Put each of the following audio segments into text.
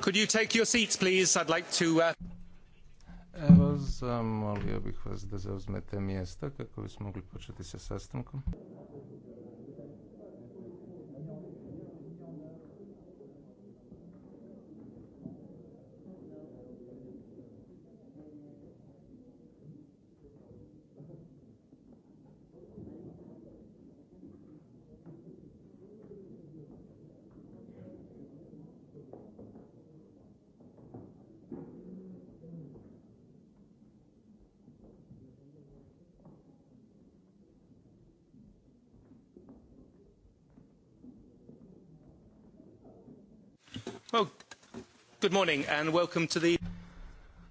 Could you take your seats, please? I'd like to... Uh... Evo, zamolio bih vas da zauzmete mjesta kako bismo mogli početi sa sastankom. Good morning and welcome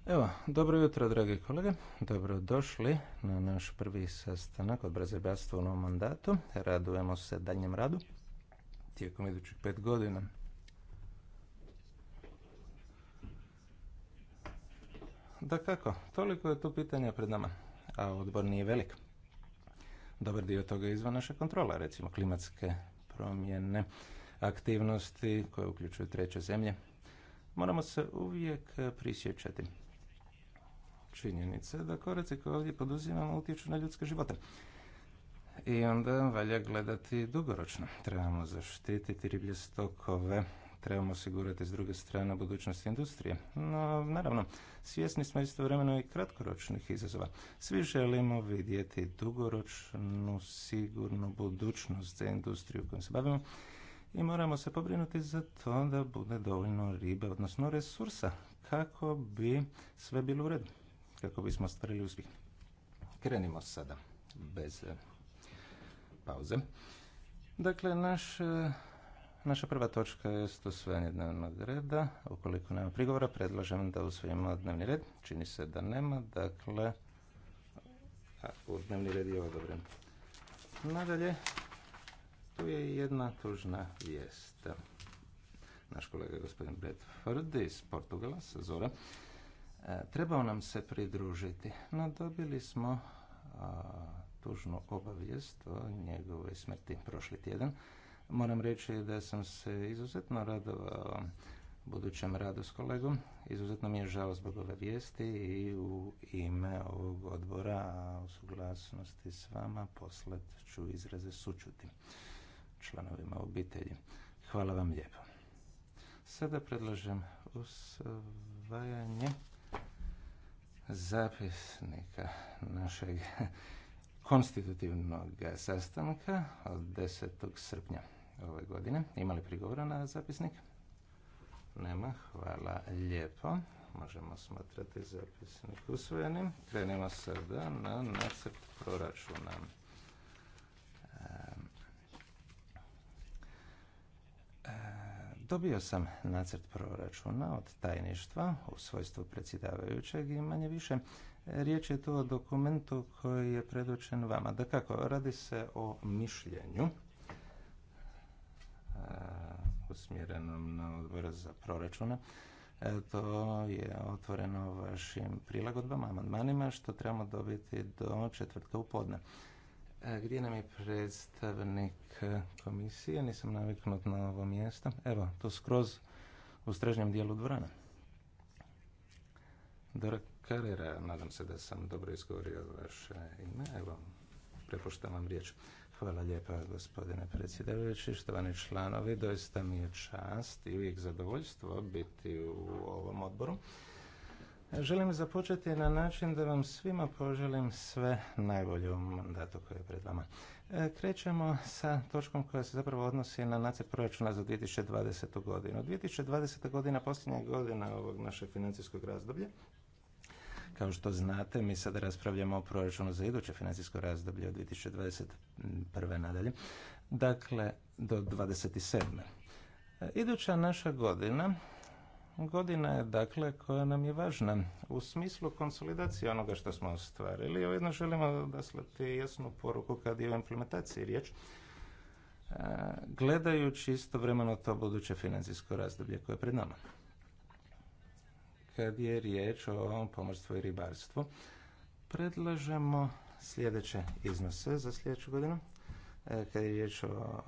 Evo, dobro jutro, dragi kolege. Dobrodošli na naš prvi sastanak od Brazibastva u novom mandatu. Radujemo se daljem radu tijekom idućih pet godina. Da kako, toliko je tu pitanja pred nama, a odbor nije velik. Dobar dio toga je izvan naše kontrola, recimo klimatske promjene, aktivnosti koje uključuju treće zemlje, moramo se uvijek e, prisjećati činjenice da koraci koje ovdje poduzimamo utječu na ljudske živote. I onda valja gledati dugoročno. Trebamo zaštititi riblje stokove, trebamo osigurati s druge strane budućnost industrije. No, naravno, svjesni smo istovremeno i kratkoročnih izazova. Svi želimo vidjeti dugoročnu, sigurnu budućnost za industriju kojom se bavimo i moramo se pobrinuti za to da bude dovoljno ribe, odnosno resursa, kako bi sve bilo u redu, kako bismo stvarili uspjeh. Krenimo sada, bez eh, pauze. Dakle, naš, eh, naša prva točka je usvajanje dnevnog reda. Ukoliko nema prigovora, predlažem da usvojimo dnevni red. Čini se da nema, dakle, u dnevni red je odobren. Nadalje, je jedna tužna vijest. Naš kolega gospodin Bretford iz Portugala, sa Zora, e, trebao nam se pridružiti, no dobili smo e, tužnu obavijest o njegovoj smrti prošli tjedan. Moram reći da sam se izuzetno radovao budućem radu s kolegom. Izuzetno mi je žao zbog ove vijesti i u ime ovog odbora a u suglasnosti s vama poslat ću izraze sučuti članovima obitelji. Hvala vam lijepo. Sada predlažem usvajanje zapisnika našeg konstitutivnog sastanka od 10. srpnja ove godine. Imali prigovora na zapisnik? Nema. Hvala lijepo. Možemo smatrati zapisnik usvojenim. Krenimo sada na nacrt proračuna. Dobio sam nacrt proračuna od tajništva u svojstvu predsjedavajućeg i manje više riječ je tu o dokumentu koji je predočen vama. Da kako, radi se o mišljenju e, usmjerenom na odbor za proračuna. E, to je otvoreno vašim prilagodbama, amandmanima, što trebamo dobiti do četvrtka u podne. E, gdje nam je predstavnik e, komisije? Nisam naviknut na ovo mjesto. Evo, to skroz u stražnjem dijelu dvorana. Dora Karera, nadam se da sam dobro izgovorio vaše ime. Evo, prepuštam vam riječ. Hvala lijepa, gospodine predsjedavajući, štovani članovi. Doista mi je čast i uvijek zadovoljstvo biti u ovom odboru. Želim započeti na način da vam svima poželim sve najbolje u mandatu koji je pred vama. E, krećemo sa točkom koja se zapravo odnosi na nacrt proračuna za 2020. godinu. 2020. godina posljednja godina ovog našeg financijskog razdoblja. Kao što znate, mi sada raspravljamo o proračunu za iduće financijsko razdoblje od 2021. nadalje. Dakle, do 27. E, iduća naša godina godina je dakle koja nam je važna u smislu konsolidacije onoga što smo ostvarili. Ujedno želimo odaslati jasnu poruku kad je o implementaciji riječ, e, gledajući istovremeno to buduće financijsko razdoblje koje je pred nama. Kad je riječ o pomorstvu i ribarstvu, predlažemo sljedeće iznose za sljedeću godinu. E, kad je riječ o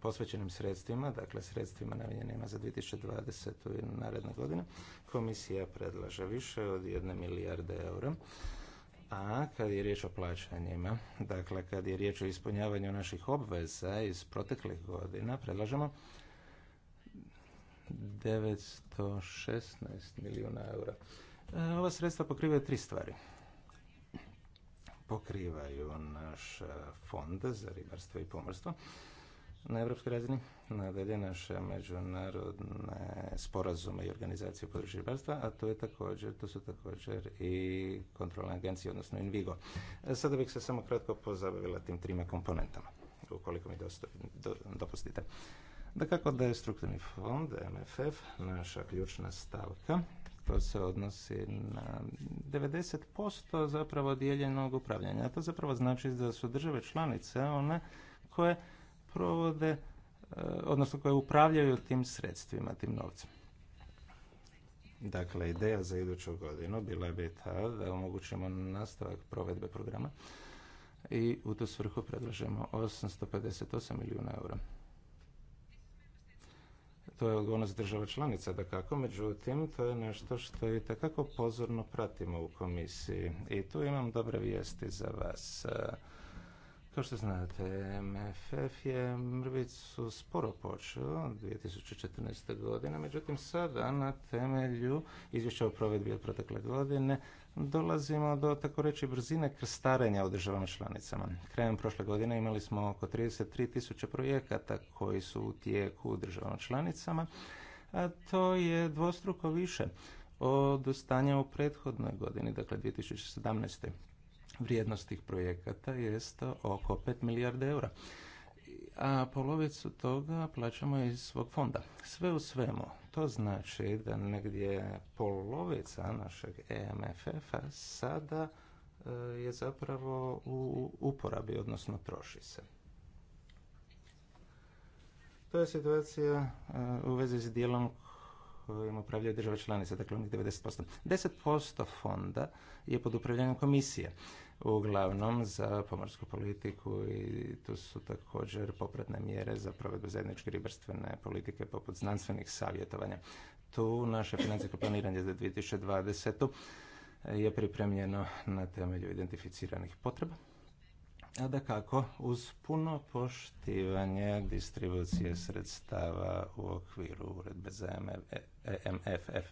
posvećenim sredstvima, dakle sredstvima namijenjenima za 2020. i naredne godine, komisija predlaže više od jedne milijarde eura. A kad je riječ o plaćanjima, dakle kad je riječ o ispunjavanju naših obveza iz proteklih godina, predlažemo 916 milijuna eura. E, ova sredstva pokrivaju tri stvari pokrivaju naš e, fond za ribarstvo i pomorstvo na evropskoj razini. Nadalje naše međunarodne sporazume i organizacije području ribarstva, a to je također, to su također i kontrolne agencije, odnosno Invigo. E, sada bih se samo kratko pozabavila tim trima komponentama, ukoliko mi dosto, dopustite. Da kako da je strukturni fond, MFF, naša ključna stavka to se odnosi na 90% zapravo dijeljenog upravljanja. A to zapravo znači da su države članice one koje provode, e, odnosno koje upravljaju tim sredstvima, tim novcem. Dakle, ideja za iduću godinu bila bi ta da omogućimo nastavak provedbe programa i u tu svrhu predlažemo 858 milijuna eura. To je odgovornost država članica, da kako, međutim, to je nešto što i takako pozorno pratimo u komisiji. I tu imam dobre vijesti za vas. Kao što znate, MFF je mrvicu sporo počeo 2014. godine, međutim sada na temelju izvješća o provedbi od protekle godine dolazimo do tako reći brzine krstarenja u državama članicama. Krajem prošle godine imali smo oko 33 tisuće projekata koji su u tijeku u državama članicama, a to je dvostruko više od stanja u prethodnoj godini, dakle 2017. Vrijednost tih projekata jest oko 5 milijarde eura a polovicu toga plaćamo iz svog fonda. Sve u svemu, to znači da negdje polovica našeg EMFF-a sada e, je zapravo u uporabi, odnosno troši se. To je situacija e, u vezi s dijelom kojim upravljaju države članice, dakle onih 90%. 10% fonda je pod upravljanjem komisije uglavnom za pomorsku politiku i tu su također popratne mjere za provedbu zajedničke ribarstvene politike poput znanstvenih savjetovanja. Tu naše financijsko planiranje za 2020. je pripremljeno na temelju identificiranih potreba. A da kako, uz puno poštivanje distribucije sredstava u okviru uredbe za MFF.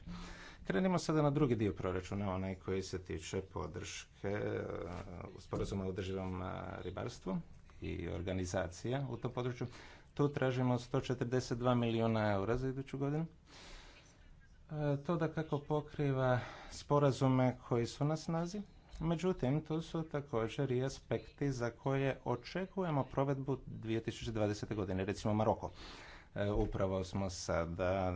Krenimo sada na drugi dio proračuna, onaj koji se tiče podrške e, sporazuma o održivom e, ribarstvu i organizacija u tom području. Tu tražimo 142 milijuna eura za iduću godinu. E, to da kako pokriva sporazume koji su na snazi, međutim tu su također i aspekti za koje očekujemo provedbu 2020. godine, recimo Maroko. Upravo smo sada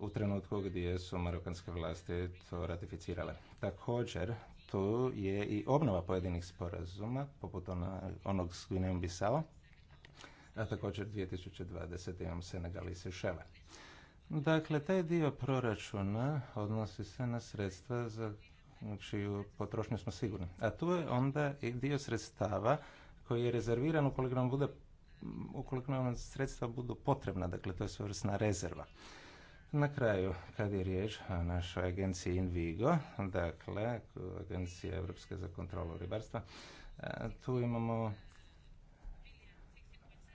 u trenutku gdje su marokanske vlasti to ratificirale. Također, tu je i obnova pojedinih sporazuma, poput onog s Gvinejom Bisao, a također 2020. imam Senegal i Sešele. Dakle, taj dio proračuna odnosi se na sredstva za čiju znači, potrošnju smo sigurni. A tu je onda i dio sredstava koji je rezerviran ukoliko nam, bude, ukoliko nam sredstva budu potrebna, dakle to je svojevrsna rezerva. Na kraju, kad je riječ o našoj agenciji Invigo, dakle, agencija Evropske za kontrolu ribarstva, eh, tu imamo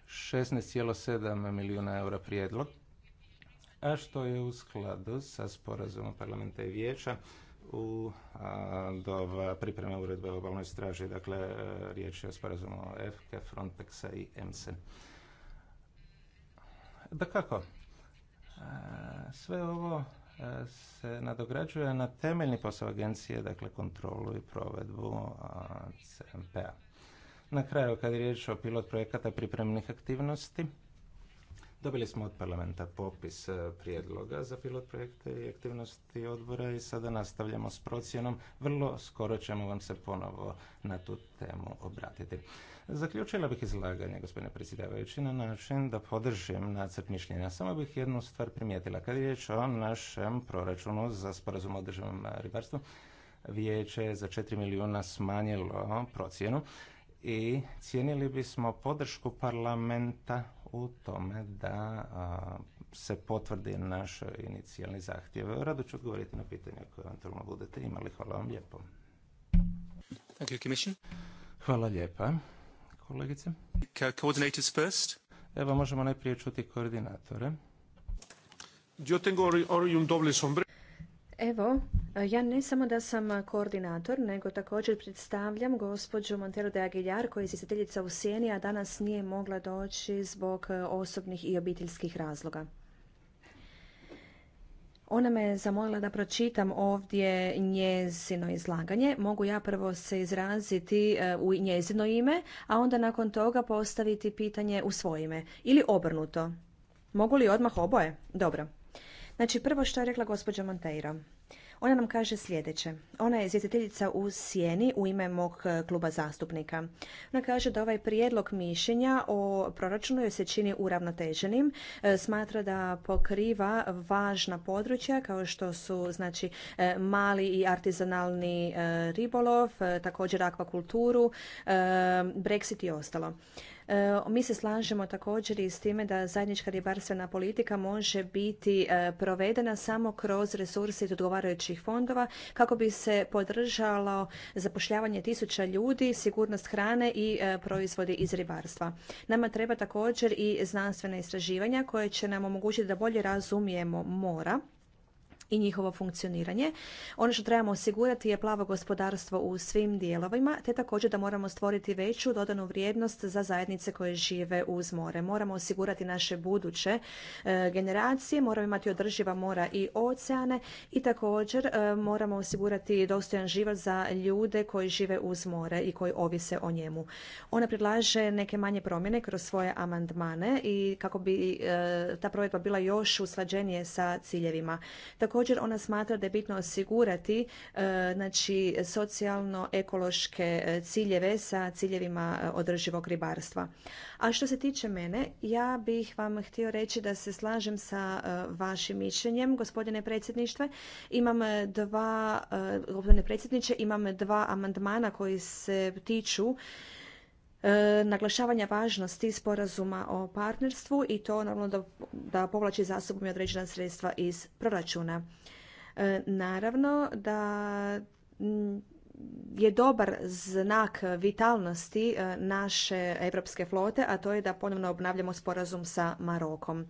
16,7 milijuna eura prijedlog, a što je u skladu sa sporazumom parlamenta i vijeća u doba pripreme uredbe o obalnoj straži. Dakle, eh, riječ je o sporazumu FK, Frontexa i EMSE. Da kako, sve ovo e, se nadograđuje na temeljni posao agencije, dakle kontrolu i provedbu CMP-a. Na kraju, kad je riječ o pilot projekata pripremnih aktivnosti, Dobili smo od parlamenta popis e, prijedloga za pilot projekte i aktivnosti odbora i sada nastavljamo s procjenom. Vrlo skoro ćemo vam se ponovo na tu temu obratiti. Zaključila bih izlaganje, gospodine predsjedavajući, na način da podržim nacrt mišljenja. Samo bih jednu stvar primijetila. Kad je riječ o našem proračunu za sporazum o održivom ribarstvu, vijeće je za 4 milijuna smanjilo procjenu i cijenili bismo podršku parlamenta u tome da se potvrdi naš inicijalni zahtjev. Rado ću odgovoriti na pitanja koje eventualno budete imali. Hvala vam lijepo. Hvala lijepa, kolegice. Evo, možemo najprije čuti koordinatore. Evo, E, ja ne samo da sam koordinator, nego također predstavljam gospođu Montero de Aguilar koja je izvjestiteljica u Sijeni, a danas nije mogla doći zbog e, osobnih i obiteljskih razloga. Ona me zamolila da pročitam ovdje njezino izlaganje. Mogu ja prvo se izraziti e, u njezino ime, a onda nakon toga postaviti pitanje u svoje ime. Ili obrnuto. Mogu li odmah oboje? Dobro. Znači, prvo što je rekla gospođa Monteiro. Ona nam kaže sljedeće. Ona je izvjetiteljica u Sjeni u ime mog e, kluba zastupnika. Ona kaže da ovaj prijedlog mišljenja o proračunu joj se čini uravnoteženim. E, smatra da pokriva važna područja kao što su znači, e, mali i artizanalni ribolov, također akvakulturu, Brexit i ostalo. E, mi se slažemo također i s time da zajednička ribarstvena politika može biti e, provedena samo kroz resurse iz odgovarajućih fondova kako bi se podržalo zapošljavanje tisuća ljudi, sigurnost hrane i e, proizvodi iz ribarstva. Nama treba također i znanstvena istraživanja koje će nam omogućiti da bolje razumijemo mora i njihovo funkcioniranje. Ono što trebamo osigurati je plavo gospodarstvo u svim dijelovima, te također da moramo stvoriti veću dodanu vrijednost za zajednice koje žive uz more. Moramo osigurati naše buduće e, generacije, moramo imati održiva mora i oceane i također e, moramo osigurati dostojan život za ljude koji žive uz more i koji ovise o njemu. Ona predlaže neke manje promjene kroz svoje amandmane i kako bi e, ta provedba bila još usklađenije sa ciljevima. Također Također ona smatra da je bitno osigurati e, znači socijalno-ekološke e, ciljeve sa ciljevima e, održivog ribarstva. A što se tiče mene, ja bih vam htio reći da se slažem sa vašim mišljenjem, gospodine predsjedništve. Imam dva, gospodine predsjedniče, imam dva amandmana koji se tiču E, naglašavanja važnosti sporazuma o partnerstvu i to naravno da, da povlači za sobom i određena sredstva iz proračuna. E, naravno da mm, je dobar znak vitalnosti e, naše europske flote, a to je da ponovno obnavljamo sporazum sa Marokom.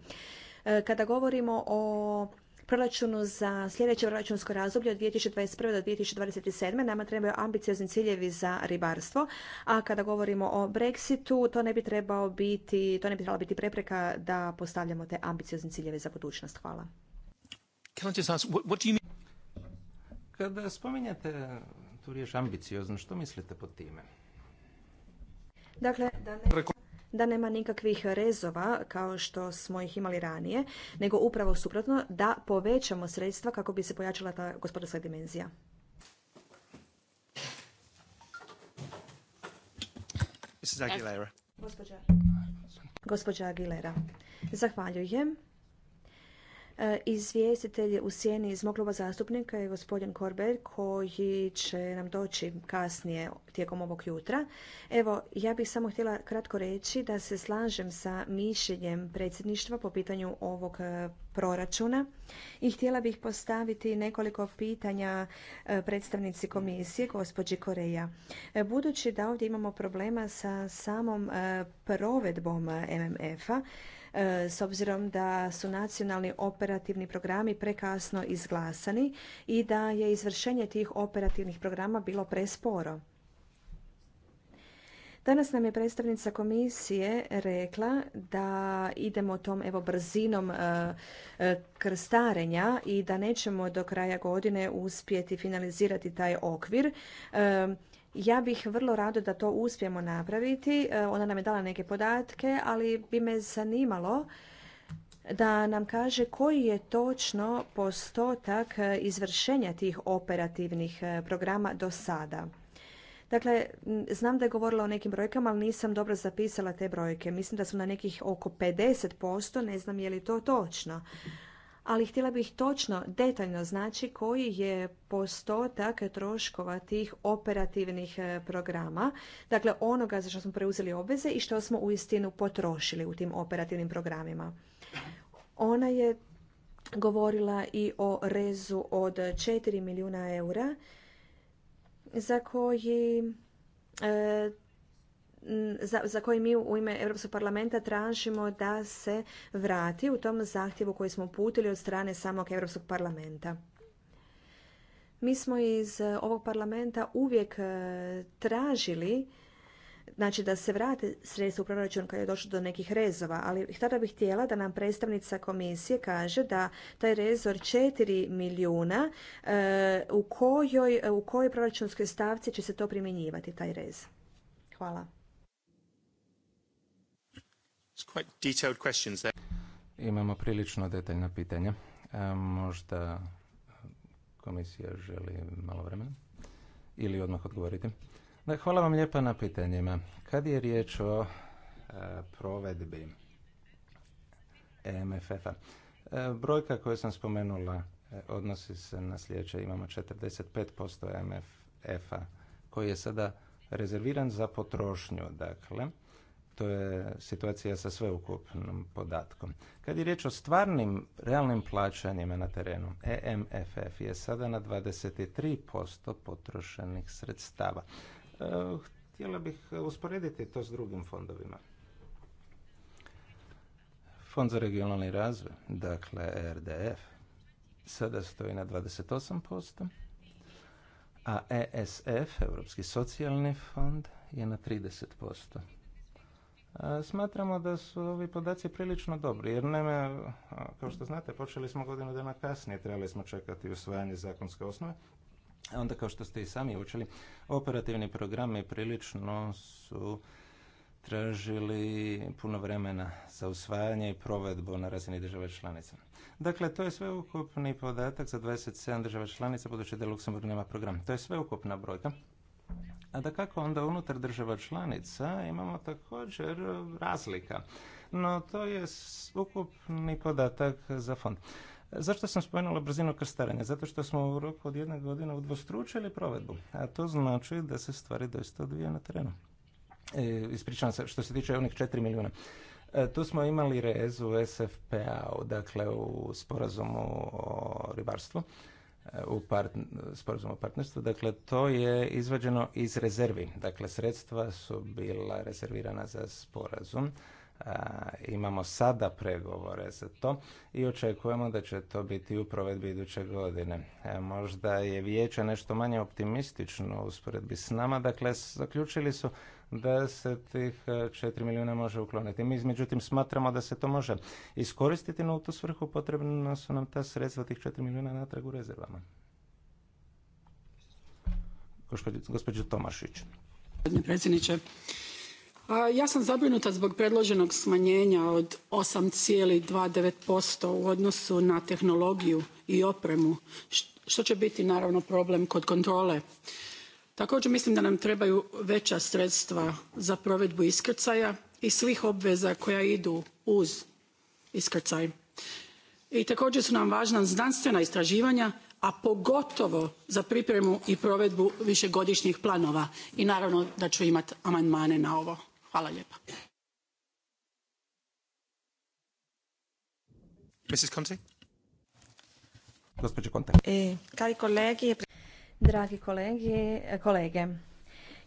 Kada govorimo o proračunu za sljedeće proračunsko razdoblje od 2021. do 2027. Nama trebaju ambiciozni ciljevi za ribarstvo, a kada govorimo o Brexitu, to ne bi trebao biti, to ne bi trebala biti prepreka da postavljamo te ambiciozni ciljeve za budućnost. Hvala. Kada spominjate tu ambiciozno, što mislite pod time? Dakle, da ne da nema nikakvih rezova kao što smo ih imali ranije, nego upravo suprotno da povećamo sredstva kako bi se pojačala ta gospodarska dimenzija. Aguilera. Zahvaljujem. E, izvjestitelj u sjeni iz zastupnika je gospodin Korber koji će nam doći kasnije tijekom ovog jutra. Evo, ja bih samo htjela kratko reći da se slažem sa mišljenjem predsjedništva po pitanju ovog e, proračuna i htjela bih postaviti nekoliko pitanja e, predstavnici komisije, gospođi Koreja. Budući da ovdje imamo problema sa samom provedbom MMF-a, E, s obzirom da su nacionalni operativni programi prekasno izglasani i da je izvršenje tih operativnih programa bilo presporo. Danas nam je predstavnica komisije rekla da idemo tom evo brzinom e, e, krstarenja i da nećemo do kraja godine uspjeti finalizirati taj okvir. Ja bih vrlo rado da to uspijemo napraviti. E, ona nam je dala neke podatke, ali bi me zanimalo da nam kaže koji je točno postotak e, izvršenja tih operativnih e, programa do sada. Dakle, znam da je govorila o nekim brojkama, ali nisam dobro zapisala te brojke. Mislim da su na nekih oko 50%, ne znam je li to točno ali htjela bih točno, detaljno znači koji je postotak troškova tih operativnih e, programa, dakle onoga za što smo preuzeli obveze i što smo uistinu potrošili u tim operativnim programima. Ona je govorila i o rezu od 4 milijuna eura za koji e, za, za koji mi u ime Europskog parlamenta tražimo da se vrati u tom zahtjevu koji smo uputili od strane samog Europskog parlamenta. Mi smo iz ovog parlamenta uvijek e, tražili znači da se vrate sredstva u proračun kad je došlo do nekih rezova, ali tada bih htjela da nam predstavnica komisije kaže da taj rezor 4 milijuna e, u kojoj, u kojoj proračunskoj stavci će se to primjenjivati, taj rez. Hvala. Imamo prilično detaljna pitanja. E, možda komisija želi malo vremena ili odmah odgovoriti. Da, hvala vam lijepa na pitanjima. Kad je riječ o e, provedbi e MFF-a, brojka koju sam spomenula odnosi se na sljedeće. Imamo 45% MFF-a koji je sada rezerviran za potrošnju. Dakle, je situacija sa sveukupnom podatkom. Kad je riječ o stvarnim, realnim plaćanjima na terenu, EMFF je sada na 23% potrošenih sredstava. E, htjela bih usporediti to s drugim fondovima. Fond za regionalni razvoj, dakle e RDF, sada stoji na 28%, a ESF, Europski socijalni fond, je na 30%. Smatramo da su ovi podaci prilično dobri, jer naime, kao što znate, počeli smo godinu dana kasnije, trebali smo čekati usvajanje zakonske osnove. E, onda, kao što ste i sami učili, operativni programi prilično su tražili puno vremena za usvajanje i provedbu na razini države članica. Dakle, to je sveukupni podatak za 27 država članica, budući da Luksemburg nema program. To je sveukupna brojka a da kako onda unutar država članica imamo također razlika. No to je ukupni podatak za fond. Zašto sam spomenula brzinu krstarenja? Zato što smo u roku od jedne godine udvostručili provedbu, a to znači da se stvari doista odvijaju na terenu. E, ispričavam se, što se tiče onih 4 milijuna. E, tu smo imali rez u SFPA, dakle u sporazumu o ribarstvu u part, sporazumu o partnerstvu. Dakle, to je izvađeno iz rezervi. Dakle, sredstva su bila rezervirana za sporazum. imamo sada pregovore za to i očekujemo da će to biti u provedbi iduće godine. E, možda je vijeće nešto manje optimistično u usporedbi s nama. Dakle, zaključili su da se tih 4 eh, milijuna može ukloniti. Mi međutim smatramo da se to može iskoristiti, no u tu svrhu potrebna su nam ta sredstva tih četiri milijuna natrag u rezervama. Gospođo Tomašić. Gospodine predsjedniče, ja sam zabrinuta zbog predloženog smanjenja od 8,29% u odnosu na tehnologiju i opremu, što će biti naravno problem kod kontrole također mislim da nam trebaju veća sredstva za provedbu iskrcaja i svih obveza koja idu uz iskrcaj i također su nam važna znanstvena istraživanja a pogotovo za pripremu i provedbu višegodišnjih planova i naravno da ću imati amandmane na ovo. Hvala lijepa. Mrs dragi kolegi, kolege.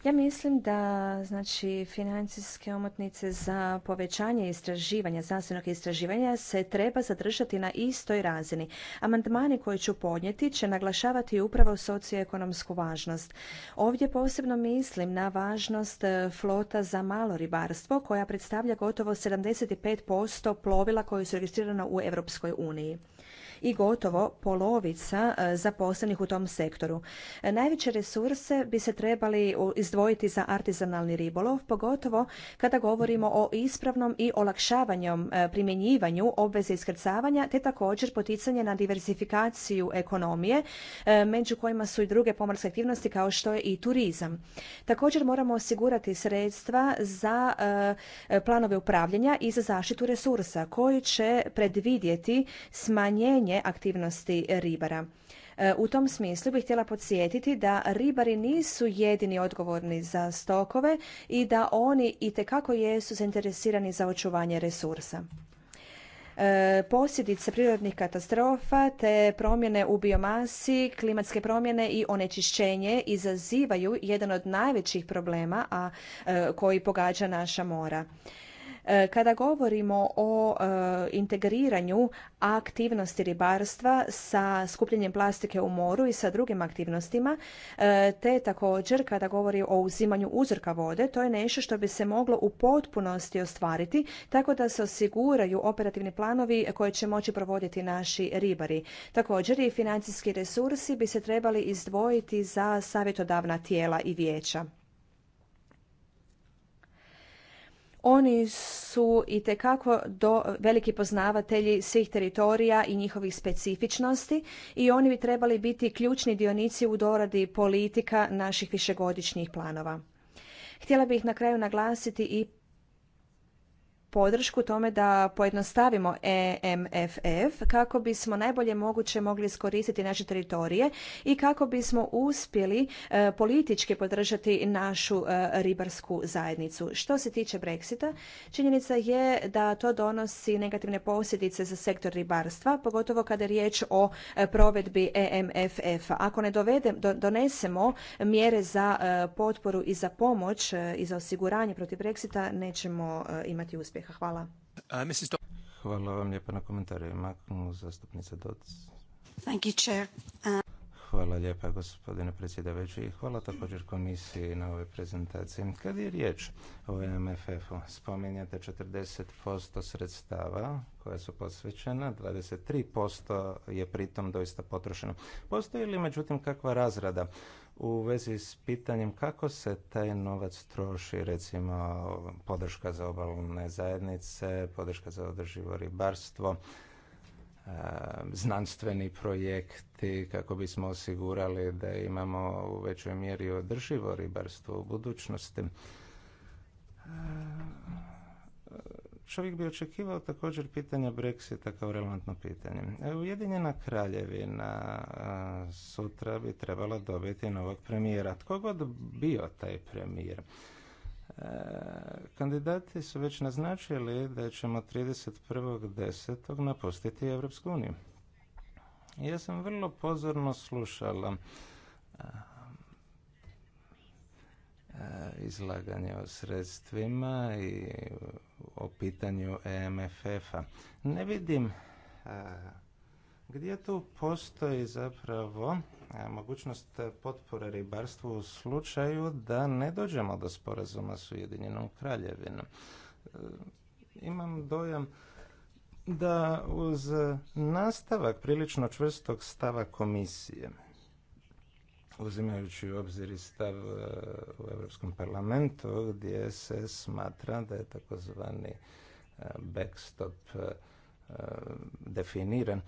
Ja mislim da znači financijske omotnice za povećanje istraživanja, znanstvenog istraživanja se treba zadržati na istoj razini. Amandmani koji ću podnijeti će naglašavati upravo socioekonomsku važnost. Ovdje posebno mislim na važnost e, flota za malo ribarstvo koja predstavlja gotovo 75% plovila koje su registrirana u Europskoj uniji i gotovo polovica e, zaposlenih u tom sektoru. E, najveće resurse bi se trebali izdvojiti za artizanalni ribolov, pogotovo kada govorimo o ispravnom i olakšavanjem e, primjenjivanju obveze iskrcavanja, te također poticanje na diversifikaciju ekonomije, među kojima su i druge pomorske aktivnosti kao što je i turizam. Također moramo osigurati sredstva za planove upravljanja i za zaštitu resursa koji će predvidjeti smanjenje smanjenje aktivnosti ribara. E, u tom smislu bih htjela podsjetiti da ribari nisu jedini odgovorni za stokove i da oni itekako jesu zainteresirani za očuvanje resursa e, posljedice prirodnih katastrofa te promjene u biomasi, klimatske promjene i onečišćenje izazivaju jedan od najvećih problema a e, koji pogađa naša mora. E, kada govorimo o e, integriranju aktivnosti ribarstva sa skupljenjem plastike u moru i sa drugim aktivnostima, e, te također kada govori o uzimanju uzorka vode, to je nešto što bi se moglo u potpunosti ostvariti tako da se osiguraju operativni planovi koje će moći provoditi naši ribari. Također i financijski resursi bi se trebali izdvojiti za savjetodavna tijela i vijeća. Oni su i tekako do, veliki poznavatelji svih teritorija i njihovih specifičnosti i oni bi trebali biti ključni dionici u doradi politika naših višegodišnjih planova. Htjela bih na kraju naglasiti i podršku tome da pojednostavimo EMFF kako bismo najbolje moguće mogli iskoristiti naše teritorije i kako bismo uspjeli e, politički podržati našu e, ribarsku zajednicu. Što se tiče Brexita, činjenica je da to donosi negativne posljedice za sektor ribarstva, pogotovo kada je riječ o e, provedbi EMFF-a. Ako ne donesemo mjere za potporu i za pomoć i za osiguranje protiv Brexita, nećemo imati uspjeh uspjeha. Hvala. Hvala vam lijepa na komentarima, zastupnica Doc. Thank you, chair. Uh, hvala lijepa gospodine predsjedavajući i hvala također komisiji na ovoj prezentaciji. Kad je riječ o MFF-u, spominjate 40% sredstava koja su posvećena, 23% je pritom doista potrošeno. Postoji li međutim kakva razrada u vezi s pitanjem kako se taj novac troši, recimo podrška za obalne zajednice, podrška za održivo ribarstvo, e, znanstveni projekti kako bismo osigurali da imamo u većoj mjeri održivo ribarstvo u budućnosti e, Čovjek bi očekivao također pitanja Brexita kao relevantno pitanje. E, Ujedinjena kraljevina sutra bi trebala dobiti novog premijera. Tko god bio taj premijer? E, kandidati su već naznačili da ćemo 31.10. napustiti Europsku uniju. Ja sam vrlo pozorno slušala Eh, izlaganje o sredstvima i o pitanju EMFF-a. Ne vidim eh, gdje tu postoji zapravo eh, mogućnost potpore ribarstvu u slučaju da ne dođemo do sporazuma s Ujedinjenom kraljevinom. Imam dojam da uz nastavak prilično čvrstog stava komisije uzimajući u obzir i stav e, u Europskom parlamentu gdje se smatra da je takozvani e, backstop e, definiran.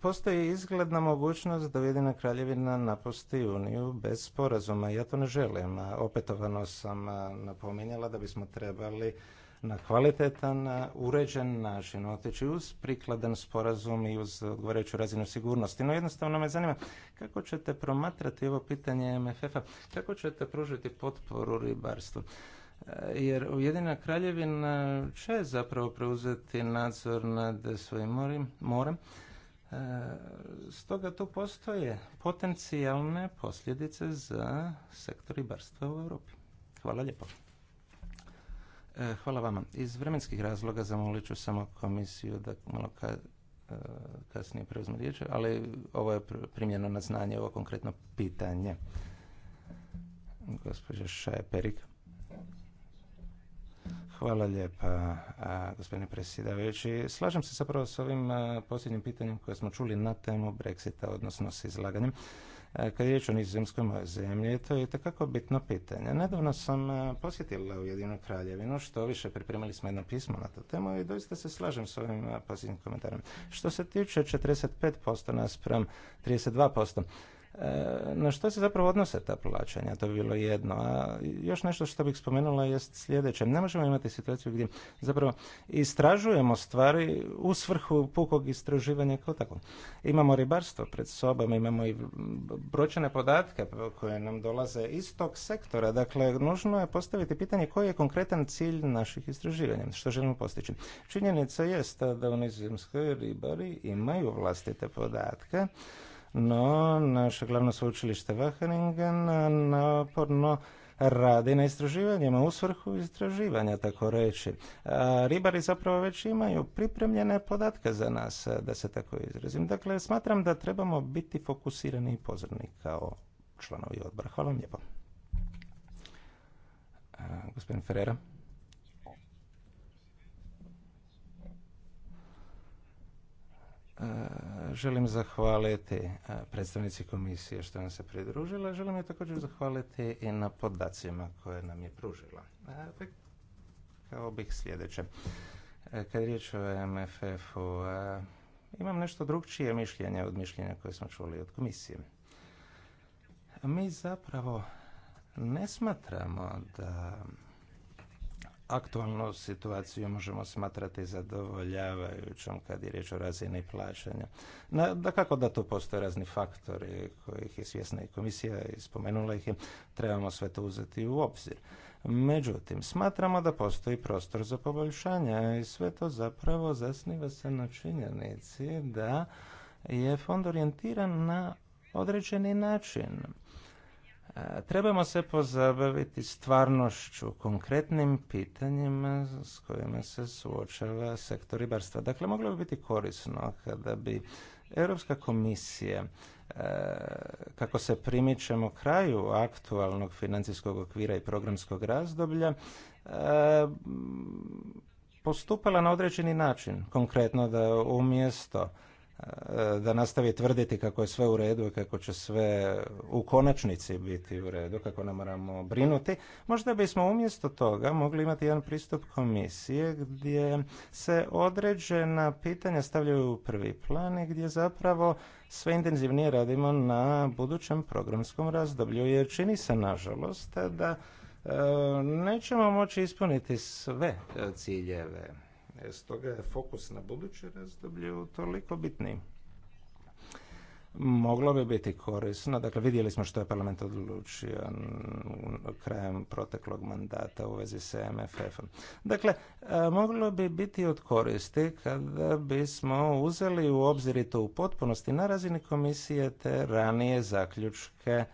Postoji izgledna mogućnost da Ujedina kraljevina napusti Uniju bez sporazuma. Ja to ne želim. Opetovano sam napominjala da bismo trebali na kvalitetan, uređen način otići uz prikladan sporazum i uz odgovarajuću razinu sigurnosti. No jednostavno me zanima kako ćete promatrati ovo pitanje MFF-a? Kako ćete pružiti potporu ribarstvu? E, jer Ujedina kraljevina će zapravo preuzeti nadzor nad svojim morim, morem. E, stoga tu postoje potencijalne posljedice za sektor ribarstva u Europi. Hvala lijepo. E, hvala vama. Iz vremenskih razloga zamolit ću samo komisiju da malo E, kasnije preuzme riječ, ali ovo je primljeno na znanje, ovo konkretno pitanje. Gospođa Šaje-Perik. Hvala lijepa, gospodine predsjedavajući. Slažem se zapravo s ovim posljednjim pitanjem koje smo čuli na temu Brexita, odnosno s izlaganjem. E, kad je riječ o nizozemskoj zemlji, to je takako bitno pitanje. Nedavno sam e, posjetila Ujedinu kraljevinu, što više pripremili smo jedno pismo na tu temu i doista se slažem s ovim e, posljednjim komentarom. Što se tiče 45% naspram 32%, E, na što se zapravo odnose ta plaćanja? To bi bilo jedno. A još nešto što bih spomenula jest sljedeće. Ne možemo imati situaciju gdje zapravo istražujemo stvari u svrhu pukog istraživanja kao tako. Imamo ribarstvo pred sobom, imamo i broćene podatke koje nam dolaze iz tog sektora. Dakle, nužno je postaviti pitanje koji je konkretan cilj naših istraživanja, što želimo postići. Činjenica jest da u nizozemskoj ribari imaju vlastite podatke no, naše glavno sveučilište Wageningen naporno radi na istraživanjima u svrhu istraživanja, tako reći. A ribari zapravo već imaju pripremljene podatke za nas, da se tako izrazim. Dakle, smatram da trebamo biti fokusirani i pozorni kao članovi odbora. Hvala vam lijepo. gospodin Ferrera. Želim zahvaliti e, predstavnici komisije što nam se pridružila. Želim je također zahvaliti i na podacima koje nam je pružila. E, kao bih sljedeće. E, kad je riječ o MFF-u, imam nešto drugčije mišljenje od mišljenja koje smo čuli od komisije. Mi zapravo ne smatramo da aktualnu situaciju možemo smatrati zadovoljavajućom kad je riječ o razini plaćanja. Na, da kako da to postoje razni faktori kojih je svjesna i komisija i spomenula ih je, trebamo sve to uzeti u obzir. Međutim, smatramo da postoji prostor za poboljšanje i sve to zapravo zasniva se na činjenici da je fond orijentiran na određeni način E, trebamo se pozabaviti stvarnošću, konkretnim pitanjima s kojima se suočava sektor ribarstva. Dakle, moglo bi biti korisno kada bi Europska komisija, e, kako se primičemo kraju aktualnog financijskog okvira i programskog razdoblja, e, postupala na određeni način. Konkretno da umjesto E, da nastavi tvrditi kako je sve u redu i kako će sve u konačnici biti u redu, kako ne moramo brinuti, možda bismo umjesto toga mogli imati jedan pristup komisije gdje se određena pitanja stavljaju u prvi plan i gdje zapravo sve intenzivnije radimo na budućem programskom razdoblju, jer čini se nažalost da e, nećemo moći ispuniti sve ciljeve Stoga je fokus na buduće razdoblje toliko bitni. moglo bi biti korisno. Dakle, vidjeli smo što je parlament odlučio krajem proteklog mandata u vezi s MFF-om. Dakle, e, moglo bi biti od koristi kada bismo uzeli u obzir i to u potpunosti na razini komisije te ranije zaključke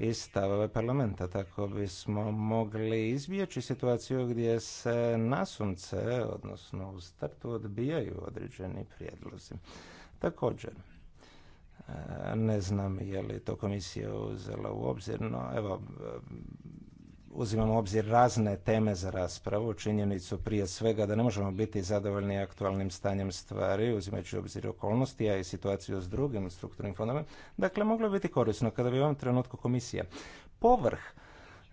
i stavove parlamenta. Tako bismo mogli izbjeći situaciju gdje se nasumce, odnosno u startu, odbijaju određeni prijedlozi. Također, e, ne znam je li to komisija uzela u obzir, no evo, uzimamo u obzir razne teme za raspravu, činjenicu prije svega da ne možemo biti zadovoljni aktualnim stanjem stvari, uzimajući u obzir okolnosti, a i situaciju s drugim strukturnim fondovima. Dakle, moglo biti korisno kada bi u ovom trenutku komisija povrh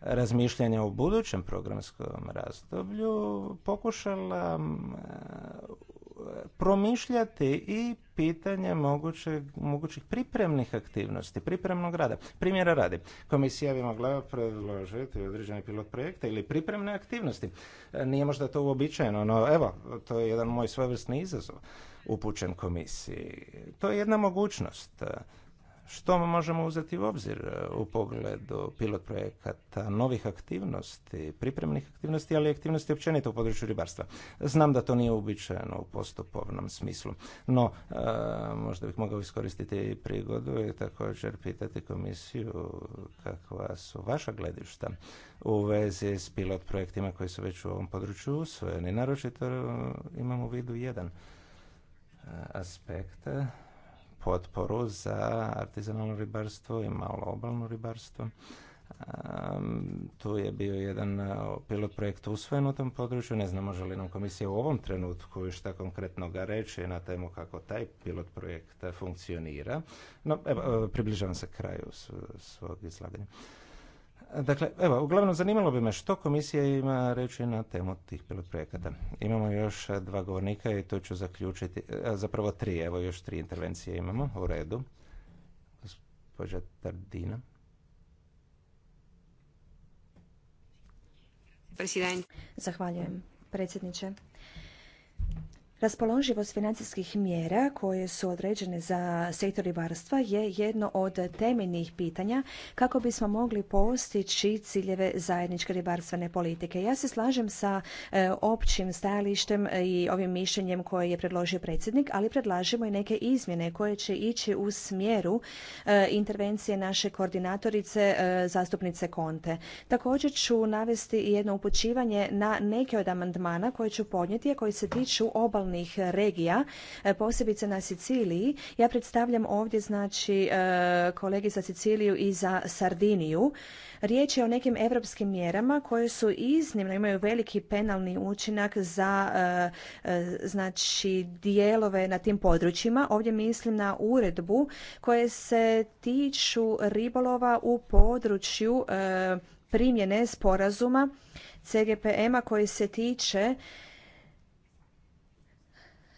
razmišljanja o budućem programskom razdoblju pokušala mm, promišljati i pitanje mogućeg, mogućih pripremnih aktivnosti, pripremnog rada. Primjera radi, komisija bi mogla predložiti određene pilot projekte ili pripremne aktivnosti. E, nije možda to uobičajeno, no evo, to je jedan moj svojevrsni izazov upućen komisiji. To je jedna mogućnost e, što možemo uzeti u obzir e, u pogledu pilot projekata, novih aktivnosti, pripremnih aktivnosti, ali i aktivnosti općenito u području ribarstva? Znam da to nije uobičajeno u postupovnom smislu, no e, možda bih mogao iskoristiti i prigodu i također pitati komisiju kakva su vaša gledišta u vezi s pilot projektima koji su već u ovom području usvojeni. Naročito e, imamo u vidu jedan aspekt potporu za artizanalno ribarstvo i malo obalno ribarstvo. tu je bio jedan pilot projekt usvojen u tom području. Ne znamo, može li nam komisija u ovom trenutku šta konkretno ga reći na temu kako taj pilot projekt funkcionira. No, evo, približavam se kraju svog izlaganja. Dakle, evo, uglavnom zanimalo bi me što komisija ima reći na temu tih pilot projekata. Imamo još e, dva govornika i to ću zaključiti, e, zapravo tri, evo još tri intervencije imamo, u redu. Gospođa Tardina. Zahvaljujem, predsjedniče. Raspoloživost financijskih mjera koje su određene za sektor ribarstva je jedno od temeljnih pitanja kako bismo mogli postići ciljeve zajedničke ribarstvene politike. Ja se slažem sa e, općim stajalištem i ovim mišljenjem koje je predložio predsjednik, ali predlažemo i neke izmjene koje će ići u smjeru e, intervencije naše koordinatorice e, zastupnice Konte. Također ću navesti jedno upućivanje na neke od amandmana koje ću podnijeti, a koji se tiču obalnog lokalnih regija, e, posebice na Siciliji. Ja predstavljam ovdje znači e, kolege za Siciliju i za Sardiniju. Riječ je o nekim europskim mjerama koje su iznimno imaju veliki penalni učinak za e, znači dijelove na tim područjima. Ovdje mislim na uredbu koje se tiču ribolova u području primjene sporazuma CGPM-a koji se tiče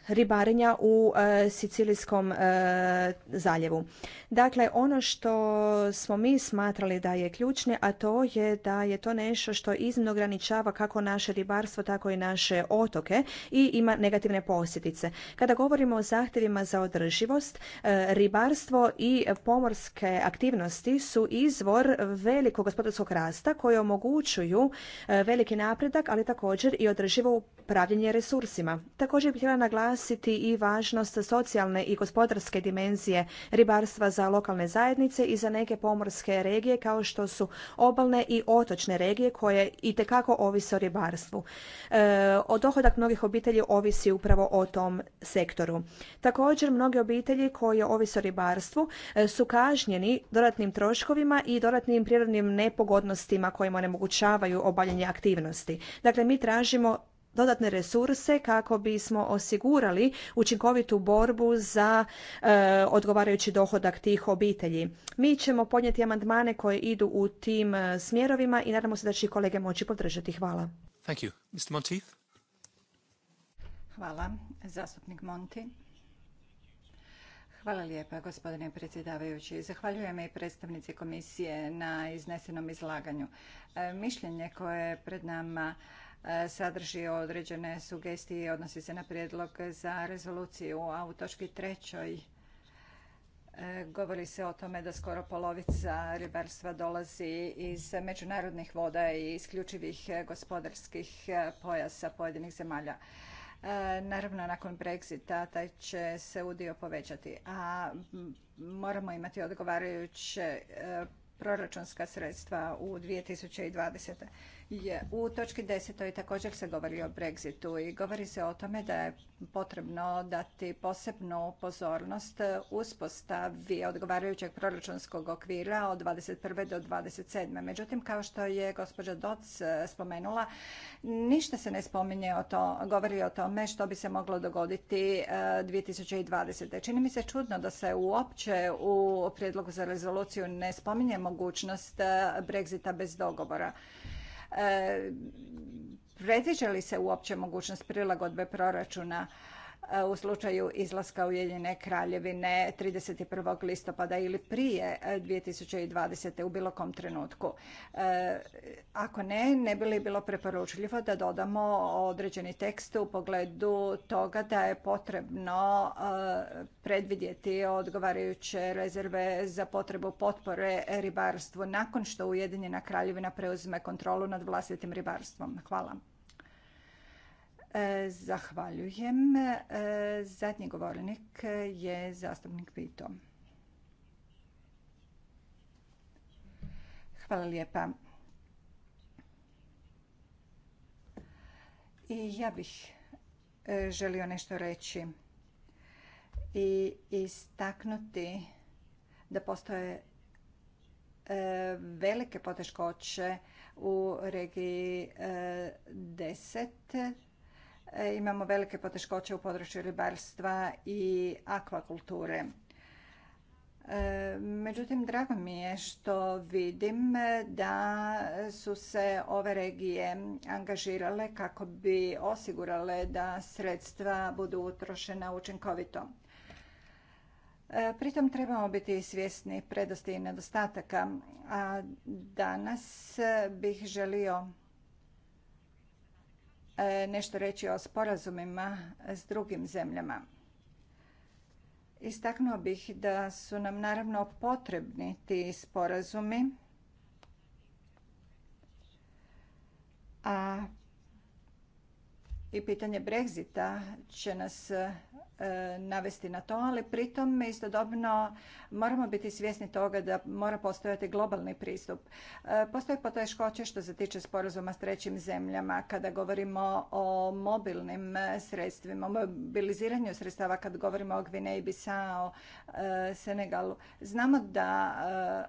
ribarenja u e, Sicilijskom e, zaljevu. Dakle, ono što smo mi smatrali da je ključne, a to je da je to nešto što iznimno ograničava kako naše ribarstvo, tako i naše otoke i ima negativne posljedice. Kada govorimo o zahtjevima za održivost, e, ribarstvo i pomorske aktivnosti su izvor velikog gospodarskog rasta koji omogućuju veliki napredak, ali također i održivo upravljanje resursima. Također bih htjela naglasiti naglasiti i važnost socijalne i gospodarske dimenzije ribarstva za lokalne zajednice i za neke pomorske regije kao što su obalne i otočne regije koje itekako ovise o ribarstvu. E, o dohodak mnogih obitelji ovisi upravo o tom sektoru. Također, mnogi obitelji koje ovise o ribarstvu e, su kažnjeni dodatnim troškovima i dodatnim prirodnim nepogodnostima kojima onemogućavaju obavljanje aktivnosti. Dakle, mi tražimo dodatne resurse kako bismo osigurali učinkovitu borbu za e, odgovarajući dohodak tih obitelji. Mi ćemo podnijeti amandmane koje idu u tim e, smjerovima i nadamo se da će i kolege moći podržati. Hvala. Thank you. Mr. Hvala. Zastupnik Monti. Hvala lijepa, gospodine predsjedavajući. Zahvaljujem i predstavnici komisije na iznesenom izlaganju. E, mišljenje koje je pred nama E, sadrži određene sugestije i odnosi se na prijedlog za rezoluciju, a u točki trećoj e, govori se o tome da skoro polovica ribarstva dolazi iz međunarodnih voda i isključivih gospodarskih e, pojasa pojedinih zemalja. Naravno, nakon Brexita taj će se udio povećati, a moramo imati odgovarajuće proračunska sredstva u 2020 je u točki 10. također se govori o Brexitu i govori se o tome da je potrebno dati posebnu pozornost uspostavi odgovarajućeg proračunskog okvira od 21. do 27. Međutim, kao što je gospođa Doc e, spomenula, ništa se ne spominje o to, govori o tome što bi se moglo dogoditi 2020. E, Čini mi se čudno da se uopće u prijedlogu za rezoluciju ne spominje mogućnost e, Brexita bez dogovora. E, predviđa li se uopće mogućnost prilagodbe proračuna E, u slučaju izlaska Ujedinjene kraljevine 31. listopada ili prije 2020. E, u bilo kom trenutku. E, ako ne, ne bi li bilo preporučljivo da dodamo određeni tekst u pogledu toga da je potrebno predvidjeti odgovarajuće rezerve za potrebu potpore ribarstvu nakon što Ujedinjena kraljevina preuzme kontrolu nad vlastitim ribarstvom. Hvala. E, zahvaljujem. E, zadnji govornik je zastupnik Vito. Hvala lijepa. I ja bih e, želio nešto reći i istaknuti da postoje velike poteškoće u regiji 10 E, imamo velike poteškoće u području ribarstva i akvakulture. E, međutim, drago mi je što vidim da su se ove regije angažirale kako bi osigurale da sredstva budu utrošena učinkovito. E, pritom trebamo biti svjesni prednosti i nedostataka, a danas bih želio E, nešto reći o sporazumima s drugim zemljama. Istaknuo bih da su nam naravno potrebni ti sporazumi, a i pitanje Brexita će nas E, navesti na to, ali pritom istodobno moramo biti svjesni toga da mora postojati globalni pristup. E, postoje poteškoće što se tiče sporazuma s trećim zemljama kada govorimo o mobilnim sredstvima, o mobiliziranju sredstava kad govorimo o Gvineji Bisao, e, Senegalu. Znamo da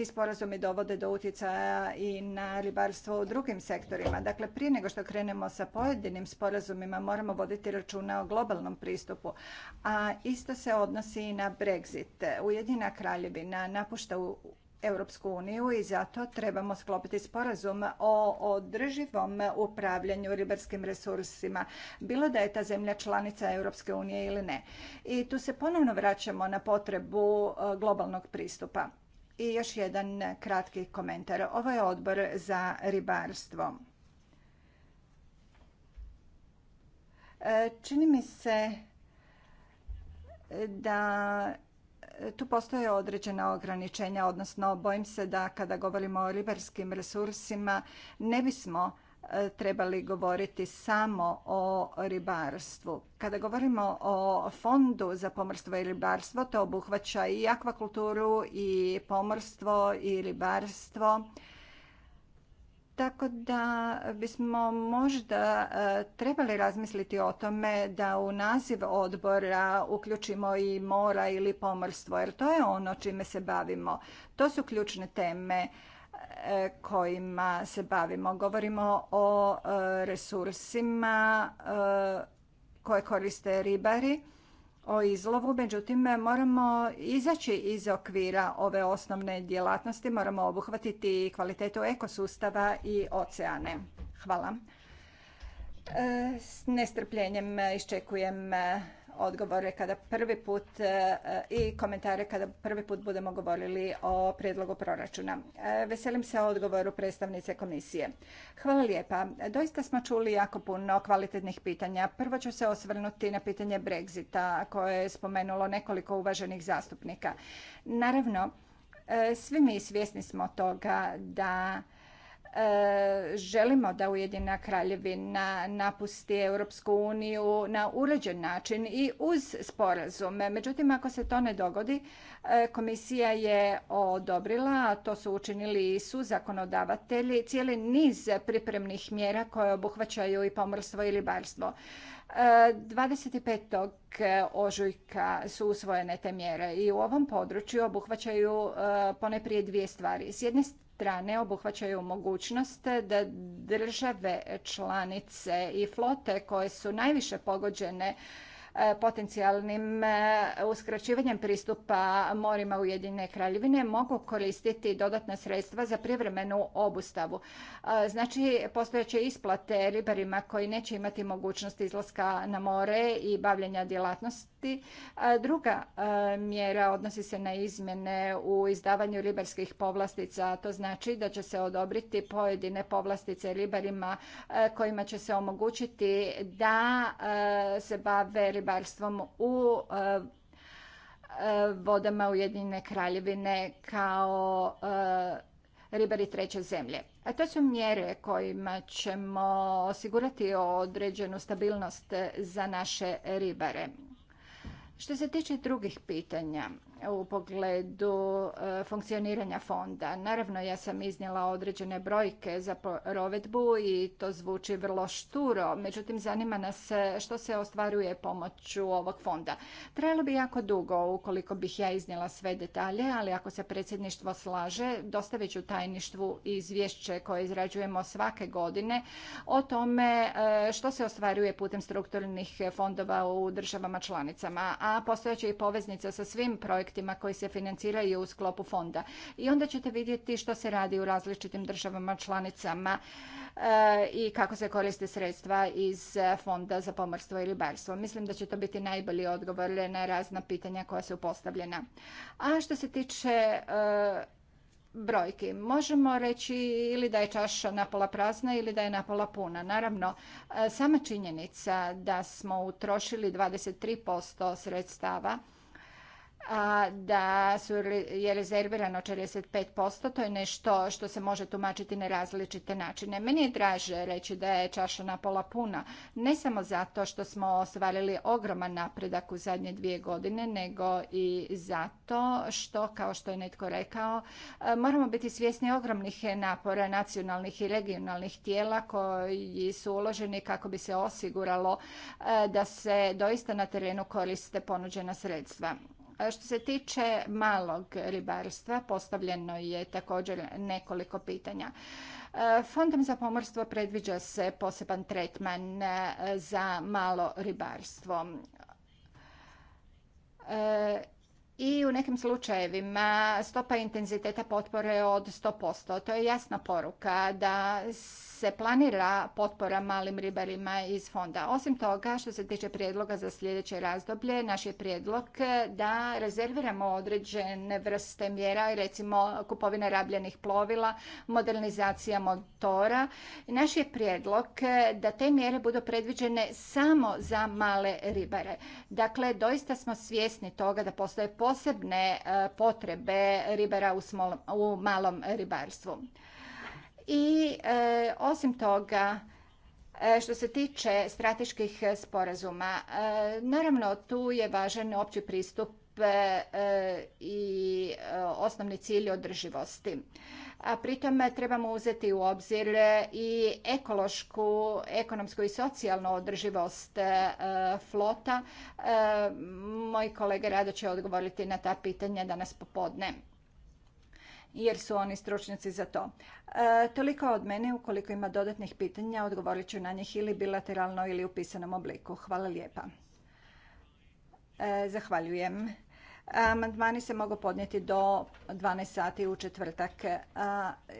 ti sporazumi dovode do utjecaja i na ribarstvo u drugim sektorima. Dakle, prije nego što krenemo sa pojedinim sporazumima moramo voditi računa o globalnom pristupu. A isto se odnosi i na Brexit. Ujedina kraljevina napušta u Europsku uniju i zato trebamo sklopiti sporazum o održivom upravljanju ribarskim resursima, bilo da je ta zemlja članica Europske unije ili ne. I tu se ponovno vraćamo na potrebu e, globalnog pristupa. I još jedan kratki komentar. Ovo je odbor za ribarstvo. E, čini mi se da tu postoje određena ograničenja, odnosno bojim se da kada govorimo o ribarskim resursima ne bismo trebali govoriti samo o ribarstvu. Kada govorimo o fondu za pomorstvo i ribarstvo, to obuhvaća i akvakulturu i pomorstvo i ribarstvo. Tako da bismo možda e, trebali razmisliti o tome da u naziv odbora uključimo i mora ili pomorstvo, jer to je ono čime se bavimo. To su ključne teme E, kojima se bavimo. Govorimo o e, resursima e, koje koriste ribari, o izlovu, međutim moramo izaći iz okvira ove osnovne djelatnosti, moramo obuhvatiti kvalitetu ekosustava i oceane. Hvala. S nestrpljenjem iščekujem odgovore kada prvi put e, i komentare kada prvi put budemo govorili o prijedlogu proračuna. E, veselim se o odgovoru predstavnice komisije. Hvala lijepa. Doista smo čuli jako puno kvalitetnih pitanja. Prvo ću se osvrnuti na pitanje Brexita koje je spomenulo nekoliko uvaženih zastupnika. Naravno, e, svi mi svjesni smo toga da želimo da Ujedina kraljevina napusti Europsku uniju na uređen način i uz sporazum. Međutim, ako se to ne dogodi, e, komisija je odobrila, a to su učinili i su zakonodavatelji, cijeli niz pripremnih mjera koje obuhvaćaju i pomorstvo i ribarstvo. 25. E, ožujka su usvojene te mjere i u ovom području obuhvaćaju e, poneprije dvije stvari. S jedne strane obuhvaćaju mogućnost da države članice i flote koje su najviše pogođene E, potencijalnim e, uskraćivanjem pristupa morima Ujedine kraljevine mogu koristiti dodatna sredstva za privremenu obustavu. E, znači, postojeće isplate ribarima koji neće imati mogućnost izlaska na more i bavljenja djelatnosti. Druga mjera odnosi se na izmjene u izdavanju ribarskih povlastica. To znači da će se odobriti pojedine povlastice ribarima kojima će se omogućiti da se bave ribarstvom u eh, vodama Ujedinjene kraljevine kao eh, ribari treće zemlje. A to su mjere kojima ćemo osigurati određenu stabilnost za naše ribare. Što se tiče drugih pitanja, u pogledu e, funkcioniranja fonda. Naravno, ja sam iznijela određene brojke za provedbu i to zvuči vrlo šturo, međutim zanima nas e, što se ostvaruje pomoću ovog fonda. Trajalo bi jako dugo ukoliko bih ja iznijela sve detalje, ali ako se predsjedništvo slaže, dostavit ću tajništvu izvješće koje izrađujemo svake godine o tome e, što se ostvaruje putem strukturnih fondova u državama članicama, a postojeće i poveznica sa svim projektima projektima koji se financiraju u sklopu fonda. I onda ćete vidjeti što se radi u različitim državama članicama eh, i kako se koriste sredstva iz eh, Fonda za pomorstvo i ribarstvo. Mislim da će to biti najbolji odgovor na razna pitanja koja su postavljena. A što se tiče eh, brojki. Možemo reći ili da je čaša napola prazna ili da je napola puna. Naravno, sama činjenica da smo utrošili 23% sredstava a da su, je rezervirano 45%, to je nešto što se može tumačiti na različite načine. Meni je draže reći da je čaša na pola puna, ne samo zato što smo ostvarili ogroman napredak u zadnje dvije godine, nego i zato što, kao što je netko rekao, e, moramo biti svjesni ogromnih napora nacionalnih i regionalnih tijela koji su uloženi kako bi se osiguralo e, da se doista na terenu koriste ponuđena sredstva. Što se tiče malog ribarstva, postavljeno je također nekoliko pitanja. E, Fondom za pomorstvo predviđa se poseban tretman e, za malo ribarstvo. E, I u nekim slučajevima stopa intenziteta potpore je od 100%. To je jasna poruka da se planira potpora malim ribarima iz fonda. Osim toga, što se tiče prijedloga za sljedeće razdoblje, naš je prijedlog da rezerviramo određene vrste mjera, recimo kupovina rabljenih plovila, modernizacija motora. Naš je prijedlog da te mjere budu predviđene samo za male ribare. Dakle, doista smo svjesni toga da postoje posebne e, potrebe ribara u malom ribarstvu. I e, osim toga, e, što se tiče strateških sporazuma, e, naravno tu je važan opći pristup i osnovni cilj održivosti. A pritom trebamo uzeti u obzir i ekološku, ekonomsku i socijalnu održivost flota. Moji kolege rado će odgovoriti na ta pitanja danas popodne jer su oni stručnjaci za to. E, toliko od mene, ukoliko ima dodatnih pitanja, odgovorit ću na njih ili bilateralno ili u pisanom obliku. Hvala lijepa. E, zahvaljujem. Amandmani se mogu podnijeti do 12 sati u četvrtak.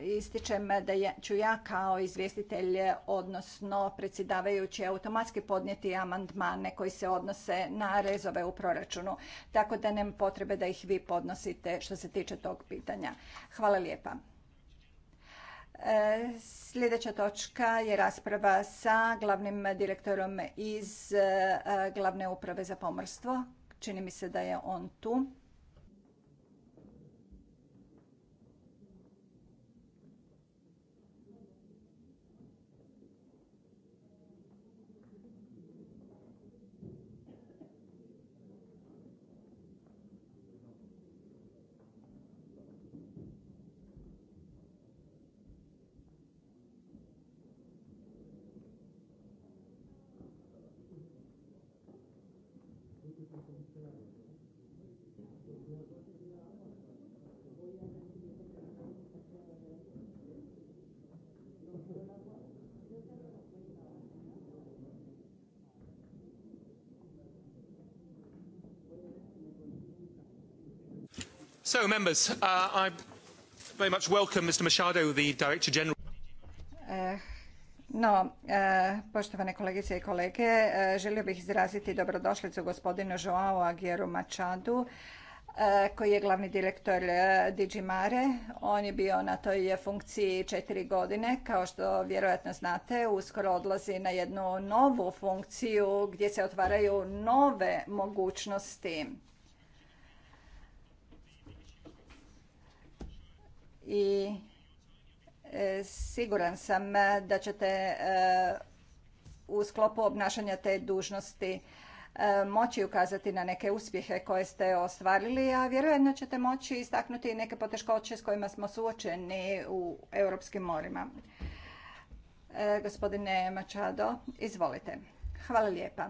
Ističem da ću ja kao izvjestitelj, odnosno predsjedavajući, automatski podnijeti amandmane koji se odnose na rezove u proračunu, tako da nema potrebe da ih vi podnosite što se tiče tog pitanja. Hvala lijepa. E, sljedeća točka je rasprava sa glavnim direktorom iz e, Glavne uprave za pomorstvo. Čini mi se da je on tu. no, poštovane kolegice i kolege, e, želio bih izraziti dobrodošlicu gospodinu Joao Agieru Machadu, e, koji je glavni direktor e, Digimare. On je bio na toj funkciji četiri godine. Kao što vjerojatno znate, uskoro odlazi na jednu novu funkciju gdje se otvaraju nove mogućnosti i e, siguran sam da ćete e, u sklopu obnašanja te dužnosti e, moći ukazati na neke uspjehe koje ste ostvarili, a vjerojatno ćete moći istaknuti i neke poteškoće s kojima smo suočeni u europskim morima. Gospodine Mačado, izvolite. Hvala lijepa.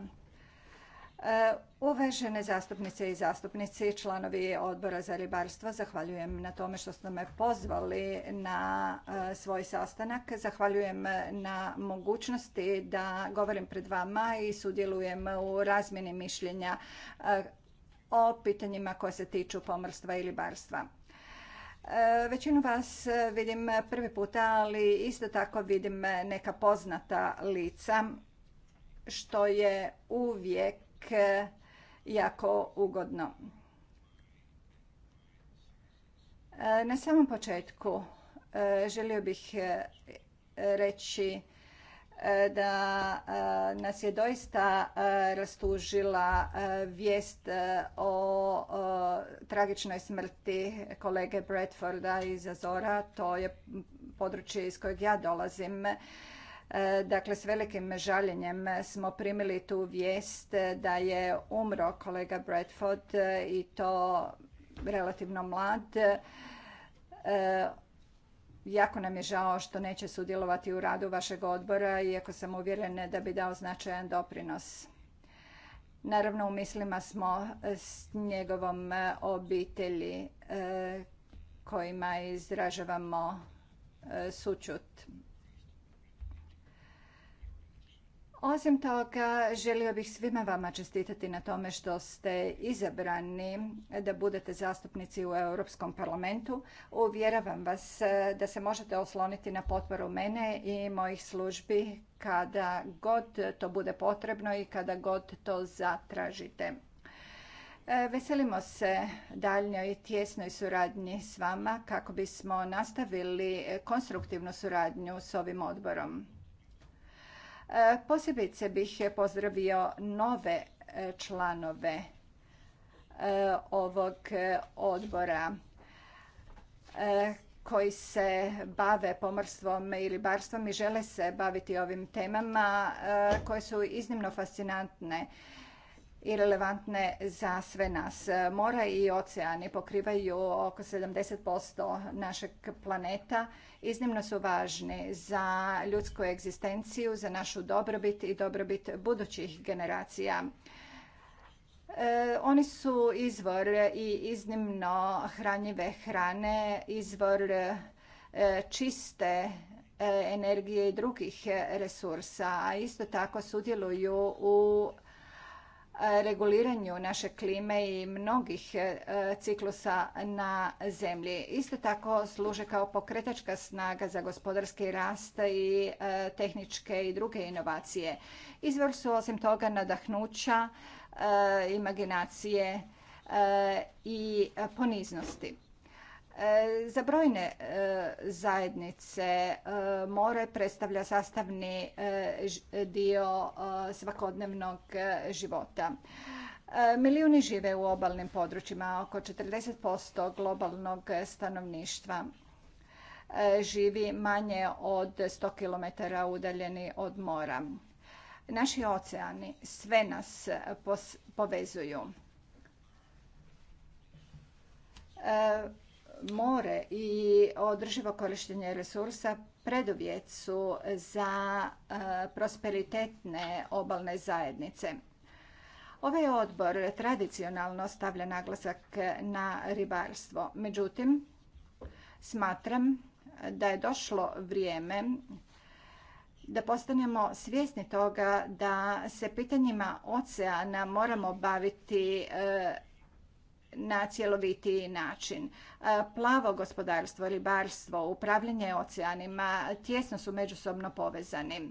E, Uvežene zastupnice i zastupnici, članovi odbora za ribarstvo, zahvaljujem na tome što ste me pozvali na e, svoj sastanak. Zahvaljujem na mogućnosti da govorim pred vama i sudjelujem u razmjeni mišljenja e, o pitanjima koje se tiču pomorstva i ribarstva. Većinu vas vidim prvi puta, ali isto tako vidim neka poznata lica, što je uvijek E, jako ugodno. E, na samom početku e, želio bih reći da nas je doista rastužila vijest o tragičnoj smrti kolege Bradforda iz Azora. To je područje iz kojeg ja dolazim E, dakle, s velikim žaljenjem smo primili tu vijest da je umro kolega Bradford e, i to relativno mlad. E, jako nam je žao što neće sudjelovati u radu vašeg odbora, iako sam uvjerena da bi dao značajan doprinos. Naravno, u mislima smo s njegovom obitelji kojima izražavamo sučut. Osim toga, želio bih svima vama čestitati na tome što ste izabrani da budete zastupnici u Europskom parlamentu. Uvjeravam vas eh, da se možete osloniti na potporu mene i mojih službi kada god to bude potrebno i kada god to zatražite. Eh, veselimo se daljnjoj tjesnoj suradnji s vama kako bismo nastavili konstruktivnu suradnju s ovim odborom. Posebice bih pozdravio nove e, članove e, ovog e, odbora koji se bave pomorstvom i ribarstvom i žele se baviti ovim temama koje su iznimno fascinantne i relevantne za sve nas. Mora i oceani pokrivaju oko 70% našeg planeta. Iznimno su važni za ljudsku egzistenciju, za našu dobrobit i dobrobit budućih generacija. E, oni su izvor i iznimno hranjive hrane, izvor e, čiste e, energije i drugih resursa, a isto tako sudjeluju u reguliranju naše klime i mnogih e, ciklusa na zemlji. Isto tako služe kao pokretačka snaga za gospodarski rast i e, tehničke i druge inovacije. Izvor su osim toga nadahnuća, e, imaginacije i poniznosti. E, za brojne e, zajednice e, more predstavlja sastavni dio svakodnevnog života. Milijuni žive u obalnim područjima, oko 40% globalnog stanovništva živi manje od 100 km udaljeni od mora. Naši oceani sve nas povezuju more i održivo korištenje resursa preduvjet su za e, prosperitetne obalne zajednice. Ovaj odbor tradicionalno stavlja naglasak na ribarstvo. Međutim, smatram da je došlo vrijeme da postanemo svjesni toga da se pitanjima oceana moramo baviti e, na cjelovitiji način. E, plavo gospodarstvo, ribarstvo, upravljanje oceanima tjesno su međusobno povezani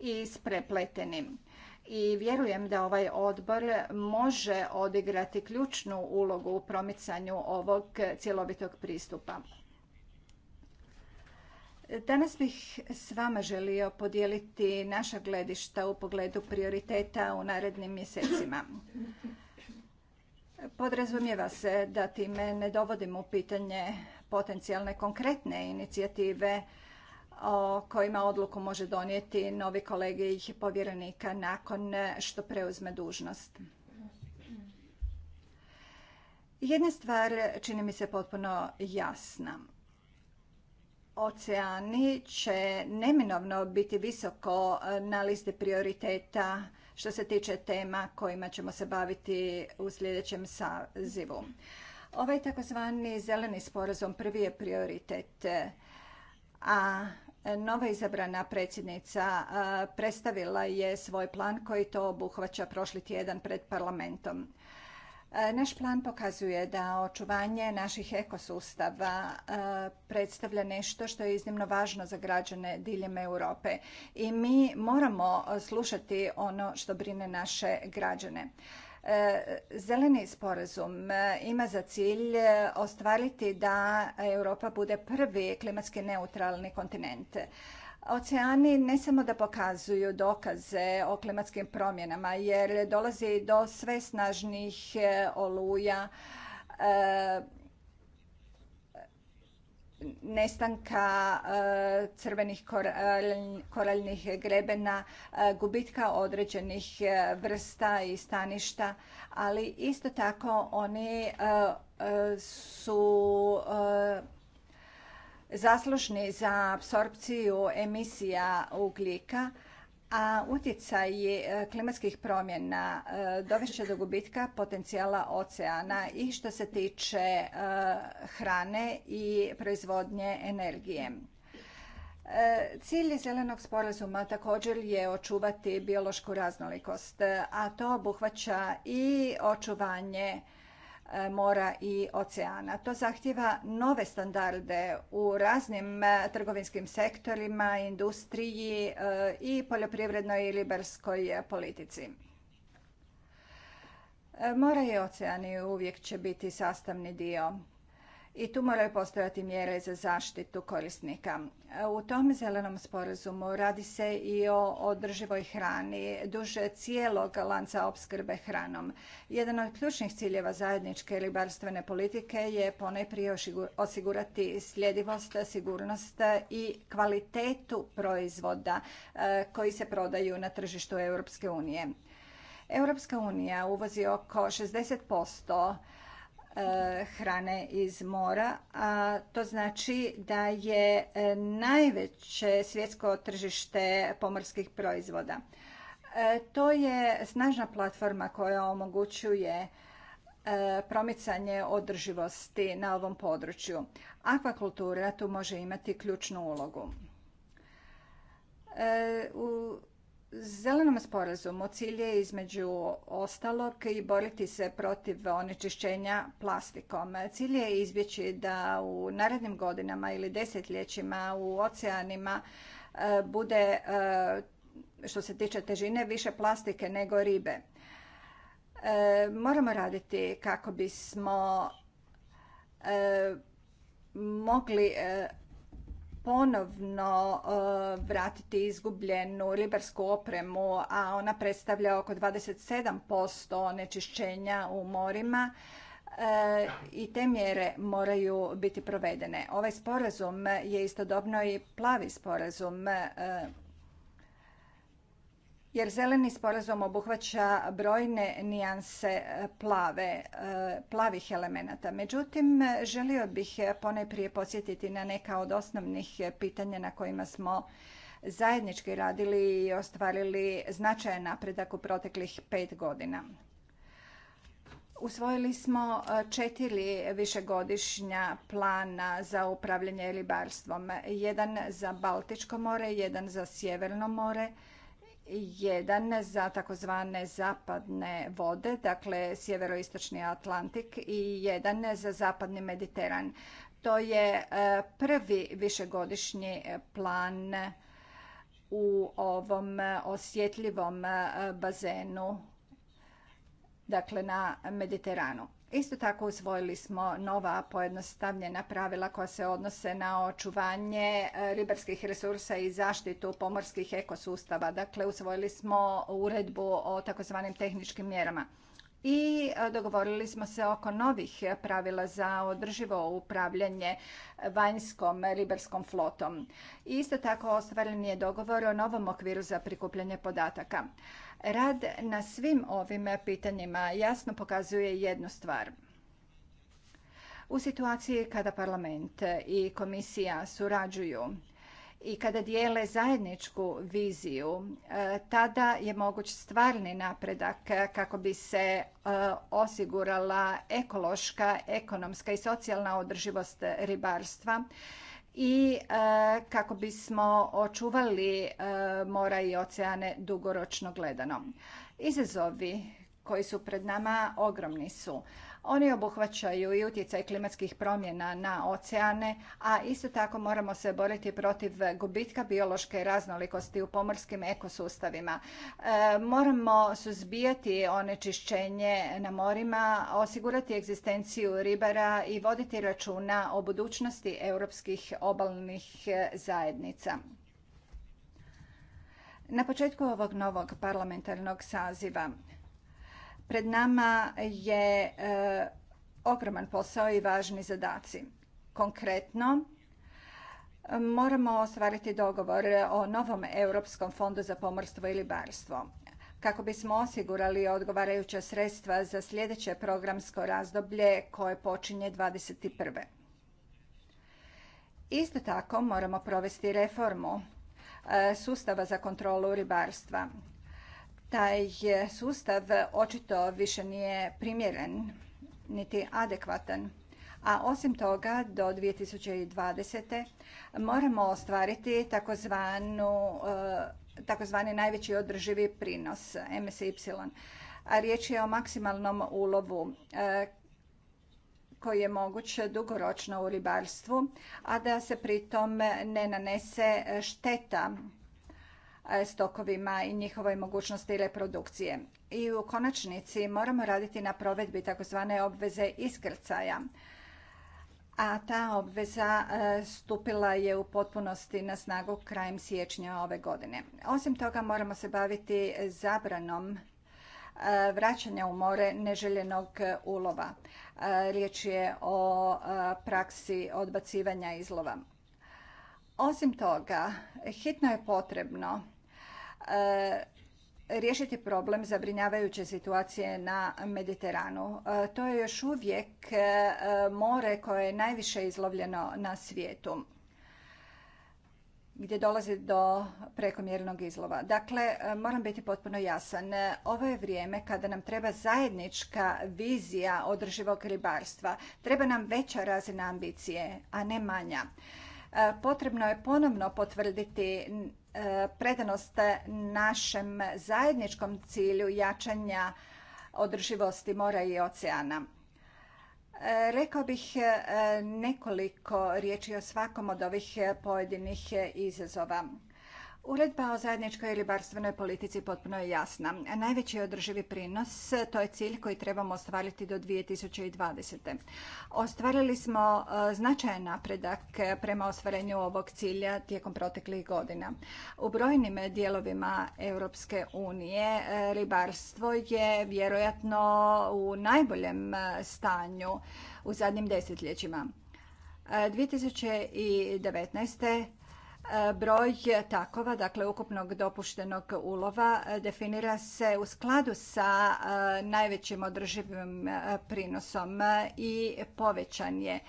i sprepleteni. I vjerujem da ovaj odbor može odigrati ključnu ulogu u promicanju ovog cjelovitog pristupa. Danas bih s vama želio podijeliti naša gledišta u pogledu prioriteta u narednim mjesecima. Podrazumijeva se da time ne dovodimo u pitanje potencijalne konkretne inicijative o kojima odluku može donijeti novi i povjerenika nakon što preuzme dužnost. Jedna stvar čini mi se potpuno jasna. Oceani će neminovno biti visoko na liste prioriteta što se tiče tema kojima ćemo se baviti u sljedećem sazivu. Ovaj takozvani zeleni sporazum prvi je prioritet, a Nova izabrana predsjednica predstavila je svoj plan koji to obuhvaća prošli tjedan pred parlamentom. E, naš plan pokazuje da očuvanje naših ekosustava e, predstavlja nešto što je iznimno važno za građane diljem Europe i mi moramo slušati ono što brine naše građane. E, zeleni sporazum ima za cilj ostvariti da Europa bude prvi klimatski neutralni kontinent. Oceani ne samo da pokazuju dokaze o klimatskim promjenama, jer dolazi do sve snažnih e, oluja, e, nestanka e, crvenih koraljnih grebena, gubitka određenih vrsta i staništa, ali isto tako oni su zaslužni za apsorpciju emisija ugljika, a utjecaj e, klimatskih promjena e, dovešće do gubitka potencijala oceana i što se tiče e, hrane i proizvodnje energije. Cilj zelenog sporazuma također je očuvati biološku raznolikost, a to obuhvaća i očuvanje E, mora i oceana. To zahtjeva nove standarde u raznim e, trgovinskim sektorima, industriji e, i poljoprivrednoj i liberskoj politici. Mora i oceani uvijek će biti sastavni dio i tu moraju postojati mjere za zaštitu korisnika. U tom zelenom sporazumu radi se i o održivoj hrani, duže cijelog lanca opskrbe hranom. Jedan od ključnih ciljeva zajedničke ribarstvene politike je ponajprije osigurati sljedivost, sigurnost i kvalitetu proizvoda e, koji se prodaju na tržištu Europske unije. Europska unija uvozi oko 60% E, hrane iz mora, a to znači da je e, najveće svjetsko tržište pomorskih proizvoda. E, to je snažna platforma koja omogućuje promicanje održivosti na ovom području. Akvakultura tu može imati ključnu ulogu. U Zelenom sporazumu cilj je između ostalog i boriti se protiv onečišćenja plastikom. Cilj je izbjeći da u narednim godinama ili desetljećima u oceanima e, bude e, što se tiče težine više plastike nego ribe. E, moramo raditi kako bismo mogli ponovno e, vratiti izgubljenu ribarsku opremu, a ona predstavlja oko 27% onečišćenja u morima e, i te mjere moraju biti provedene. Ovaj sporazum je istodobno i plavi sporazum e, jer zeleni sporazum obuhvaća brojne nijanse e, plave, e, plavih elemenata. Međutim, želio bih e, ponajprije podsjetiti na neka od osnovnih pitanja na kojima smo zajednički radili i ostvarili značajan napredak u proteklih pet godina. Usvojili smo četiri višegodišnja plana za upravljanje ribarstvom. Jedan za Baltičko more, jedan za Sjeverno more, jedan za takozvane zapadne vode, dakle sjeveroistočni Atlantik i jedan za zapadni Mediteran. To je e, prvi višegodišnji plan u ovom e, osjetljivom e, bazenu, dakle na Mediteranu. Isto tako usvojili smo nova pojednostavljena pravila koja se odnose na očuvanje e, ribarskih resursa i zaštitu pomorskih ekosustava. Dakle, usvojili smo uredbu o takozvanim tehničkim mjerama. I e, dogovorili smo se oko novih pravila za održivo upravljanje vanjskom ribarskom flotom. Isto tako ostvaren je dogovor o novom okviru za prikupljanje podataka. Rad na svim ovim pitanjima jasno pokazuje jednu stvar. U situaciji kada parlament i komisija surađuju i kada dijele zajedničku viziju, e, tada je moguć stvarni napredak kako bi se e, osigurala ekološka, ekonomska i socijalna održivost ribarstva i e, kako bismo očuvali e, mora i oceane dugoročno gledano. Izazovi koji su pred nama ogromni su. Oni obuhvaćaju i utjecaj klimatskih promjena na oceane, a isto tako moramo se boriti protiv gubitka biološke raznolikosti u pomorskim ekosustavima. E, moramo suzbijati onečišćenje na morima, osigurati egzistenciju ribara i voditi računa o budućnosti europskih obalnih e, zajednica. Na početku ovog novog parlamentarnog saziva Pred nama je e, ogroman posao i važni zadaci. Konkretno, moramo ostvariti dogovor o novom Europskom fondu za pomorstvo i ribarstvo kako bismo osigurali odgovarajuća sredstva za sljedeće programsko razdoblje koje počinje 2021. Isto tako moramo provesti reformu e, sustava za kontrolu ribarstva taj e, sustav očito više nije primjeren niti adekvatan. A osim toga, do 2020. moramo ostvariti takozvanu e, takozvani najveći održivi prinos, MSY. A riječ je o maksimalnom ulovu e, koji je moguć dugoročno u ribarstvu, a da se pritom ne nanese šteta E, stokovima i njihovoj mogućnosti reprodukcije. I u konačnici moramo raditi na provedbi takozvane obveze iskrcaja. A ta obveza e, stupila je u potpunosti na snagu krajem siječnja ove godine. Osim toga moramo se baviti zabranom e, vraćanja u more neželjenog ulova. Riječ je o praksi odbacivanja izlova. Osim toga, hitno je potrebno E, riješiti problem zabrinjavajuće situacije na Mediteranu. E, to je još uvijek e, more koje je najviše izlovljeno na svijetu gdje dolazi do prekomjernog izlova. Dakle, moram biti potpuno jasan. Ovo je vrijeme kada nam treba zajednička vizija održivog ribarstva. Treba nam veća razina ambicije, a ne manja. Potrebno je ponovno potvrditi E, predanost našem zajedničkom cilju jačanja održivosti mora i oceana. E, rekao bih e, nekoliko riječi o svakom od ovih pojedinih izazova. Uredba o zajedničkoj ribarstvenoj politici potpuno je jasna. Najveći održivi prinos to je cilj koji trebamo ostvariti do 2020. Ostvarili smo e, značajan napredak prema ostvarenju ovog cilja tijekom proteklih godina. U brojnim dijelovima Europske unije e, ribarstvo je vjerojatno u najboljem e, stanju u zadnjim desetljećima. 2019. Broj takova, dakle ukupnog dopuštenog ulova, e, definira se u skladu sa e, najvećim održivim e, prinosom i povećan je.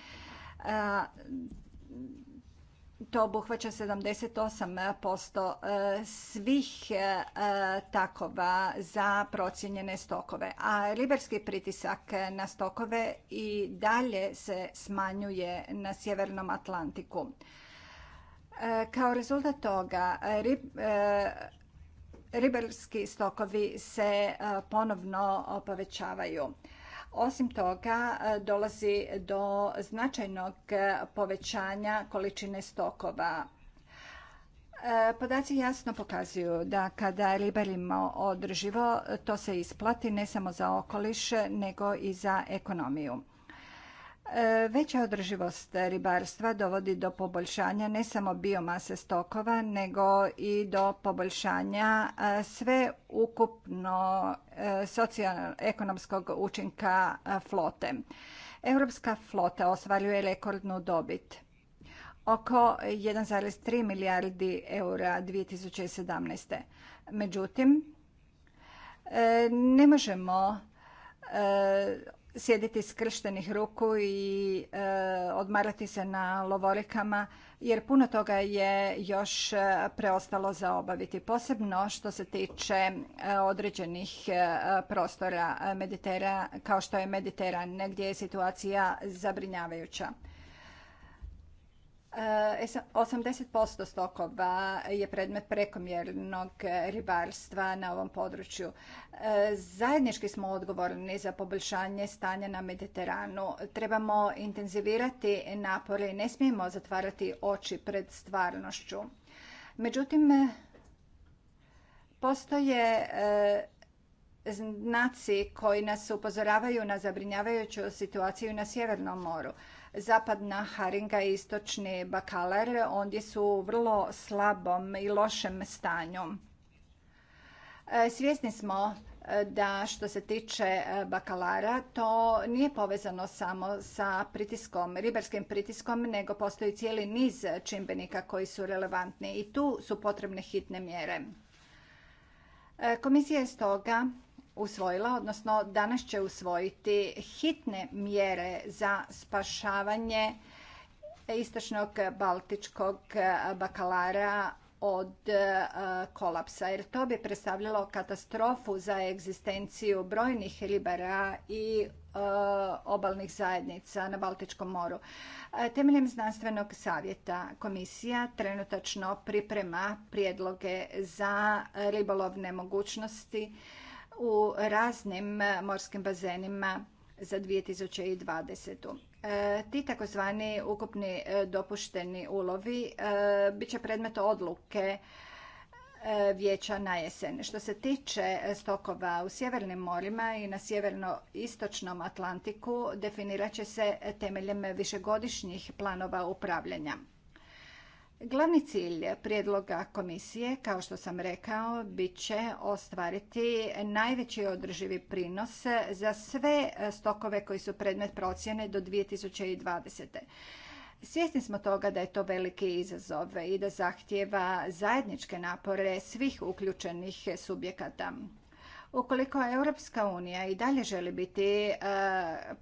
To obuhvaća 78% svih takova za procijenjene stokove, a ribarski pritisak na stokove i dalje se smanjuje na Sjevernom Atlantiku. E, kao rezultat toga e, e, ribarski stokovi se ponovno povećavaju. Osim toga, dolazi do značajnog povećanja količine stokova. Podaci jasno pokazuju da kada ribarimo održivo, to se isplati ne samo za okoliš, nego i za ekonomiju. E, veća održivost ribarstva dovodi do poboljšanja ne samo biomase stokova, nego i do poboljšanja e, sve ukupno e, socijalno-ekonomskog učinka flote. Europska flota ostvaruje rekordnu dobit. Oko 1,3 milijardi eura 2017. Međutim, ne možemo sjediti skrštenih ruku i e, odmarati se na lovorikama jer puno toga je još e, preostalo za obaviti posebno što se tiče e, određenih prostora Meditera kao što je Mediteran negdje je situacija zabrinjavajuća. 80% e, stokova je predmet prekomjernog ribarstva na ovom području. E, zajednički smo odgovorni za poboljšanje stanja na Mediteranu. Trebamo intenzivirati napore i ne smijemo zatvarati oči pred stvarnošću. Međutim, postoje e, znaci koji nas upozoravaju na zabrinjavajuću situaciju na Sjevernom moru. Zapadna Haringa i istočni Bakalar ondje su u vrlo slabom i lošem stanju. E, svjesni smo e, da što se tiče e, bakalara to nije povezano samo sa pritiskom, ribarskim pritiskom, nego postoji cijeli niz čimbenika koji su relevantni i tu su potrebne hitne mjere. Komisija je stoga usvojila, odnosno danas će usvojiti hitne mjere za spašavanje istočnog baltičkog bakalara od e, kolapsa jer to bi predstavljalo katastrofu za egzistenciju brojnih ribara i e, obalnih zajednica na Baltičkom moru. E, temeljem znanstvenog savjeta komisija trenutačno priprema prijedloge za ribolovne mogućnosti u raznim e, morskim bazenima za 2020. E, ti takozvani ukupni e, dopušteni ulovi bit će predmet odluke vijeća na jesen. Što se tiče stokova u sjevernim morima i na sjeverno-istočnom Atlantiku definirat će se temeljem višegodišnjih planova upravljanja. Glavni cilj prijedloga komisije, kao što sam rekao, bit će ostvariti najveći održivi prinos za sve stokove koji su predmet procjene do 2020. Svjesni smo toga da je to veliki izazov i da zahtjeva zajedničke napore svih uključenih subjekata. Ukoliko Europska unija i dalje želi biti e,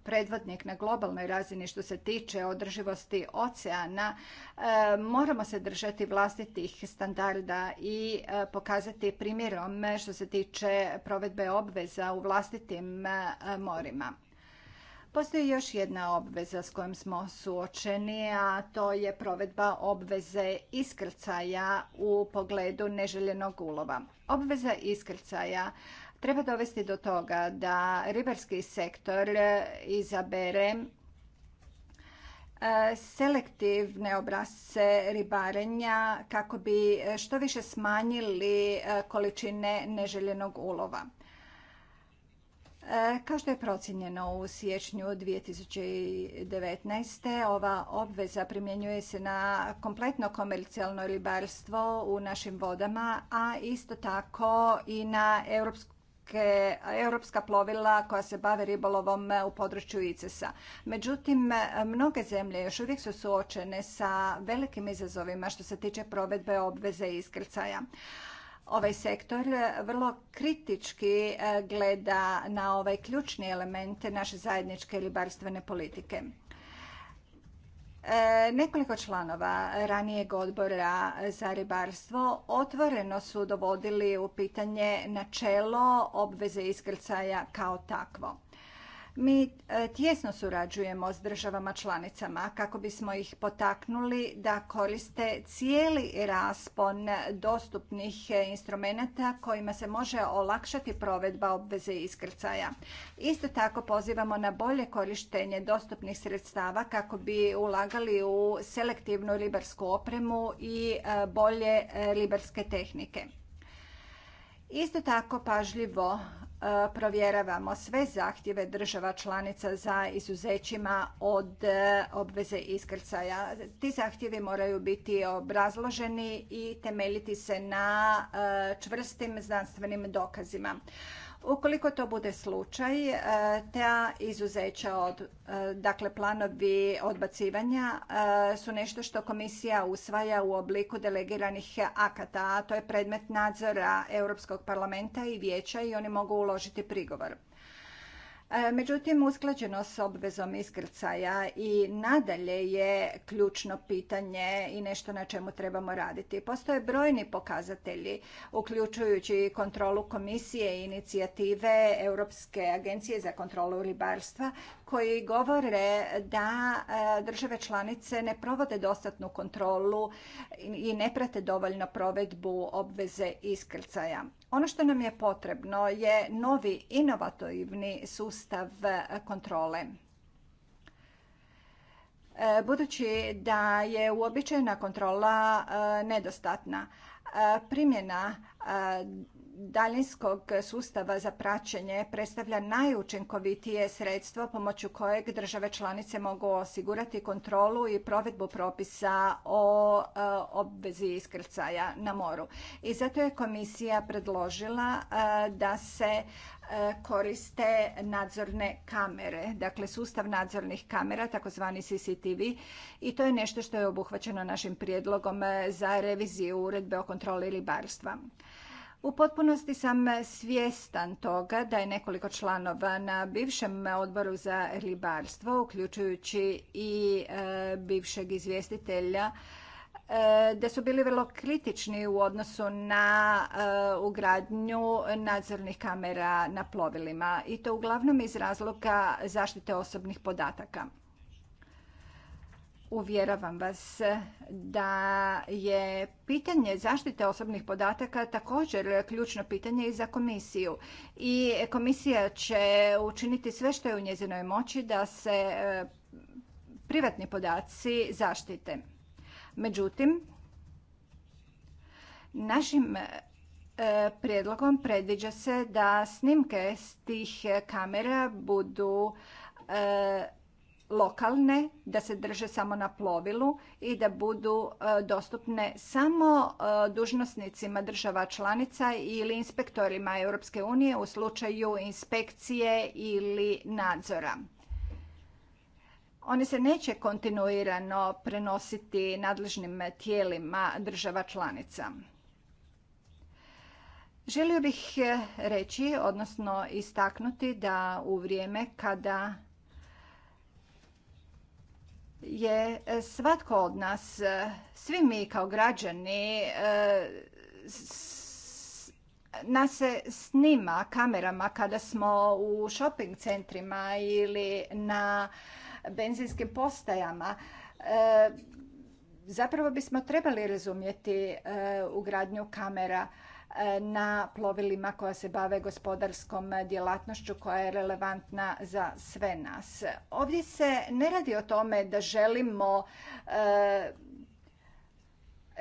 predvodnik na globalnoj razini što se tiče održivosti oceana, e, moramo se držati vlastitih standarda i e, pokazati primjerom što se tiče provedbe obveza u vlastitim morima. Postoji još jedna obveza s kojom smo suočeni, a to je provedba obveze iskrcaja u pogledu neželjenog ulova. Obveza iskrcaja treba dovesti do toga da ribarski sektor izabere e, selektivne obrazce ribarenja kako bi što više smanjili e, količine neželjenog ulova. E, kao što je procijenjeno u siječnju 2019. ova obveza primjenjuje se na kompletno komercijalno ribarstvo u našim vodama, a isto tako i na europsku europska plovila koja se bave ribolovom u području ICES-a. Međutim, mnoge zemlje još uvijek su suočene sa velikim izazovima što se tiče provedbe obveze iskrcaja. Ovaj sektor vrlo kritički e, gleda na ovaj ključni element naše zajedničke ribarstvene politike. E, nekoliko članova ranijeg odbora za ribarstvo otvoreno su dovodili u pitanje načelo obveze iskrcaja kao takvo. Mi e, tjesno surađujemo s državama članicama kako bismo ih potaknuli da koriste cijeli raspon dostupnih e, instrumenata kojima se može olakšati provedba obveze iskrcaja. Isto tako pozivamo na bolje korištenje dostupnih sredstava kako bi ulagali u selektivnu ribarsku opremu i e, bolje ribarske tehnike. Isto tako pažljivo E, provjeravamo sve zahtjeve država članica za izuzećima od e, obveze iskrcaja. Ti zahtjevi moraju biti obrazloženi i temeljiti se na e, čvrstim znanstvenim dokazima. Ukoliko to bude slučaj, e, ta izuzeća od, e, dakle planovi odbacivanja e, su nešto što komisija usvaja u obliku delegiranih akata, a to je predmet nadzora Europskog parlamenta i vijeća i oni mogu uložiti prigovor. E, međutim, usklađeno s obvezom iskrcaja i nadalje je ključno pitanje i nešto na čemu trebamo raditi. Postoje brojni pokazatelji, uključujući kontrolu komisije i inicijative Europske agencije za kontrolu ribarstva, koji govore da e, države članice ne provode dostatnu kontrolu i ne prate dovoljno provedbu obveze iskrcaja. Ono što nam je potrebno je novi inovativni sustav e, kontrole. E, budući da je uobičajena kontrola e, nedostatna, primjena daljinskog sustava za praćenje predstavlja najučinkovitije sredstvo pomoću kojeg države članice mogu osigurati kontrolu i provedbu propisa o e, obvezi iskrcaja na moru. I zato je komisija predložila e, da se e, koriste nadzorne kamere, dakle sustav nadzornih kamera, takozvani CCTV i to je nešto što je obuhvaćeno našim prijedlogom za reviziju uredbe o kontroli ribarstva. U potpunosti sam e, svjestan toga da je nekoliko članova na bivšem odboru za ribarstvo, uključujući i e, bivšeg izvjestitelja, e, da su bili vrlo kritični u odnosu na ugradnju nadzornih kamera na plovilima i to uglavnom iz razloga zaštite osobnih podataka. Uvjeravam vas da je pitanje zaštite osobnih podataka također ključno pitanje i za komisiju. I komisija će učiniti sve što je u njezinoj moći da se e, privatni podaci zaštite. Međutim, našim e, prijedlogom predviđa se da snimke s tih kamera budu e, lokalne, da se drže samo na plovilu i da budu e, dostupne samo e, dužnosnicima država članica ili inspektorima Europske unije u slučaju inspekcije ili nadzora. One se neće kontinuirano prenositi nadležnim tijelima država članica. Želio bih e, reći, odnosno istaknuti da u vrijeme kada je e, svatko od nas, e, svi mi kao građani, e, nas se snima kamerama kada smo u shopping centrima ili na benzinskim postajama. Zapravo bismo trebali razumjeti ugradnju kamera na plovilima koja se bave gospodarskom djelatnošću koja je relevantna za sve nas. Ovdje se ne radi o tome da želimo e,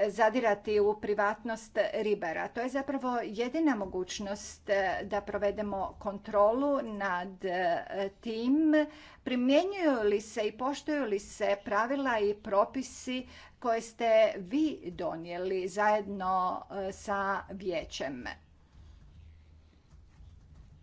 zadirati u privatnost ribara. To je zapravo jedina mogućnost e, da provedemo kontrolu nad e, tim primjenjuju li se i poštuju li se pravila i propisi koje ste vi donijeli zajedno e, sa vijećem.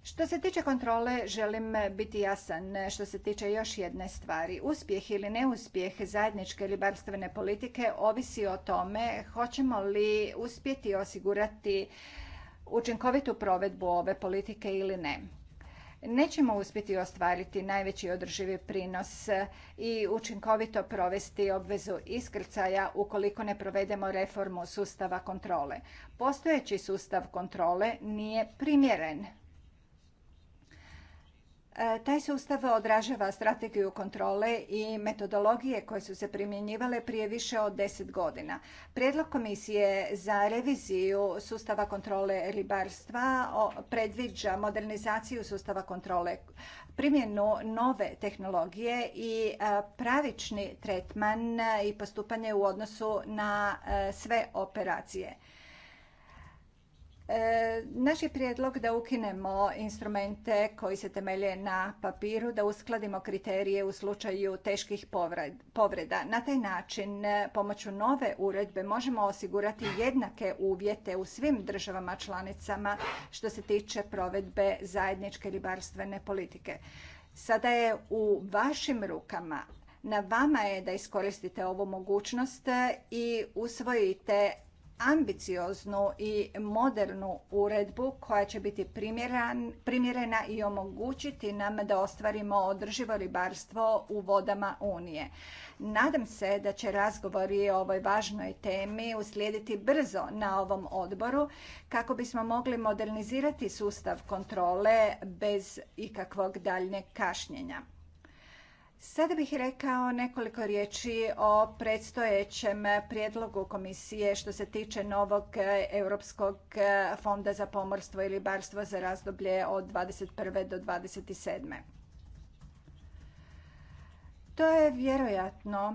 Što se tiče kontrole, želim biti jasan što se tiče još jedne stvari. Uspjeh ili neuspjeh zajedničke ribarstvene politike ovisi o tome hoćemo li uspjeti osigurati učinkovitu provedbu ove politike ili ne. Nećemo uspjeti ostvariti najveći održivi prinos i učinkovito provesti obvezu iskrcaja ukoliko ne provedemo reformu sustava kontrole. Postojeći sustav kontrole nije primjeren E, taj sustav odražava strategiju kontrole i metodologije koje su se primjenjivale prije više od deset godina. Prijedlog komisije za reviziju sustava kontrole ribarstva predviđa modernizaciju sustava kontrole, primjenu nove tehnologije i e, pravični tretman i postupanje u odnosu na e, sve operacije. E, naš je prijedlog da ukinemo instrumente koji se temelje na papiru, da uskladimo kriterije u slučaju teških povreda. Na taj način, e, pomoću nove uredbe, možemo osigurati jednake uvjete u svim državama članicama što se tiče provedbe zajedničke ribarstvene politike. Sada je u vašim rukama na vama je da iskoristite ovu mogućnost e, i usvojite ambicioznu i modernu uredbu koja će biti primjerena i omogućiti nam da ostvarimo održivo ribarstvo u vodama Unije. Nadam se da će razgovori o ovoj važnoj temi uslijediti brzo na ovom odboru kako bismo mogli modernizirati sustav kontrole bez ikakvog daljnjeg kašnjenja. Sada bih rekao nekoliko riječi o predstojećem prijedlogu komisije što se tiče novog e, Europskog e, fonda za pomorstvo i ribarstvo za razdoblje od 21. do 27. To je vjerojatno e,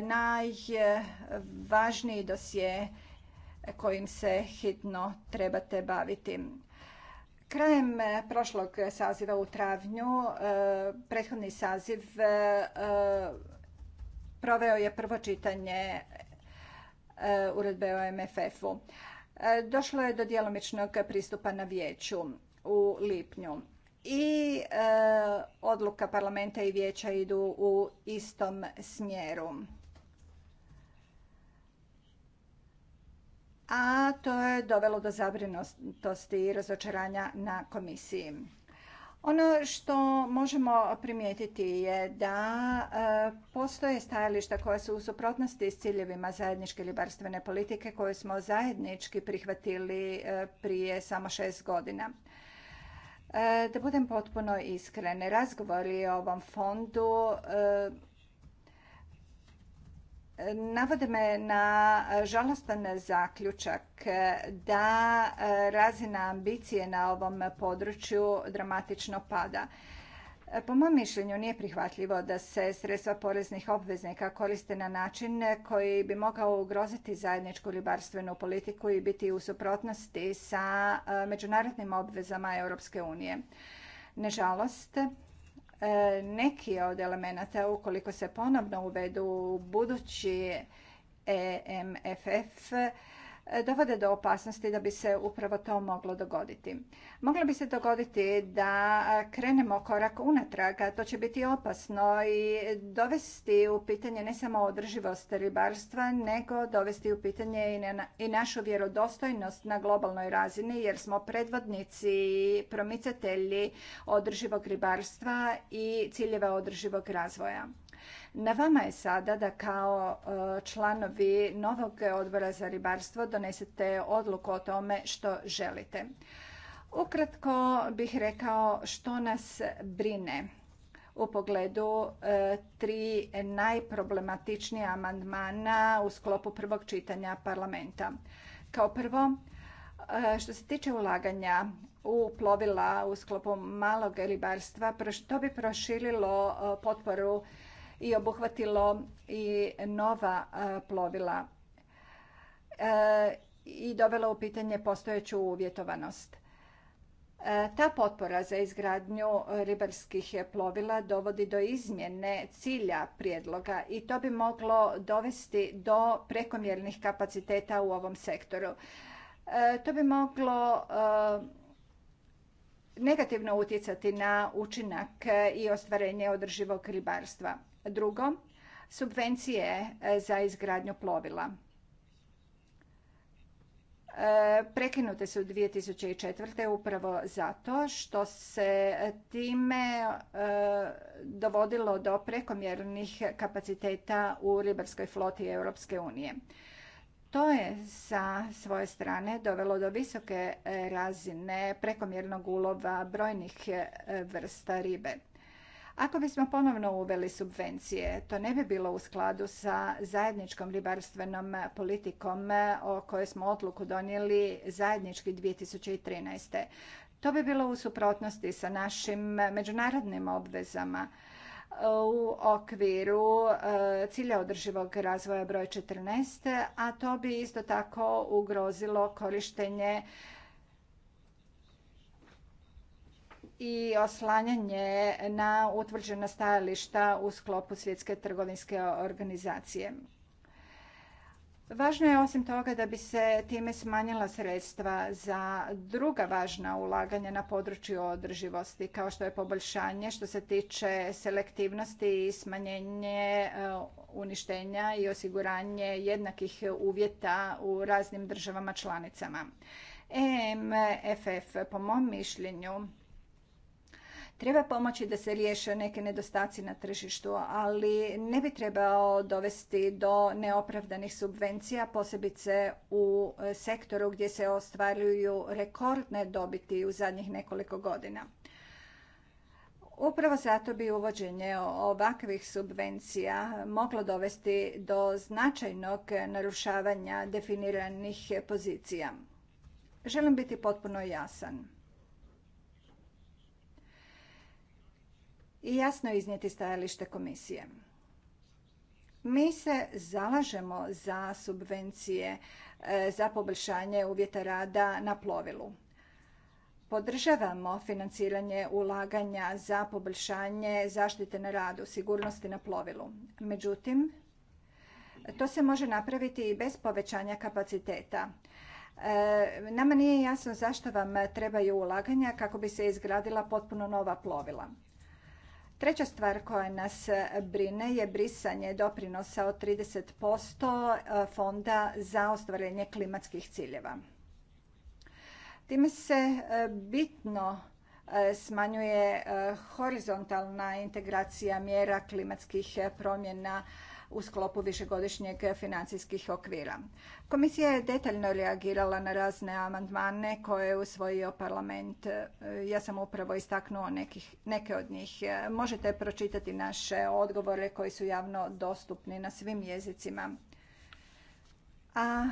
najvažniji dosje kojim se hitno trebate baviti. Krajem e, prošlog saziva u travnju, e, prethodni saziv e, proveo je prvo čitanje uredbe o MFF-u. Došlo je do djelomičnog pristupa na vijeću u lipnju i odluka parlamenta i vijeća idu u istom smjeru. a to je dovelo do zabrinutosti i razočaranja na komisiji. Ono što možemo primijetiti je da e, postoje stajališta koja su u suprotnosti s ciljevima zajedničke ribarstvene politike koje smo zajednički prihvatili e, prije samo šest godina. E, da budem potpuno iskren, razgovori o ovom fondu navode me na žalostan zaključak da razina ambicije na ovom području dramatično pada. Po mom mišljenju nije prihvatljivo da se sredstva poreznih obveznika koriste na način koji bi mogao ugroziti zajedničku ribarstvenu politiku i biti u suprotnosti sa e, međunarodnim obvezama Europske unije. Nažalost, E, neki od elemenata ukoliko se ponovno uvedu u budući EMFF E, dovode do opasnosti da bi se upravo to moglo dogoditi. Moglo bi se dogoditi da e, krenemo korak unatrag, a to će biti opasno i dovesti u pitanje ne samo održivost ribarstva, nego dovesti u pitanje i, i našu vjerodostojnost na globalnoj razini, jer smo predvodnici i promicatelji održivog ribarstva i ciljeva održivog razvoja. Na vama je sada da kao e, članovi novog odbora za ribarstvo donesete odluku o tome što želite. Ukratko bih rekao što nas brine u pogledu e, tri najproblematičnija amandmana u sklopu prvog čitanja parlamenta. Kao prvo, e, što se tiče ulaganja u plovila u sklopu malog ribarstva, to bi proširilo potporu i obuhvatilo i nova e, plovila e, i dovelo u pitanje postojeću uvjetovanost. E, ta potpora za izgradnju ribarskih plovila dovodi do izmjene cilja prijedloga i to bi moglo dovesti do prekomjernih kapaciteta u ovom sektoru. To bi moglo negativno utjecati na učinak i ostvarenje održivog ribarstva. Drugo, subvencije e, za izgradnju plovila. E, prekinute su 2004. upravo zato što se time e, dovodilo do prekomjernih kapaciteta u ribarskoj floti Europske unije. To je sa svoje strane dovelo do visoke razine prekomjernog ulova brojnih vrsta ribe. Ako bismo ponovno uveli subvencije, to ne bi bilo u skladu sa zajedničkom ribarstvenom politikom o kojoj smo odluku donijeli zajednički 2013. To bi bilo u suprotnosti sa našim međunarodnim obvezama u okviru e, cilja održivog razvoja broj 14, a to bi isto tako ugrozilo korištenje i oslanjanje na utvrđena stajališta u sklopu svjetske trgovinske organizacije. Važno je osim toga da bi se time smanjila sredstva za druga važna ulaganja na području održivosti, kao što je poboljšanje što se tiče selektivnosti i smanjenje e, uništenja i osiguranje jednakih uvjeta u raznim državama članicama. EMFF, po mom mišljenju, Treba pomoći da se riješe neke nedostaci na tržištu, ali ne bi trebao dovesti do neopravdanih subvencija, posebice u e, sektoru gdje se ostvaruju rekordne dobiti u zadnjih nekoliko godina. Upravo zato bi uvođenje ovakvih subvencija moglo dovesti do značajnog narušavanja definiranih pozicija. Želim biti potpuno jasan. i jasno iznijeti stajalište komisije. Mi se zalažemo za subvencije e, za poboljšanje uvjeta rada na plovilu. Podržavamo financiranje ulaganja za poboljšanje zaštite na radu, sigurnosti na plovilu. Međutim, to se može napraviti i bez povećanja kapaciteta. E, nama nije jasno zašto vam trebaju ulaganja kako bi se izgradila potpuno nova plovila. Treća stvar koja nas brine je brisanje doprinosa od 30% e, fonda za ostvarenje klimatskih ciljeva. Time se e, bitno e, smanjuje horizontalna integracija mjera klimatskih promjena u sklopu višegodišnjeg financijskih okvira. Komisija je detaljno reagirala na razne amandmane koje je usvojio parlament. E, ja sam upravo istaknuo nekih, neke od njih. E, možete pročitati naše odgovore koji su javno dostupni na svim jezicima. A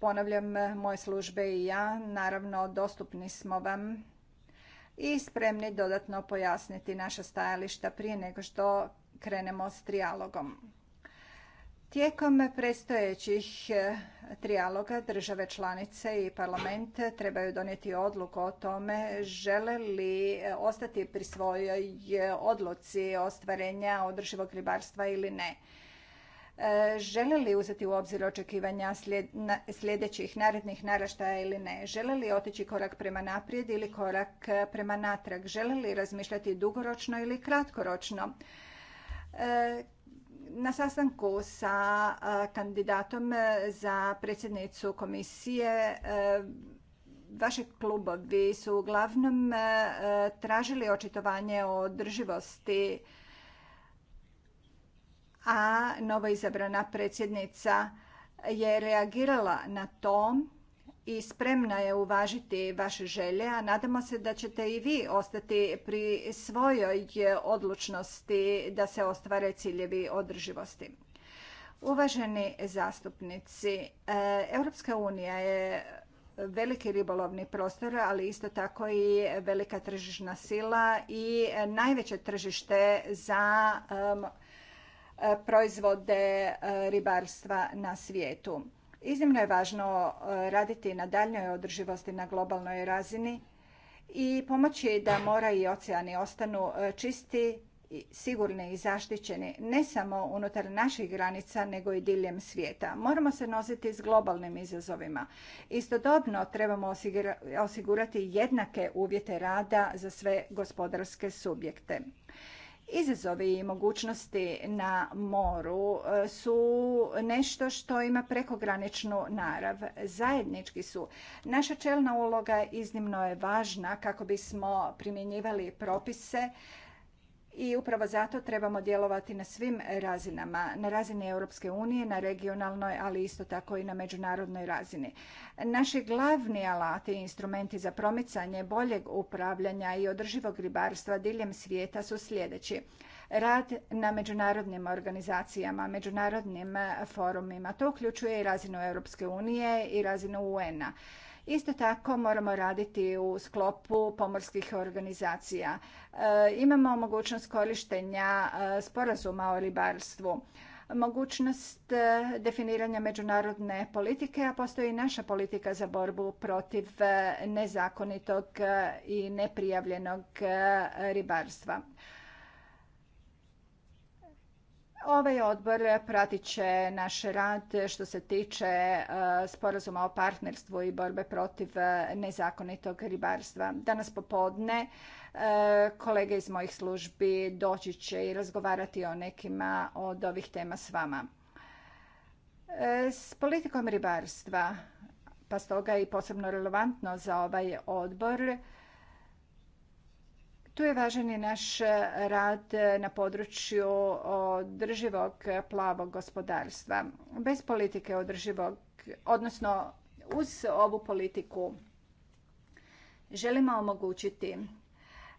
ponavljam, moje službe i ja, naravno, dostupni smo vam i spremni dodatno pojasniti naša stajališta prije nego što krenemo s trijalogom. Tijekom predstojećih e, trijaloga države članice i parlament trebaju donijeti odluku o tome žele li e, ostati pri svojoj odluci ostvarenja održivog ribarstva ili ne. E, žele li uzeti u obzir očekivanja sljedećih narednih naraštaja ili ne? Žele li otići korak prema naprijed ili korak prema natrag? Žele li razmišljati dugoročno ili kratkoročno? Na sastanku sa e, kandidatom e, za predsjednicu komisije e, vaši klubovi su uglavnom tražili očitovanje o održivosti, a novoizabrana predsjednica je reagirala na to i spremna je uvažiti vaše želje, a nadamo se da ćete i vi ostati pri svojoj odlučnosti da se ostvare ciljevi održivosti. Uvaženi zastupnici, e, Europska unija je veliki ribolovni prostor, ali isto tako i velika tržišna sila i najveće tržište za e, proizvode e, ribarstva na svijetu. Iznimno je važno e, raditi na daljnjoj održivosti na globalnoj razini i pomoći da mora i oceani ostanu e, čisti, sigurni i zaštićeni ne samo unutar naših granica nego i diljem svijeta. Moramo se nositi s globalnim izazovima. Istodobno trebamo osigurati jednake uvjete rada za sve gospodarske subjekte. Izazovi i mogućnosti na moru e, su nešto što ima prekograničnu narav. Zajednički su. Naša čelna uloga iznimno je važna kako bismo primjenjivali propise i upravo zato trebamo djelovati na svim razinama, na razini Europske unije, na regionalnoj, ali isto tako i na međunarodnoj razini. Naši glavni alati i instrumenti za promicanje boljeg upravljanja i održivog ribarstva diljem svijeta su sljedeći. Rad na međunarodnim organizacijama, međunarodnim forumima, to uključuje i razinu Europske unije i razinu UN-a. Isto tako moramo raditi u sklopu pomorskih organizacija. E, imamo mogućnost korištenja e, sporazuma o ribarstvu mogućnost e, definiranja međunarodne politike, a postoji i naša politika za borbu protiv nezakonitog i neprijavljenog ribarstva. Ovaj odbor pratit će naš rad što se tiče e, sporazuma o partnerstvu i borbe protiv e, nezakonitog ribarstva. Danas popodne e, kolege iz mojih službi doći će i razgovarati o nekima od ovih tema s vama. S politikom ribarstva, pa stoga i posebno relevantno za ovaj odbor, tu je važan i naš rad na području održivog plavog gospodarstva. Bez politike održivog, odnosno uz ovu politiku želimo omogućiti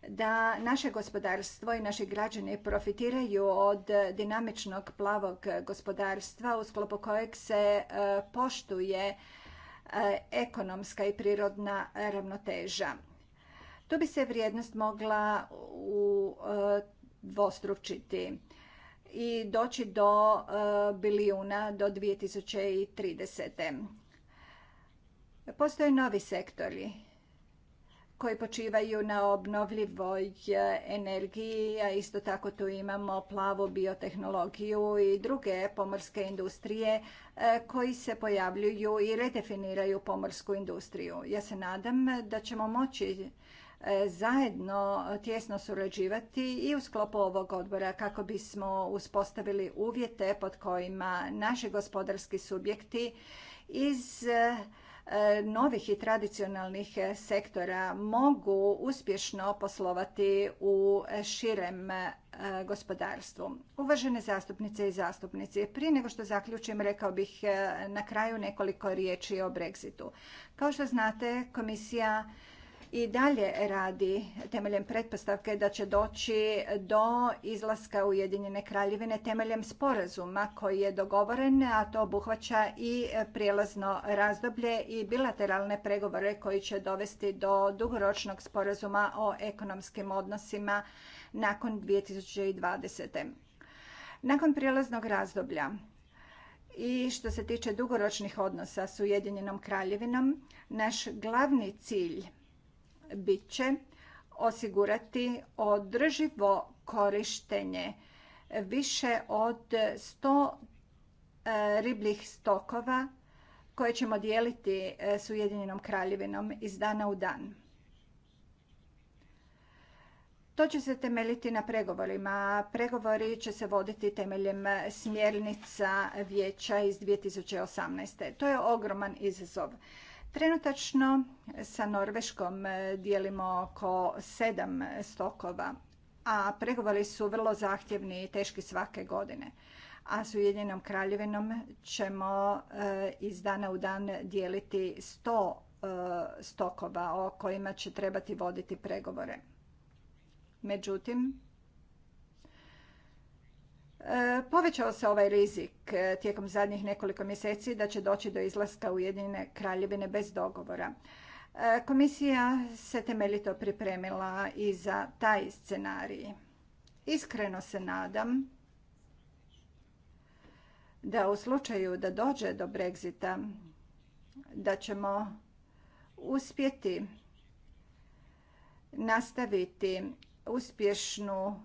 da naše gospodarstvo i naši građani profitiraju od dinamičnog plavog gospodarstva u sklopu kojeg se e, poštuje e, ekonomska i prirodna ravnoteža. Tu bi se vrijednost mogla u e, dvostručiti i doći do e, bilijuna do 2030. Postoje novi sektori koji počivaju na obnovljivoj e, energiji, a isto tako tu imamo plavu biotehnologiju i druge pomorske industrije koji se pojavljuju i redefiniraju pomorsku industriju. Ja se nadam da ćemo moći E, zajedno tjesno surađivati i u sklopu ovog odbora kako bismo uspostavili uvjete pod kojima naši gospodarski subjekti iz e, e, novih i tradicionalnih sektora mogu uspješno poslovati u širem gospodarstvu. Uvažene zastupnice i zastupnici, prije nego što zaključim, rekao bih na kraju nekoliko riječi o Brexitu. Kao što znate, komisija i dalje radi temeljem pretpostavke da će doći do izlaska Ujedinjene kraljevine temeljem sporazuma koji je dogovoren, a to obuhvaća i prijelazno razdoblje i bilateralne pregovore koji će dovesti do dugoročnog sporazuma o ekonomskim odnosima nakon 2020. Nakon prijelaznog razdoblja i što se tiče dugoročnih odnosa s Ujedinjenom kraljevinom, naš glavni cilj bit će osigurati održivo korištenje više od 100 e, ribljih stokova koje ćemo dijeliti e, s Ujedinjenom kraljevinom iz dana u dan. To će se temeljiti na pregovorima, pregovori će se voditi temeljem e, smjernica vijeća iz 2018. To je ogroman izazov. Trenutačno sa Norveškom e, dijelimo oko sedam stokova, a pregovori su vrlo zahtjevni i teški svake godine. A s Ujedinjenom kraljevinom ćemo e, iz dana u dan dijeliti sto e, stokova o kojima će trebati voditi pregovore. Međutim, Povećao se ovaj rizik e, tijekom zadnjih nekoliko mjeseci da će doći do izlaska Ujedinjene kraljevine bez dogovora. E, komisija se temeljito pripremila i za taj scenarij. Iskreno se nadam da u slučaju da dođe do Brexita da ćemo uspjeti nastaviti uspješnu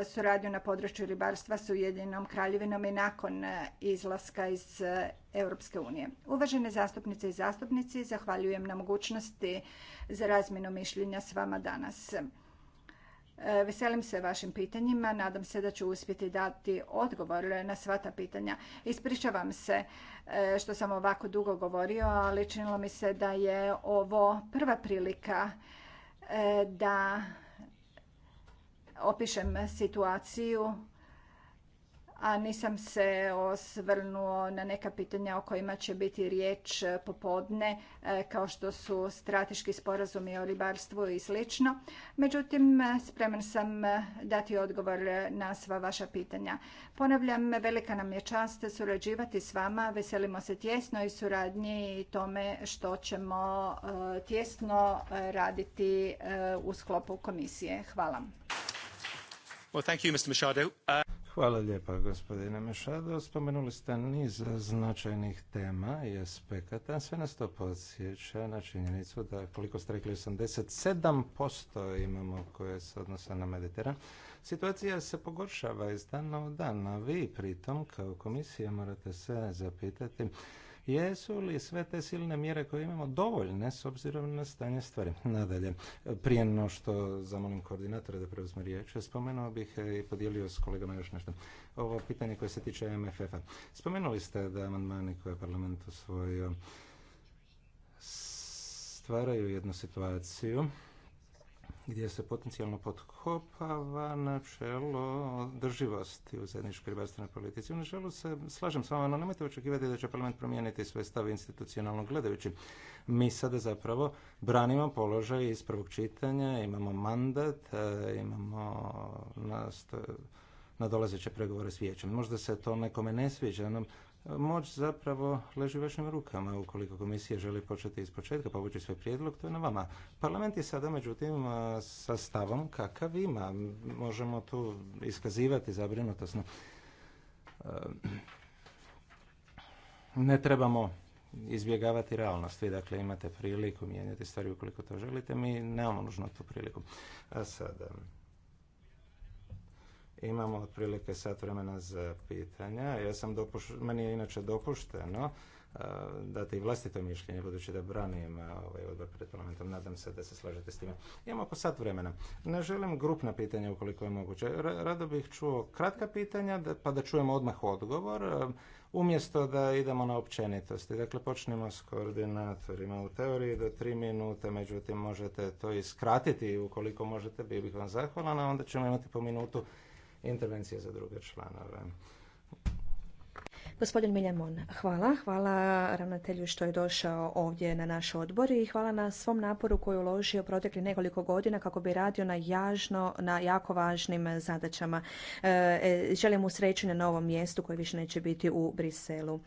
e, suradnju na području ribarstva s Ujedinom kraljevinom i nakon e, izlaska iz e, Europske unije. Uvažene zastupnice i zastupnici, zahvaljujem na mogućnosti za razmjenu mišljenja s vama danas. Veselim se vašim pitanjima, nadam se da ću uspjeti dati odgovor na sva ta pitanja. Ispričavam se što sam ovako dugo govorio, ali činilo mi se da je ovo prva prilika da opišem situaciju, a nisam se osvrnuo na neka pitanja o kojima će biti riječ popodne, e, kao što su strateški sporazumi o ribarstvu i sl. Međutim, spreman sam dati odgovor na sva vaša pitanja. Ponavljam, velika nam je čast surađivati s vama. Veselimo se i suradnji i tome što ćemo e, tjesno raditi e, u sklopu komisije. Hvala. Uh, Hvala lijepa gospodine Mešado. Spomenuli ste niz značajnih tema i aspekata. Sve nas to podsjeća na činjenicu da koliko ste rekli 87% imamo koje se odnose na Mediteran. Situacija se pogoršava iz dana u dan, a vi pritom kao komisija morate se zapitati Jesu li sve te silne mjere koje imamo dovoljne s obzirom na stanje stvari? Nadalje, prije no što zamolim koordinatora da preuzme riječ, spomenuo bih e, i podijelio s kolegama još nešto. Ovo pitanje koje se tiče MFF-a. Spomenuli ste da amandmani koje je parlament usvojio stvaraju jednu situaciju gdje se potencijalno potkopava načelo drživosti u zajedničkoj ribarstvenoj politici. U načelu se slažem s vama, no nemojte očekivati da će parlament promijeniti svoje stave institucionalno gledajući. Mi sada zapravo branimo položaj iz prvog čitanja, imamo mandat, e, imamo nadolazeće pregovore s vijećem. Možda se to nekome ne sviđa, moć zapravo leži u vašim rukama. Ukoliko komisija želi početi iz početka povući svoj prijedlog, to je na vama. Parlament je sada, međutim, sa stavom kakav ima. Možemo tu iskazivati zabrinutost. Ne trebamo izbjegavati realnost. Vi dakle imate priliku mijenjati stvari ukoliko to želite. Mi nemamo nužno tu priliku. A sada, Imamo otprilike sat vremena za pitanja. Ja sam dopuš... Meni je inače dopušteno e, dati i vlastito mišljenje, budući da branim e, ovaj odbor pred parlamentom. Nadam se da se slažete s time. Imamo oko sat vremena. Ne želim grupna pitanja ukoliko je moguće. Rado bih čuo kratka pitanja, pa da čujemo odmah odgovor, e, umjesto da idemo na općenitosti. Dakle, počnemo s koordinatorima. U teoriji do tri minute, međutim, možete to i skratiti ukoliko možete, bili bih vam zahvalan, a onda ćemo imati po minutu intervencije za druge članove. Gospodin Miljan hvala. Hvala ravnatelju što je došao ovdje na naš odbor i hvala na svom naporu koji je uložio protekli nekoliko godina kako bi radio na jažno, na jako važnim zadaćama. E, želim mu sreću na novom mjestu koje više neće biti u Briselu.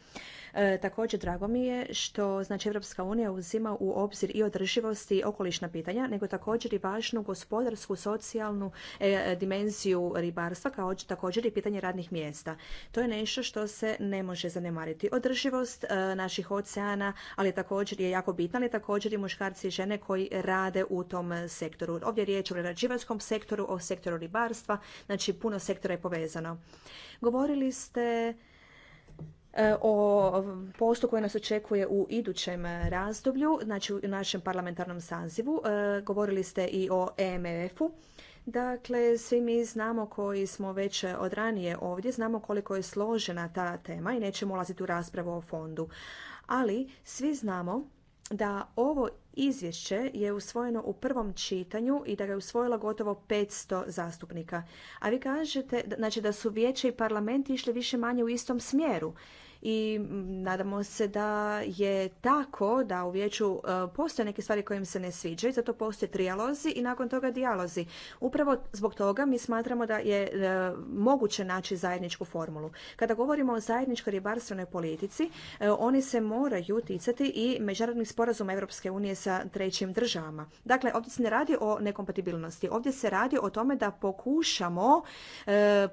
E, također, drago mi je što znači, Evropska unija uzima u obzir i održivost i okolišna pitanja, nego također i važnu gospodarsku, socijalnu e, dimenziju ribarstva, kao također i pitanje radnih mjesta. To je nešto što se ne može zanemariti. Održivost e, naših oceana, ali također je jako bitna, ali također i muškarci i žene koji rade u tom sektoru. Ovdje je riječ o prerađivačkom sektoru, o sektoru ribarstva, znači puno sektora je povezano. Govorili ste E, o postu koji nas očekuje u idućem razdoblju, znači u našem parlamentarnom sazivu. E, govorili ste i o EMF-u. Dakle, svi mi znamo koji smo već od ranije ovdje, znamo koliko je složena ta tema i nećemo ulaziti u raspravu o fondu. Ali svi znamo da ovo izvješće je usvojeno u prvom čitanju i da ga je usvojilo gotovo 500 zastupnika. A vi kažete znači, da su vijeće i parlamenti išli više manje u istom smjeru i nadamo se da je tako da u vijeću e, postoje neke stvari koje im se ne sviđaju, zato postoje trijalozi i nakon toga dijalozi. Upravo zbog toga mi smatramo da je e, moguće naći zajedničku formulu. Kada govorimo o zajedničkoj ribarstvenoj politici, e, oni se moraju ticati i međunarodnih sporazuma Europske unije sa trećim državama. Dakle, ovdje se ne radi o nekompatibilnosti, ovdje se radi o tome da pokušamo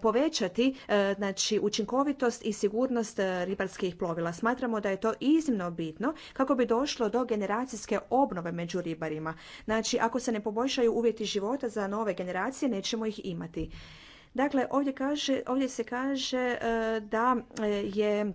povećati znači učinkovitost i sigurnost ribarstva ribarskih plovila. Smatramo da je to iznimno bitno kako bi došlo do generacijske obnove među ribarima. Znači, ako se ne poboljšaju uvjeti života za nove generacije, nećemo ih imati. Dakle, ovdje, ovdje se kaže e, da e, je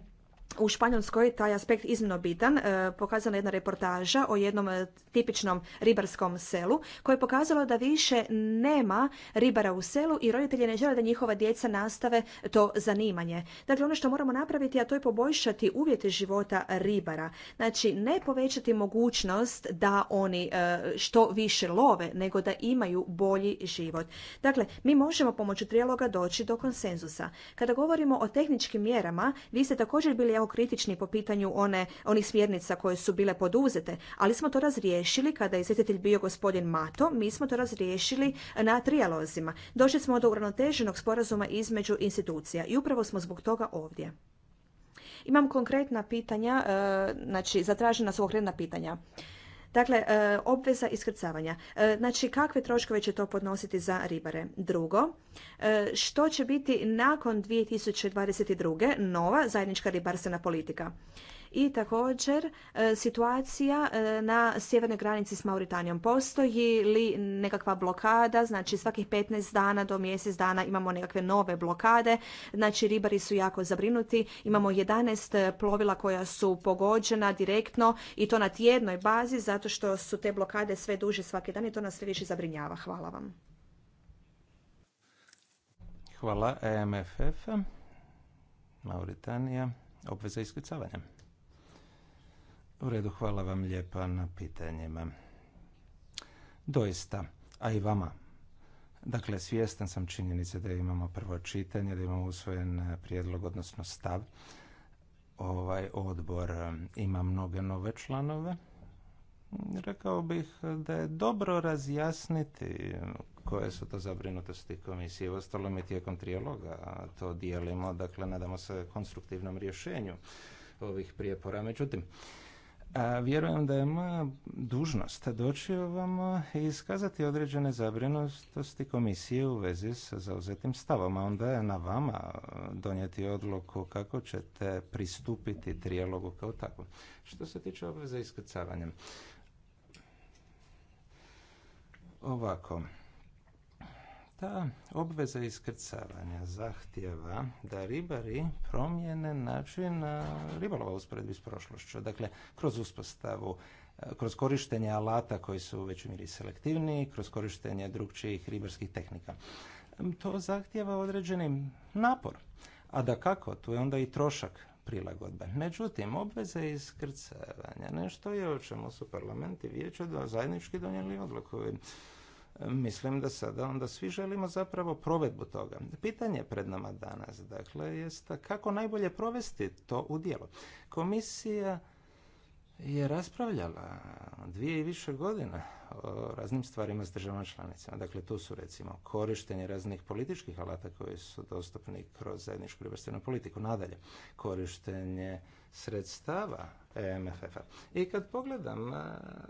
u Španjolskoj taj aspekt iznimno bitan. E, Pokazana je jedna reportaža o jednom e, tipičnom ribarskom selu koje je pokazalo da više nema ribara u selu i roditelji ne žele da njihova djeca nastave to zanimanje. Dakle, ono što moramo napraviti, a to je poboljšati uvjete života ribara. Znači, ne povećati mogućnost da oni e, što više love, nego da imaju bolji život. Dakle, mi možemo pomoću trijaloga doći do konsenzusa. Kada govorimo o tehničkim mjerama, vi ste također bili evo kritični po pitanju one, onih smjernica koje su bile poduzete, ali smo to razriješili kada je izvjestitelj bio gospodin Mato, mi smo to razriješili eh, na trijalozima. Došli smo do uravnoteženog sporazuma između institucija i upravo smo zbog toga ovdje. Imam konkretna pitanja, eh, znači zatražena su konkretna pitanja. Dakle, e, obveza iskrcavanja. E, znači, kakve troškove će to podnositi za ribare? Drugo, e, što će biti nakon 2022. nova zajednička ribarstvena politika? i također e, situacija e, na sjevernoj granici s Mauritanijom. Postoji li nekakva blokada, znači svakih 15 dana do mjesec dana imamo nekakve nove blokade, znači ribari su jako zabrinuti, imamo 11 plovila koja su pogođena direktno i to na tjednoj bazi zato što su te blokade sve duže svaki dan i to nas sve više zabrinjava. Hvala vam. Hvala EMFF, Mauritanija, obveza iskrcavanja. U redu, hvala vam lijepa na pitanjima. Doista, a i vama. Dakle, svjestan sam činjenice da imamo prvo čitanje, da imamo usvojen e, prijedlog, odnosno stav. Ovaj odbor e, ima mnoge nove članove. Rekao bih da je dobro razjasniti koje su to zabrinutosti komisije. Ostalo mi tijekom trijaloga to dijelimo, dakle nadamo se konstruktivnom rješenju ovih prijepora. Međutim, a vjerujem da je moja dužnost doći vam e, i iskazati određene zabrinutosti komisije u vezi sa zauzetim stavom, a onda je na vama e, donijeti odluku kako ćete pristupiti trijalogu kao takvom. Što se tiče obveze iskrcavanjem, ovako, ta obveza iskrcavanja zahtjeva da ribari promijene način e, ribolova usporedbi s prošlošću. Dakle, kroz uspostavu e, kroz korištenje alata koji su već ili mjeri selektivni, kroz korištenje drugčijih ribarskih tehnika. To zahtjeva određeni napor, a da kako, tu je onda i trošak prilagodbe. Međutim, obveze iskrcavanja nešto je o čemu su parlamenti i vijeće zajednički donijeli odluku mislim da sada onda svi želimo zapravo provedbu toga. Pitanje pred nama danas, dakle, jest kako najbolje provesti to u djelo. Komisija je raspravljala dvije i više godina o raznim stvarima s državama članicama. Dakle, tu su recimo korištenje raznih političkih alata koji su dostupni kroz zajedničku ribarstvenu politiku. Nadalje, korištenje sredstava MFF-a. I kad pogledam eh,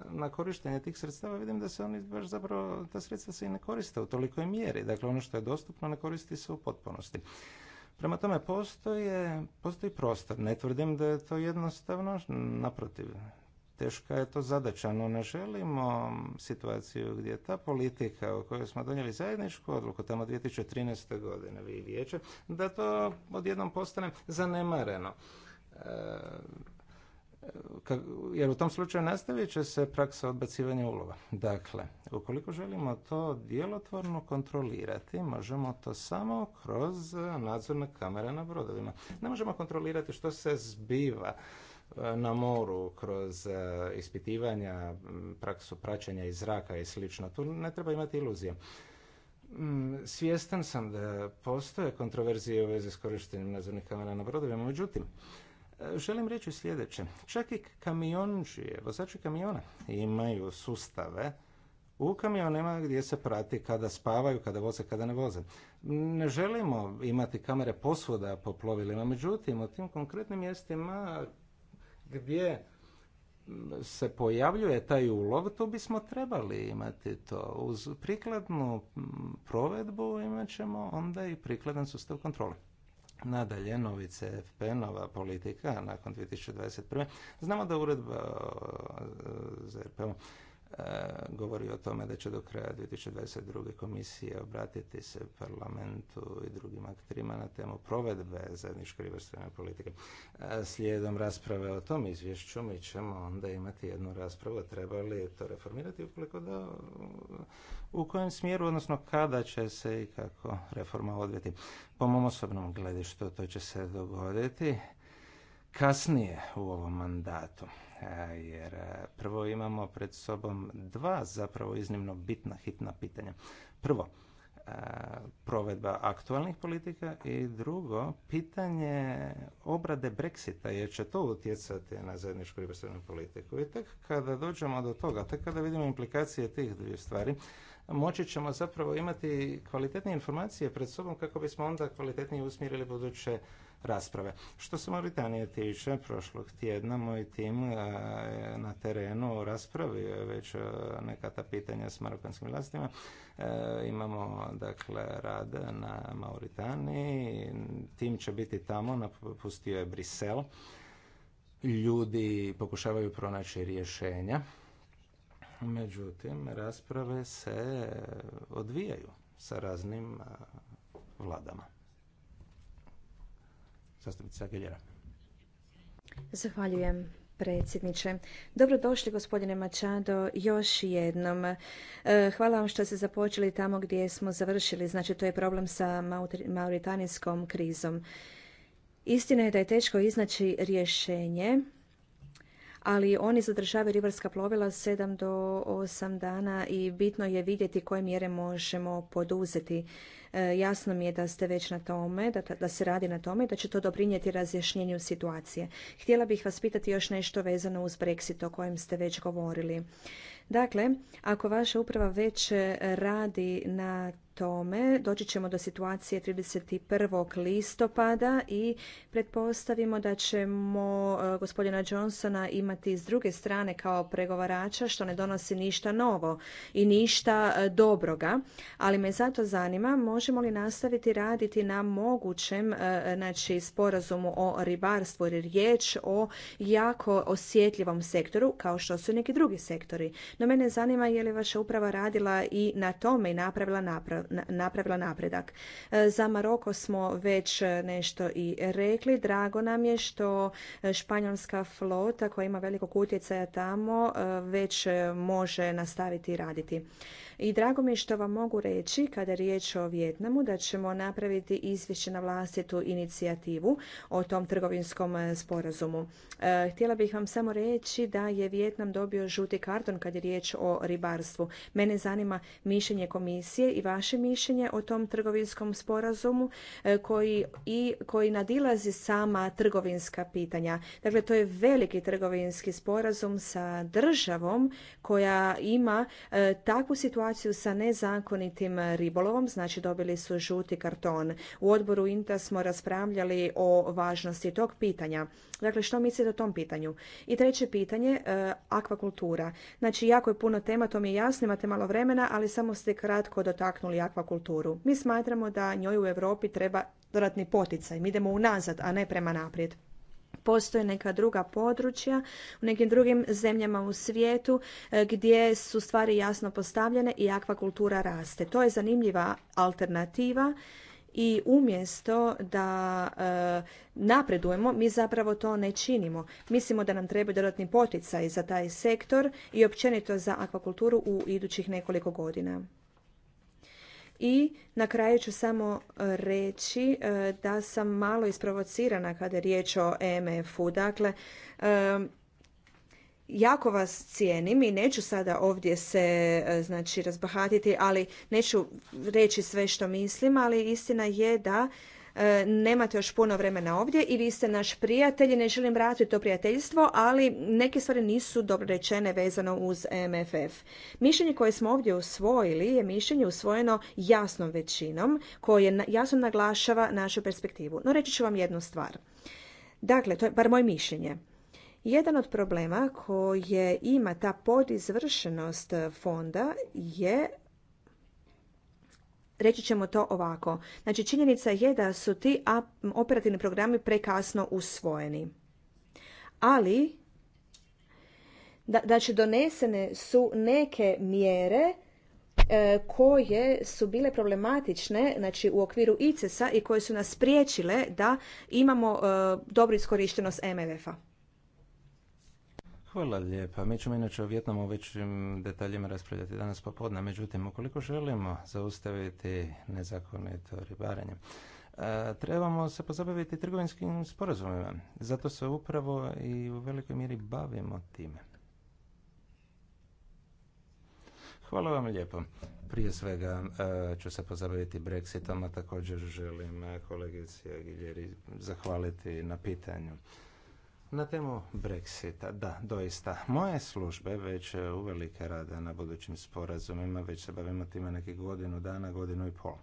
na korištenje tih sredstava vidim da se oni baš zapravo, ta sredstva se i ne koriste u tolikoj mjeri. Dakle, ono što je dostupno ne koristi se u potpunosti. Prema tome, postoje, postoji prostor. Ne tvrdim da je to jednostavno, naprotiv, teška je to zadaća, no ne želimo situaciju gdje ta politika o kojoj smo donijeli zajedničku odluku tamo 2013. godine, i vijeće, da to odjednom postane zanemareno. Eh, jer u tom slučaju nastavit će se praksa odbacivanja ulova. Dakle, ukoliko želimo to djelotvorno kontrolirati, možemo to samo kroz nadzorne kamere na brodovima. Ne možemo kontrolirati što se zbiva e, na moru kroz e, ispitivanja, praksu praćenja iz zraka i slično. Tu ne treba imati iluzije. Svjestan sam da postoje kontroverzije u vezi s korištenjem nadzornih kamera na brodovima, međutim, Želim reći sljedeće. Čak i kamionđije, vozači kamiona imaju sustave u kamionima gdje se prati kada spavaju, kada voze, kada ne voze. Ne želimo imati kamere posvuda po plovilima, međutim u tim konkretnim mjestima gdje se pojavljuje taj ulov, tu bismo trebali imati to. Uz prikladnu provedbu imat ćemo onda i prikladan sustav kontrole. Nadalje, novi CFP, nova politika nakon 2021. Znamo da uredba za RPL-u E, govori o tome da će do kraja 2022. komisije obratiti se parlamentu i drugim akterima na temu provedbe zajedničke ribarstvene politike. E, slijedom rasprave o tom izvješću mi ćemo onda imati jednu raspravu treba li to reformirati ukoliko da u kojem smjeru, odnosno kada će se i kako reforma odviti. Po mom osobnom gledištu to će se dogoditi kasnije u ovom mandatu. E, jer e, prvo imamo pred sobom dva zapravo iznimno bitna, hitna pitanja. Prvo, e, provedba aktualnih politika i drugo, pitanje obrade Brexita, jer će to utjecati na zajedničku ribarstvenu politiku. I tek kada dođemo do toga, tek kada vidimo implikacije tih dvije stvari, moći ćemo zapravo imati kvalitetne informacije pred sobom kako bismo onda kvalitetnije usmjerili buduće rasprave. Što se Mauritanije tiče, prošlog tjedna moj tim e, na terenu raspravi, e, već e, neka pitanja s marokanskim vlastima. Imamo dakle rad na Mauritaniji, tim će biti tamo, napustio je Brisel. Ljudi pokušavaju pronaći rješenja. Međutim, rasprave se odvijaju sa raznim vladama zastupnica Geljera. Zahvaljujem predsjedniče. Dobrodošli gospodine Mačado još jednom. E, hvala vam što ste započeli tamo gdje smo završili, znači to je problem sa mauritanijskom krizom. Istina je da je teško iznaći rješenje ali oni zadržavaju ribarska plovila 7 do 8 dana i bitno je vidjeti koje mjere možemo poduzeti. E, jasno mi je da ste već na tome, da, da se radi na tome i da će to doprinijeti razjašnjenju situacije. Htjela bih vas pitati još nešto vezano uz Brexit o kojem ste već govorili. Dakle, ako vaša uprava već radi na tome doći ćemo do situacije 31. listopada i pretpostavimo da ćemo e, gospodina Johnsona imati s druge strane kao pregovarača što ne donosi ništa novo i ništa e, dobroga. Ali me zato zanima možemo li nastaviti raditi na mogućem e, znači, sporazumu o ribarstvu jer riječ o jako osjetljivom sektoru kao što su neki drugi sektori. No mene zanima je li vaša uprava radila i na tome i napravila napravila napredak. E, za Maroko smo već nešto i rekli. Drago nam je što španjolska flota koja ima velikog utjecaja tamo e, već može nastaviti raditi. I drago mi je što vam mogu reći kada je riječ o Vjetnamu da ćemo napraviti izvješće na vlastitu inicijativu o tom trgovinskom e, sporazumu. E, htjela bih vam samo reći da je Vjetnam dobio žuti karton kad je riječ o ribarstvu. Mene zanima mišljenje komisije i vaše mišljenje o tom trgovinskom sporazumu e, koji, i, koji nadilazi sama trgovinska pitanja. Dakle, to je veliki trgovinski sporazum sa državom koja ima takvu situaciju situaciju sa nezakonitim ribolovom, znači dobili su žuti karton. U odboru INTA smo raspravljali o važnosti tog pitanja. Dakle, što mislite o tom pitanju? I treće pitanje, e, akvakultura. Znači, jako je puno tema, to mi je jasno, imate malo vremena, ali samo ste kratko dotaknuli akvakulturu. Mi smatramo da njoj u Europi treba dodatni poticaj. Mi idemo unazad, a ne prema naprijed postoje neka druga područja u nekim drugim zemljama u svijetu e, gdje su stvari jasno postavljene i akvakultura raste. To je zanimljiva alternativa i umjesto da e, napredujemo, mi zapravo to ne činimo. Mislimo da nam treba dodatni poticaj za taj sektor i općenito za akvakulturu u idućih nekoliko godina. I na kraju ću samo e, reći e, da sam malo isprovocirana kada je riječ o EMF-u. Dakle, e, jako vas cijenim i neću sada ovdje se znači razbahatiti, ali neću reći sve što mislim, ali istina je da E, nemate još puno vremena ovdje i vi ste naš prijatelj i ne želim vratiti to prijateljstvo, ali neke stvari nisu dobro rečene vezano uz MFF. Mišljenje koje smo ovdje usvojili je mišljenje usvojeno jasnom većinom koje jasno naglašava našu perspektivu. No reći ću vam jednu stvar. Dakle, to je bar moje mišljenje. Jedan od problema koje ima ta podizvršenost fonda je reći ćemo to ovako. Znači činjenica je da su ti operativni programi prekasno usvojeni. Ali da, znači donesene su neke mjere e, koje su bile problematične znači u okviru ICES-a i koje su nas spriječile da imamo e, dobru iskorištenost MMF-a. Hvala lijepa. Mi ćemo inače o Vjetnamu većim detaljima raspravljati danas popodne. Međutim, ukoliko želimo zaustaviti nezakonito ribaranje, e, trebamo se pozabaviti trgovinskim sporazumima. Zato se upravo i u velikoj mjeri bavimo time. Hvala vam lijepo. Prije svega e, ću se pozabaviti Brexitom, a također želim e, kolegici Agiljeri zahvaliti na pitanju. Na temu Brexita, da, doista. Moje službe već e, uvelike rade na budućim sporazumima, već se bavimo time nekih godinu dana, godinu i pol.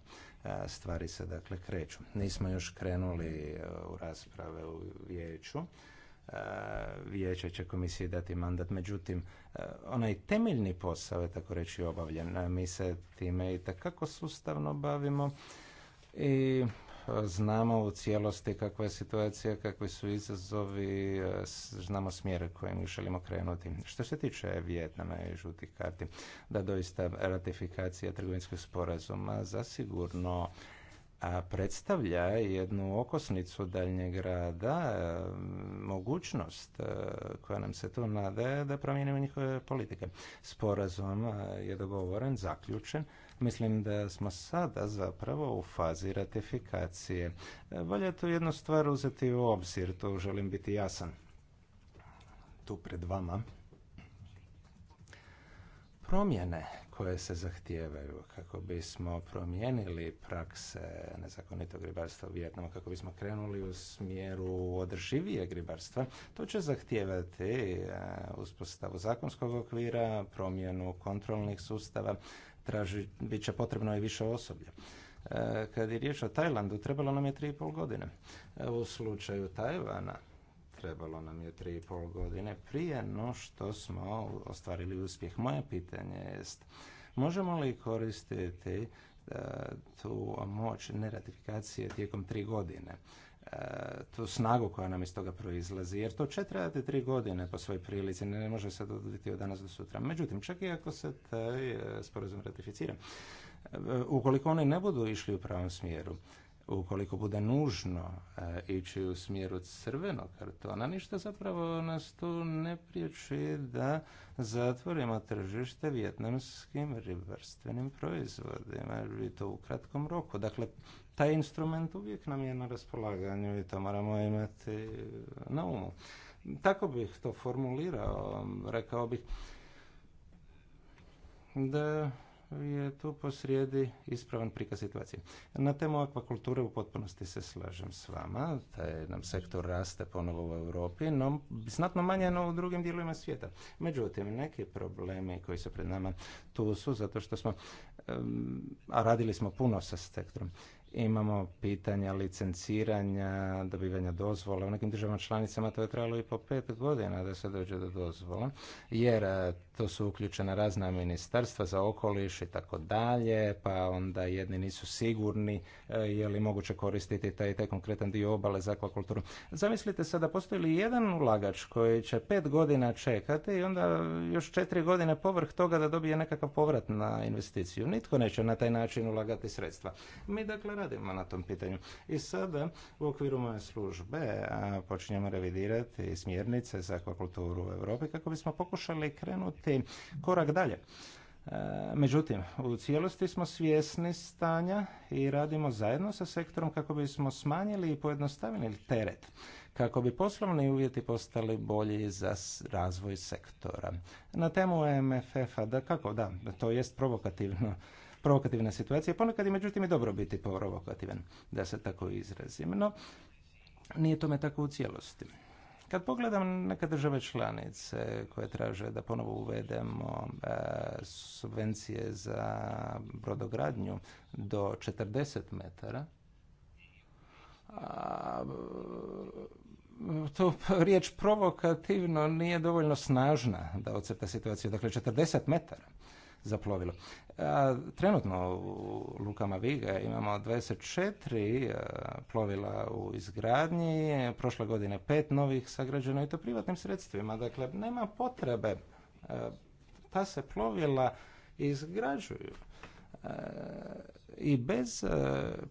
E, stvari se dakle kreću. Nismo još krenuli e, u rasprave u vijeću. Vijeće će komisiji dati mandat, međutim, onaj temeljni posao je tako reći obavljen. Mi se time i takako sustavno bavimo i znamo u cijelosti kakva je situacija, kakvi su izazovi, e, znamo smjere kojim želimo krenuti. Što se tiče Vjetnama i žutih karti, da doista ratifikacija trgovinskog sporazuma zasigurno predstavlja jednu okosnicu daljnjeg rada, e, mogućnost e, koja nam se tu nadaje da promijenimo njihove politike. Sporazum je dogovoren, zaključen, Mislim da smo sada zapravo u fazi ratifikacije. Valja e, tu jednu stvar uzeti u obzir, to želim biti jasan. Tu pred vama. Promjene koje se zahtijevaju kako bismo promijenili prakse nezakonitog ribarstva u Vjetnamu, kako bismo krenuli u smjeru održivijeg ribarstva, to će zahtijevati e, uspostavu zakonskog okvira, promjenu kontrolnih sustava, traži, bit će potrebno i više osoblja. E, kad je riječ o Tajlandu, trebalo nam je 3,5 godine. E, u slučaju Tajvana, trebalo nam je tri godine prije no što smo ostvarili uspjeh. Moje pitanje jest, možemo li koristiti e, tu moć neratifikacije tijekom tri godine? E, tu snagu koja nam iz toga proizlazi, jer to će tri godine po svoj prilici, ne može se dobiti od danas do sutra. Međutim, čak i ako se taj e, sporazum ratificira, e, ukoliko oni ne budu išli u pravom smjeru, ukoliko bude nužno ići u smjeru crvenog kartona, ništa zapravo nas tu ne priječi da zatvorimo tržište vjetnamskim ribarstvenim proizvodima i to u kratkom roku. Dakle, taj instrument uvijek nam je na raspolaganju i to moramo imati e, na umu. Tako bih to formulirao, rekao bih da je tu posrijedi ispravan prikaz situacije. Na temu akvakulture u potpunosti se slažem s vama. Taj nam sektor raste ponovo u Europi, no znatno manje no u drugim dijelovima svijeta. Međutim, neki problemi koji se pred nama tu su, zato što smo, a radili smo puno sa sektorom. Imamo pitanja licenciranja, dobivanja dozvola. U nekim državama članicama to je trajalo i po pet godina da se dođe do dozvola, jer e, to su uključena razna ministarstva za okoliš i tako dalje, pa onda jedni nisu sigurni e, je li moguće koristiti taj, taj konkretan dio obale za akvakulturu. Zamislite sada, postoji li jedan ulagač koji će pet godina čekati i onda još četiri godine povrh toga da dobije nekakav povrat na investiciju. Nitko neće na taj način ulagati sredstva. Mi dakle radimo na tom pitanju. I sada u okviru moje službe počinjemo revidirati smjernice za akvakulturu u Europi kako bismo pokušali krenuti korak dalje. E, međutim, u cijelosti smo svjesni stanja i radimo zajedno sa sektorom kako bismo smanjili i pojednostavili teret, kako bi poslovni uvjeti postali bolji za razvoj sektora. Na temu MFF-a, da kako, da, to jest provokativno provokativna situacija. Ponekad je međutim i dobro biti provokativan, da se tako izrazim. No, nije tome tako u cijelosti. Kad pogledam neke države članice koje traže da ponovo uvedemo e, subvencije za brodogradnju do 40 metara, a, to riječ provokativno nije dovoljno snažna da ocrta situaciju. Dakle, 40 metara za plovilo. E, trenutno u Lukama Viga imamo 24 e, plovila u izgradnji, prošle godine pet novih sagrađeno i to privatnim sredstvima. Dakle, nema potrebe. Ta e, se plovila izgrađuju i bez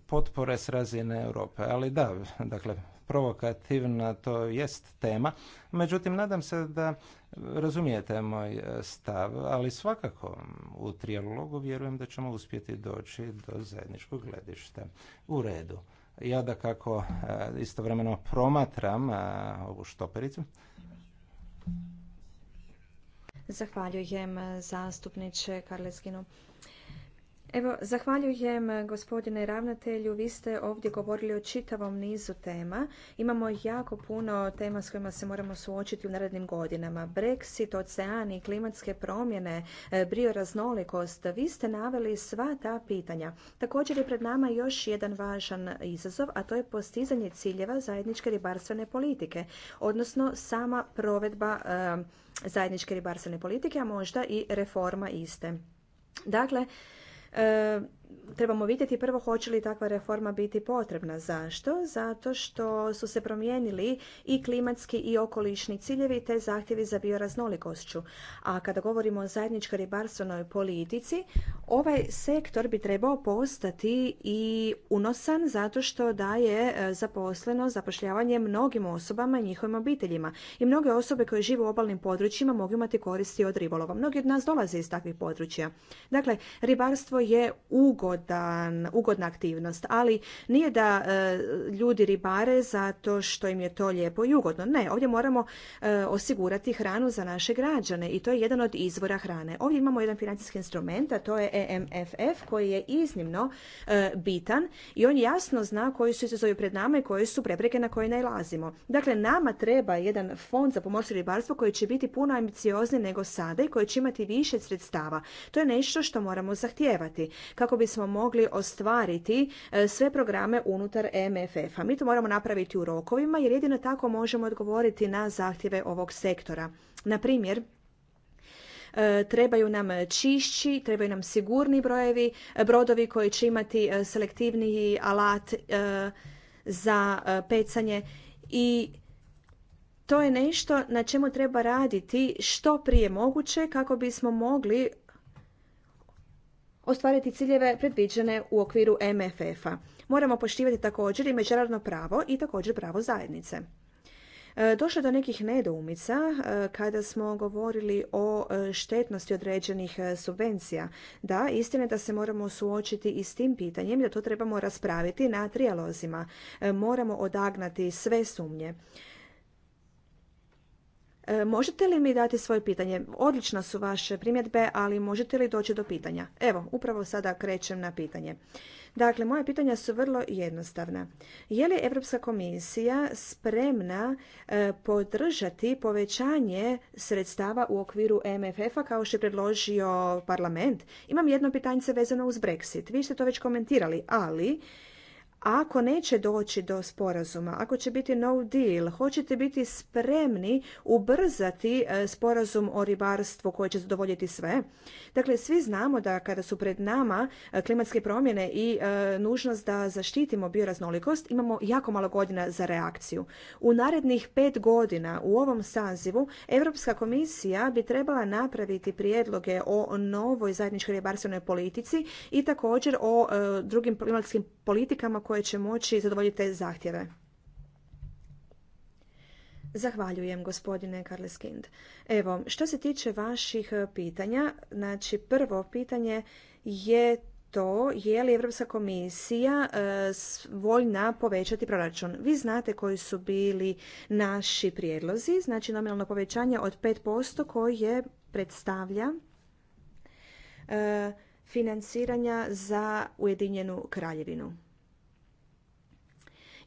potpore s razine Europe. Ali da, dakle, provokativna, to jest tema. Međutim, nadam se da razumijete moj e, stav, ali svakako u trijalogu vjerujem da ćemo uspjeti doći do zajedničkog gledišta. U redu. Ja da kako e, istovremeno promatram e, ovu štopericu. Zahvaljujem zastupniče Karleskinu. Evo, zahvaljujem eh, gospodine ravnatelju. Vi ste ovdje govorili o čitavom nizu tema. Imamo jako puno tema s kojima se moramo suočiti u narednim godinama. Brexit, oceani, klimatske promjene, eh, bioraznolikost. Vi ste naveli sva ta pitanja. Također je pred nama još jedan važan izazov, a to je postizanje ciljeva zajedničke ribarstvene politike, odnosno sama provedba eh, zajedničke ribarstvene politike, a možda i reforma iste. Dakle, e trebamo vidjeti prvo hoće li takva reforma biti potrebna. Zašto? Zato što su se promijenili i klimatski i okolišni ciljevi te zahtjevi za bioraznolikošću. A kada govorimo o zajedničkoj ribarstvenoj politici, ovaj sektor bi trebao postati i unosan zato što daje e, zaposleno zapošljavanje mnogim osobama i njihovim obiteljima. I mnoge osobe koje žive u obalnim područjima mogu imati koristi od ribolova. Mnogi od nas dolaze iz takvih područja. Dakle, ribarstvo je u ugodan, ugodna aktivnost, ali nije da e, ljudi ribare zato što im je to lijepo i ugodno. Ne, ovdje moramo e, osigurati hranu za naše građane i to je jedan od izvora hrane. Ovdje imamo jedan financijski instrument, a to je EMFF koji je iznimno e, bitan i on jasno zna koji su izazovi pred nama i koje su prepreke na koje najlazimo. Dakle, nama treba jedan fond za pomorstvo i ribarstvo koji će biti puno ambiciozniji nego sada i koji će imati više sredstava. To je nešto što moramo zahtijevati kako bi smo mogli ostvariti e, sve programe unutar MFF-a. Mi to moramo napraviti u rokovima jer jedino tako možemo odgovoriti na zahtjeve ovog sektora. Na primjer, e, trebaju nam čišći, trebaju nam sigurni brojevi, brodovi koji će imati e, selektivniji alat za pecanje i to je nešto na čemu treba raditi što prije moguće kako bismo mogli ostvariti ciljeve predviđene u okviru MFF-a. Moramo poštivati također i međunarodno pravo i također pravo zajednice. E, došlo do nekih nedoumica e, kada smo govorili o e, štetnosti određenih subvencija. Da, istina je da se moramo suočiti i s tim pitanjem, da to trebamo raspraviti na trijalozima. Moramo odagnati sve sumnje. E, možete li mi dati svoje pitanje? Odlična su vaše primjedbe, ali možete li doći do pitanja? Evo, upravo sada krećem na pitanje. Dakle, moja pitanja su vrlo jednostavna. Je li Europska komisija spremna e, podržati povećanje sredstava u okviru MFF-a kao što je predložio parlament? Imam jedno pitanje vezano uz Brexit. Vi ste to već komentirali, ali ako neće doći do sporazuma, ako će biti no deal, hoćete biti spremni ubrzati e, sporazum o ribarstvu koji će zadovoljiti sve? Dakle, svi znamo da kada su pred nama e, klimatske promjene i e, nužnost da zaštitimo bioraznolikost, imamo jako malo godina za reakciju. U narednih pet godina u ovom sazivu Europska komisija bi trebala napraviti prijedloge o novoj zajedničkoj ribarstvenoj politici i također o drugim klimatskim politikama koje će moći zadovoljiti te zahtjeve. Zahvaljujem gospodine Kind. Evo, što se tiče vaših pitanja, znači prvo pitanje je to je li Europska komisija e, voljna povećati proračun. Vi znate koji su bili naši prijedlozi, znači nominalno povećanje od 5% koje predstavlja e, financiranja za Ujedinjenu kraljevinu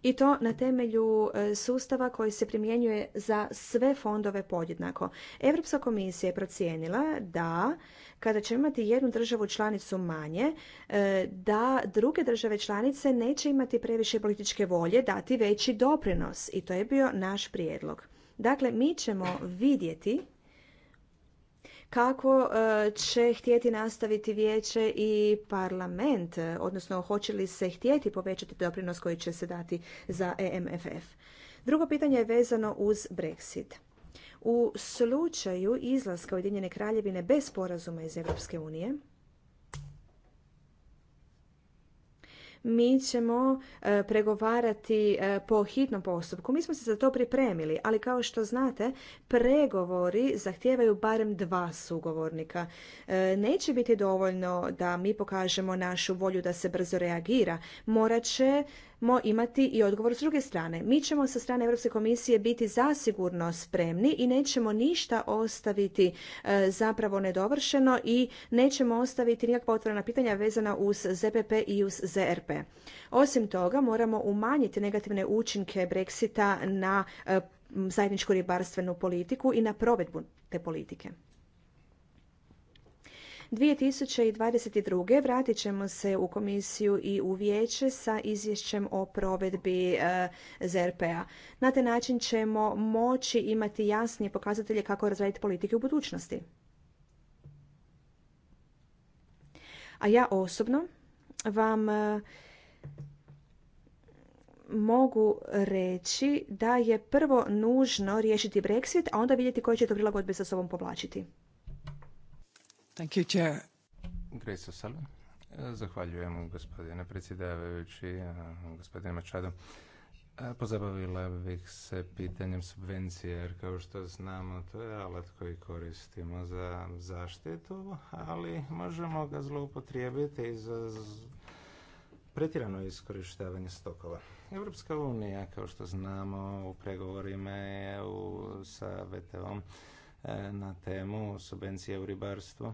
i to na temelju e, sustava koji se primjenjuje za sve fondove podjednako. Europska komisija je procijenila da kada će imati jednu državu članicu manje, e, da druge države članice neće imati previše političke volje dati veći doprinos i to je bio naš prijedlog. Dakle, mi ćemo vidjeti kako e, će htjeti nastaviti vijeće i parlament, e, odnosno hoće li se htjeti povećati doprinos koji će se dati za EMFF. Drugo pitanje je vezano uz Brexit. U slučaju izlaska Ujedinjene kraljevine bez sporazuma iz Europske unije, mi ćemo e, pregovarati e, po hitnom postupku. Mi smo se za to pripremili, ali kao što znate, pregovori zahtijevaju barem dva sugovornika. E, neće biti dovoljno da mi pokažemo našu volju da se brzo reagira. Morat će ćemo imati i odgovor s druge strane. Mi ćemo sa strane Europske komisije biti zasigurno spremni i nećemo ništa ostaviti e, zapravo nedovršeno i nećemo ostaviti nikakva otvorena pitanja vezana uz ZPP i uz ZRP. Osim toga, moramo umanjiti negativne učinke Brexita na e, zajedničku ribarstvenu politiku i na provedbu te politike. 2022. vratit ćemo se u komisiju i u vijeće sa izvješćem o provedbi e, ZRP-a. Na taj način ćemo moći imati jasnije pokazatelje kako razraditi politike u budućnosti. A ja osobno vam e, mogu reći da je prvo nužno riješiti Brexit, a onda vidjeti koje će to prilagodbe sa sobom povlačiti. Thank you, Chair. Grace Zahvaljujem gospodine predsjedavajući, e, gospodine Mačado. E, pozabavila bih se pitanjem subvencije, jer kao što znamo to je alat koji koristimo za zaštitu, ali možemo ga zloupotrijebiti i za pretjerano iskorištavanje stokova. Europska unija, kao što znamo, u pregovorima je u, sa VTO e, na temu subvencije u ribarstvu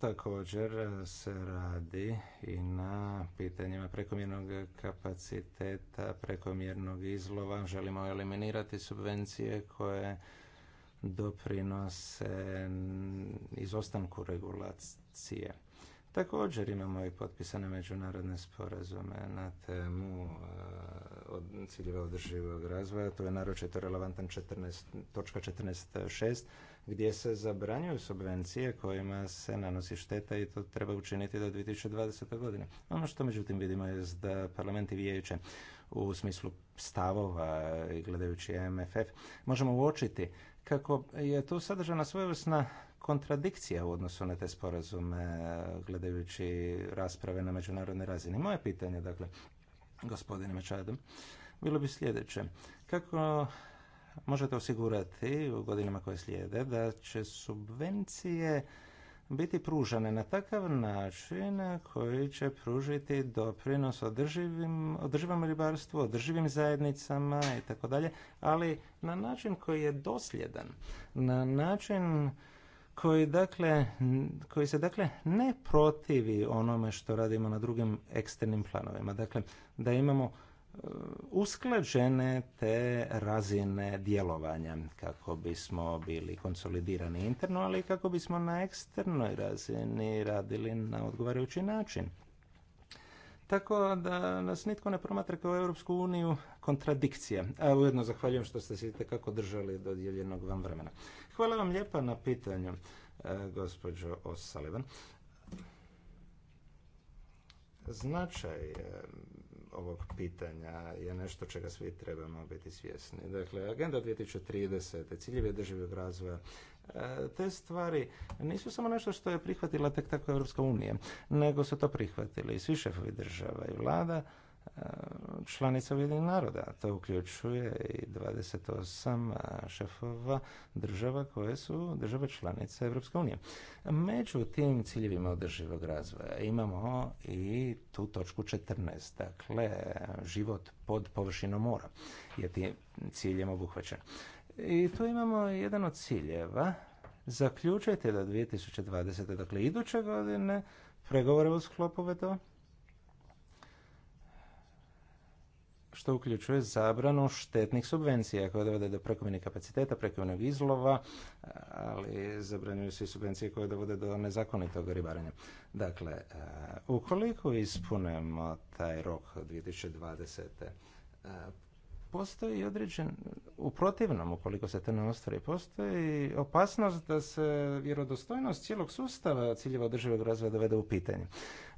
Također se radi i na pitanjima prekomjernog kapaciteta, prekomjernog izlova. Želimo eliminirati subvencije koje doprinose izostanku regulacije. Također imamo i potpisane međunarodne sporazume na temu eh, od ciljeva održivog razvoja. To je naročito relevantan točka 14.6 gdje se zabranjuju subvencije kojima se nanosi šteta i to treba učiniti do 2020. godine. Ono što međutim vidimo je da parlamenti i vijeće u smislu stavova i gledajući MFF možemo uočiti kako je tu sadržana svojevrsna kontradikcija u odnosu na te sporazume gledajući rasprave na međunarodnoj razini. Moje pitanje, dakle, gospodine Mečadom, bilo bi sljedeće. Kako možete osigurati u godinama koje slijede da će subvencije biti pružane na takav način koji će pružiti doprinos održivim, održivom ribarstvu, održivim zajednicama i tako dalje, ali na način koji je dosljedan, na način koji, dakle, koji se dakle ne protivi onome što radimo na drugim eksternim planovima. Dakle, da imamo usklađene te razine djelovanja kako bismo bili konsolidirani interno, ali i kako bismo na eksternoj razini radili na odgovarajući način. Tako da nas nitko ne promatra kao Europsku uniju kontradikcija. A ujedno zahvaljujem što ste se kako držali do dijeljenog vam vremena. Hvala vam lijepa na pitanju, e, gospođo O'Sullivan. Značaj e, ovog pitanja je nešto čega svi trebamo biti svjesni. Dakle, Agenda 2030, ciljevi održivog razvoja, e, te stvari nisu samo nešto što je prihvatila tek tako Europska unija, nego su to prihvatili i svi šefovi država i vlada, članica Ujedinog naroda. To uključuje i 28 šefova država koje su države članice Europske unije. Među tim ciljevima održivog razvoja imamo i tu točku 14, dakle život pod površinom mora je tim ciljem obuhvaćen. I tu imamo jedan od ciljeva. zaključujete da 2020. dakle iduće godine pregovore u sklopu što uključuje zabranu štetnih subvencija koje dovode do prekomjernih kapaciteta, prekomjernog izlova, ali zabranjuju se i subvencije koje dovode do nezakonitog ribaranja. Dakle, eh, ukoliko ispunemo taj rok 2020. Eh, postoji određen, u protivnom, ukoliko se to ne ostvari, postoji opasnost da se vjerodostojnost cijelog sustava ciljeva održivog razvoja dovede u pitanje.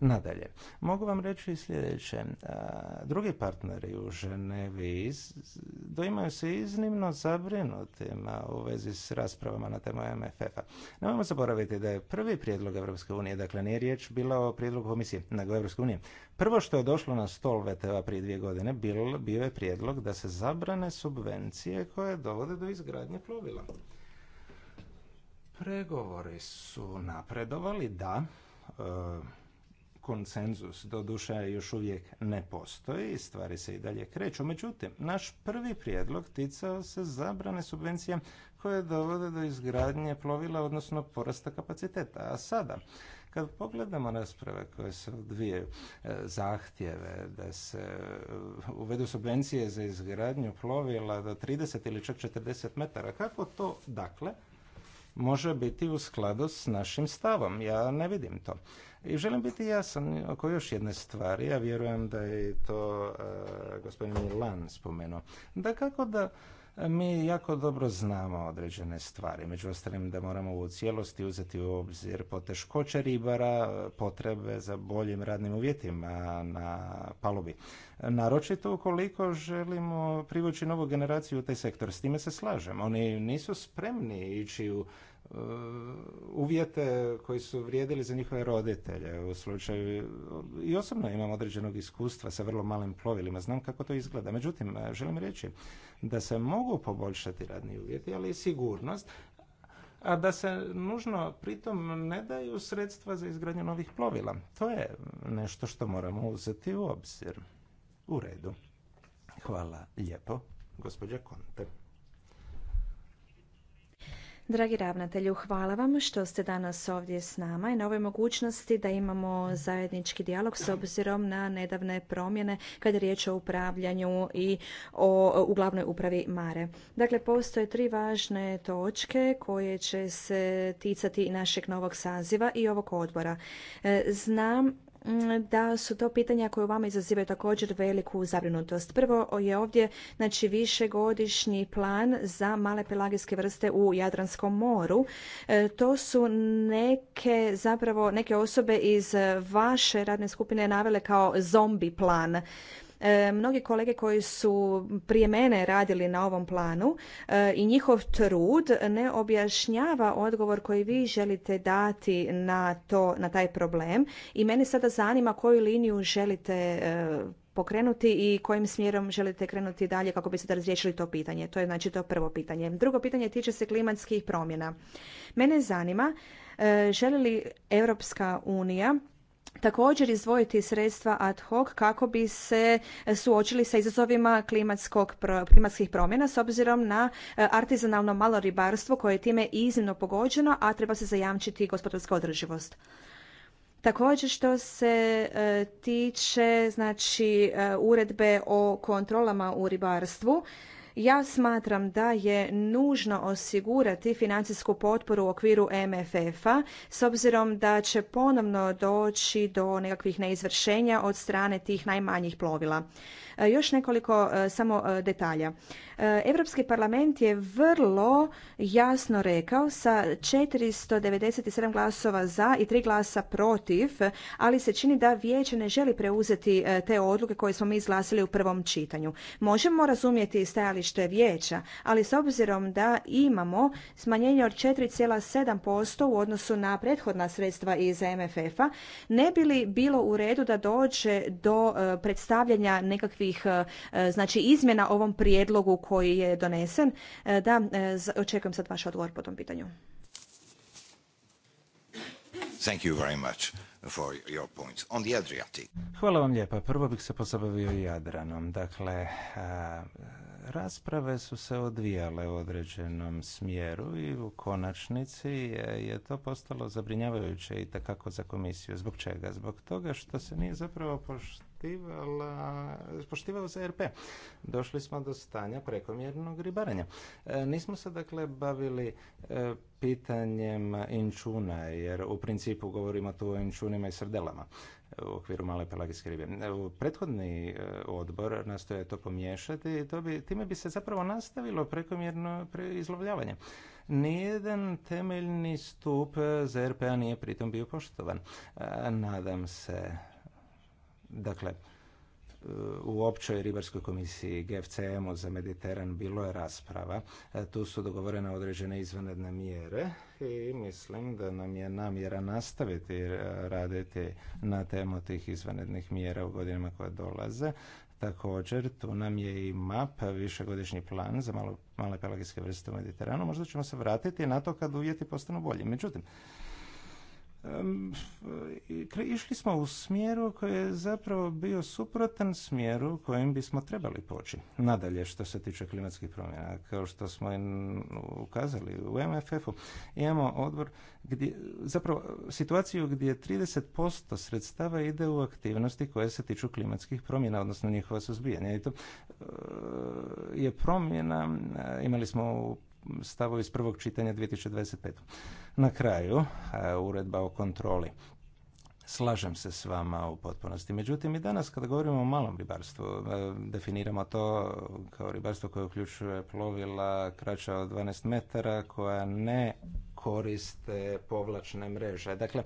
Nadalje, mogu vam reći sljedeće. Drugi partneri u Ženevi doimaju se iznimno zabrinutima u vezi s raspravama na temu MFF-a. Nemojmo zaboraviti da je prvi prijedlog Europske unije, dakle nije riječ bila o prijedlogu komisije, nego Evropske unije. Prvo što je došlo na stol VTV prije dvije godine bio, bio je prijedlog da se zabrane subvencije koje dovode do izgradnje plovila. Pregovori su napredovali, da, e, konsenzus doduše još uvijek ne postoji, stvari se i dalje kreću. Međutim, naš prvi prijedlog ticao se zabrane subvencije koje dovode do izgradnje plovila, odnosno porasta kapaciteta. A sada, kad pogledamo rasprave koje se odvijaju, e, zahtjeve da se e, uvedu subvencije za izgradnju plovila do 30 ili čak 40 metara, kako to dakle može biti u skladu s našim stavom? Ja ne vidim to. I želim biti jasan oko još jedne stvari, ja vjerujem da je to e, gospodin Milan spomenuo. Da kako da e, mi jako dobro znamo određene stvari. Među ostalim da moramo u cijelosti uzeti u obzir poteškoće ribara, potrebe za boljim radnim uvjetima na palubi. Naročito ukoliko želimo privući novu generaciju u taj sektor. S time se slažem. Oni nisu spremni ići u E, uvjete koji su vrijedili za njihove roditelje u slučaju i osobno imam određenog iskustva sa vrlo malim plovilima, znam kako to izgleda. Međutim, e, želim reći da se mogu poboljšati radni uvjeti, ali i sigurnost, a da se nužno pritom ne daju sredstva za izgradnju novih plovila. To je nešto što moramo uzeti u obzir. U redu. Hvala lijepo, gospođa Konte. Dragi ravnatelju, hvala vam što ste danas ovdje s nama i na ovoj mogućnosti da imamo zajednički dijalog s obzirom na nedavne promjene kada je riječ o upravljanju i o, u glavnoj upravi Mare. Dakle, postoje tri važne točke koje će se ticati našeg novog saziva i ovog odbora. E, znam da su to pitanja koje vama izazivaju također veliku zabrinutost. Prvo je ovdje znači, višegodišnji plan za male pelagijske vrste u Jadranskom moru. E, to su neke, zapravo, neke osobe iz vaše radne skupine navele kao zombi plan. E, mnogi kolege koji su prije mene radili na ovom planu e, i njihov trud ne objašnjava odgovor koji vi želite dati na, to, na taj problem i mene sada zanima koju liniju želite e, pokrenuti i kojim smjerom želite krenuti dalje kako biste razriješili to pitanje. To je znači to prvo pitanje. Drugo pitanje tiče se klimatskih promjena. Mene zanima želi li Europska unija također izdvojiti sredstva ad hoc kako bi se suočili sa izazovima klimatskog, klimatskih promjena s obzirom na e, artizanalno malo ribarstvo koje je time iznimno pogođeno, a treba se zajamčiti gospodarska održivost. Također što se e, tiče znači e, uredbe o kontrolama u ribarstvu, ja smatram da je nužno osigurati financijsku potporu u okviru MFF-a s obzirom da će ponovno doći do nekakvih neizvršenja od strane tih najmanjih plovila. E, još nekoliko e, samo e, detalja. Europski parlament je vrlo jasno rekao sa 497 glasova za i tri glasa protiv, ali se čini da vijeće ne želi preuzeti te odluke koje smo mi izglasili u prvom čitanju. Možemo razumjeti stajalište vijeća, ali s obzirom da imamo smanjenje od 4,7% u odnosu na prethodna sredstva iz MFF-a, ne bi li bilo u redu da dođe do predstavljanja nekakvih ovih e, znači izmjena ovom prijedlogu koji je donesen. E, da, e, očekujem sad vaš odgovor po tom pitanju. Thank you very much for your points. On the Adriatic. Hvala vam lijepa. Prvo bih se pozabavio Jadranom. Dakle, rasprave su se odvijale u određenom smjeru i u konačnici je, to postalo zabrinjavajuće i takako za komisiju. Zbog čega? Zbog toga što se nije zapravo pošto se ZRP. Došli smo do stanja prekomjernog ribarenja. E, nismo se dakle bavili e, pitanjem inčuna, jer u principu govorimo tu o inčunima i srdelama e, u okviru male pelagijske ribe. prethodni odbor nastoje to pomiješati i time bi se zapravo nastavilo prekomjerno izlovljavanje. Nijedan temeljni stup ZRP-a nije pritom bio poštovan. Nadam se Dakle, u općoj ribarskoj komisiji GFCM-u za Mediteran bilo je rasprava. E, tu su dogovorene određene izvanredne mjere i mislim da nam je namjera nastaviti raditi na temu tih izvanrednih mjera u godinama koje dolaze. Također, tu nam je i MAP, višegodišnji plan za malo, male pelagijske vrste u Mediteranu. Možda ćemo se vratiti na to kad uvjeti postanu bolji. Međutim, išli smo u smjeru koji je zapravo bio suprotan smjeru kojim bismo trebali poći. Nadalje, što se tiče klimatskih promjena, kao što smo ukazali u MFF-u, imamo odbor gdje, zapravo situaciju gdje 30% sredstava ide u aktivnosti koje se tiču klimatskih promjena, odnosno njihova suzbijanja. I to e, je promjena, imali smo u stavovi iz prvog čitanja 2025. Na kraju, e, uredba o kontroli. Slažem se s vama u potpunosti. Međutim, i danas kada govorimo o malom ribarstvu, e, definiramo to kao ribarstvo koje uključuje plovila kraća od 12 metara koja ne koriste povlačne mreže, dakle,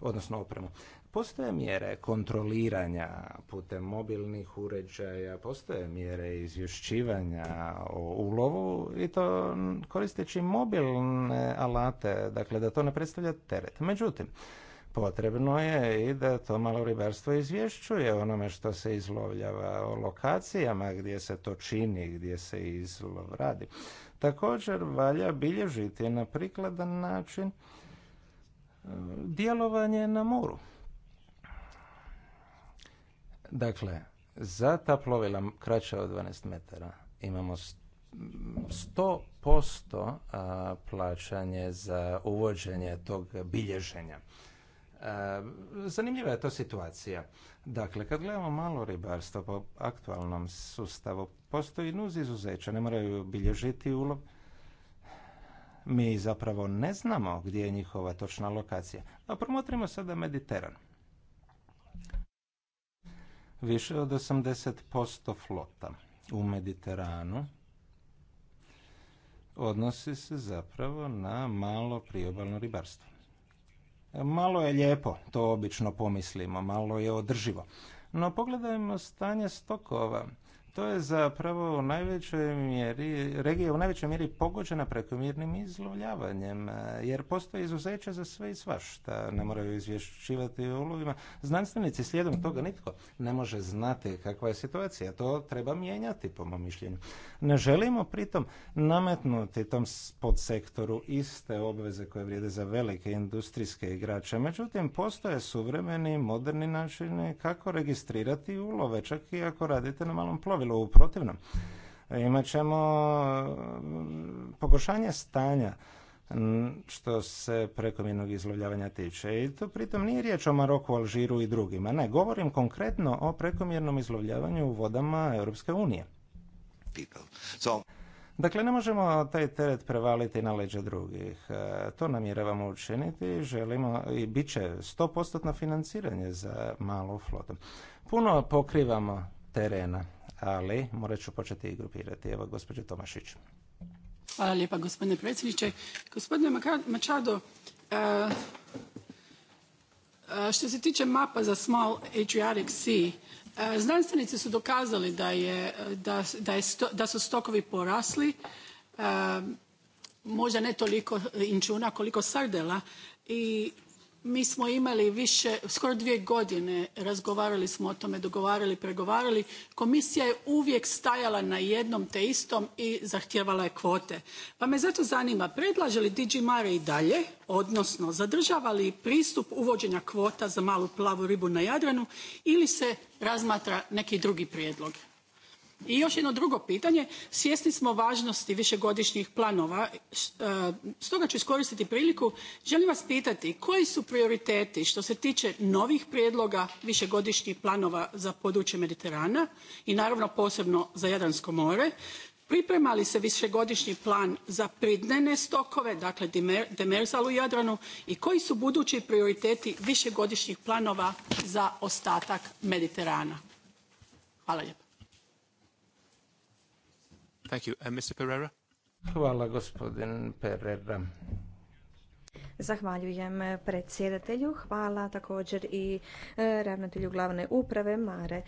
odnosno opremu. Postoje mjere kontroliranja putem mobilnih uređaja, postoje mjere izvješćivanja o ulovu i to koristeći mobilne alate, dakle da to ne predstavlja teret. Međutim, potrebno je i da to malo ribarstvo izvješćuje onome što se izlovljava o lokacijama gdje se to čini, gdje se izlov radi. Također valja bilježiti na prikladan način e, djelovanje na moru. Dakle, za ta plovila kraća od 12 metara imamo 100% plaćanje za uvođenje tog bilježenja. Zanimljiva je to situacija. Dakle, kad gledamo malo ribarstvo po aktualnom sustavu, postoji nuz izuzeća, ne moraju bilježiti ulov. Mi zapravo ne znamo gdje je njihova točna lokacija. A promotrimo sada Mediteran više od 80% flota u Mediteranu odnosi se zapravo na malo priobalno ribarstvo. E, malo je lijepo, to obično pomislimo, malo je održivo. No pogledajmo stanje stokova to je zapravo u najvećoj mjeri, regija u najvećoj mjeri pogođena prekomjernim izlovljavanjem, e, jer postoje izuzeća za sve i svašta, ne moraju izvješćivati o ulovima. Znanstvenici slijedom toga nitko ne može znati kakva je situacija, to treba mijenjati po mom mišljenju. Ne želimo pritom nametnuti tom podsektoru iste obveze koje vrijede za velike industrijske igrače, međutim postoje suvremeni, moderni načini kako registrirati ulove, čak i ako radite na malom plovu u protivnom, e, imat ćemo mm, pogoršanje stanja mm, što se prekomjernog izlovljavanja tiče. I to pritom nije riječ o Maroku, Alžiru i drugima. Ne, govorim konkretno o prekomjernom izlovljavanju u vodama Europske unije. Dakle, ne možemo taj teret prevaliti na leđa drugih. E, to namjeravamo učiniti. Želimo i bit će 100% financiranje za malu flotu. Puno pokrivamo terena ali morat ću početi i grupirati. Evo, gospođo Tomašić. Hvala lijepa, gospodine predsjedniče. Gospodine Mačado, e, e, što se tiče mapa za Small Adriatic Sea, e, znanstvenici su dokazali da, da, su stokovi porasli, možda ne toliko inčuna koliko sardela i mi smo imali više, skoro dvije godine razgovarali smo o tome, dogovarali, pregovarali. Komisija je uvijek stajala na jednom te istom i zahtijevala je kvote. Pa me zato zanima, predlaže li DG Mare i dalje, odnosno zadržava li pristup uvođenja kvota za malu plavu ribu na Jadranu ili se razmatra neki drugi prijedlog? i još jedno drugo pitanje svjesni smo važnosti višegodišnjih planova e, stoga ću iskoristiti priliku želim vas pitati koji su prioriteti što se tiče novih prijedloga višegodišnjih planova za područje mediterana i naravno posebno za jadransko more priprema li se višegodišnji plan za pridnene stokove dakle demersal u jadranu i koji su budući prioriteti višegodišnjih planova za ostatak mediterana? hvala Hvala gospodin Pereira. Zahvaljujem predsjedatelju, hvala također i e, ravnatelju glavne uprave Mare. E,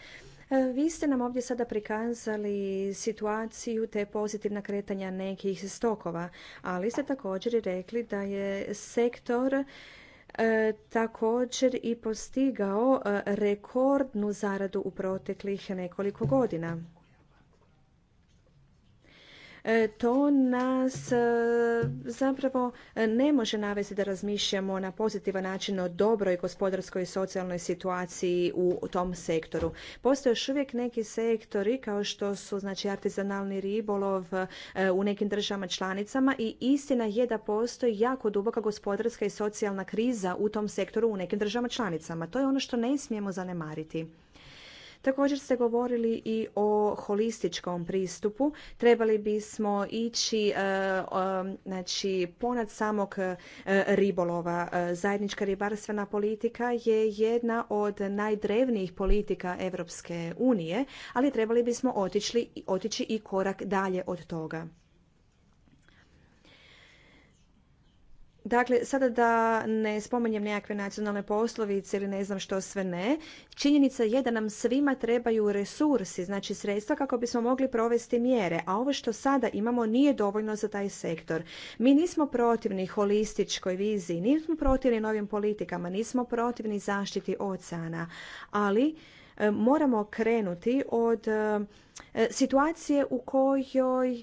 vi ste nam ovdje sada prikazali situaciju te pozitivna kretanja nekih stokova, ali ste također i rekli da je sektor e, također i postigao rekordnu zaradu u proteklih nekoliko godina. E, to nas e, zapravo e, ne može navesti da razmišljamo na pozitivan način o dobroj gospodarskoj i socijalnoj situaciji u tom sektoru. Postoje još uvijek neki sektori kao što su znači artizanalni ribolov u nekim državama članicama i istina je da postoji jako duboka gospodarska i socijalna kriza u tom sektoru u nekim državama članicama. To je ono što ne smijemo zanemariti. Također ste govorili i o holističkom pristupu. Trebali bismo ići e, znači, ponad samog e, ribolova. E, zajednička ribarstvena politika je jedna od najdrevnijih politika Europske unije, ali trebali bismo otići i korak dalje od toga. Dakle, sada da ne spomenjem nekakve nacionalne poslovice ili ne znam što sve ne, činjenica je da nam svima trebaju resursi, znači sredstva kako bismo mogli provesti mjere, a ovo što sada imamo nije dovoljno za taj sektor. Mi nismo protivni holističkoj viziji, nismo protivni novim politikama, nismo protivni zaštiti oceana, ali e, moramo krenuti od e, situacije u kojoj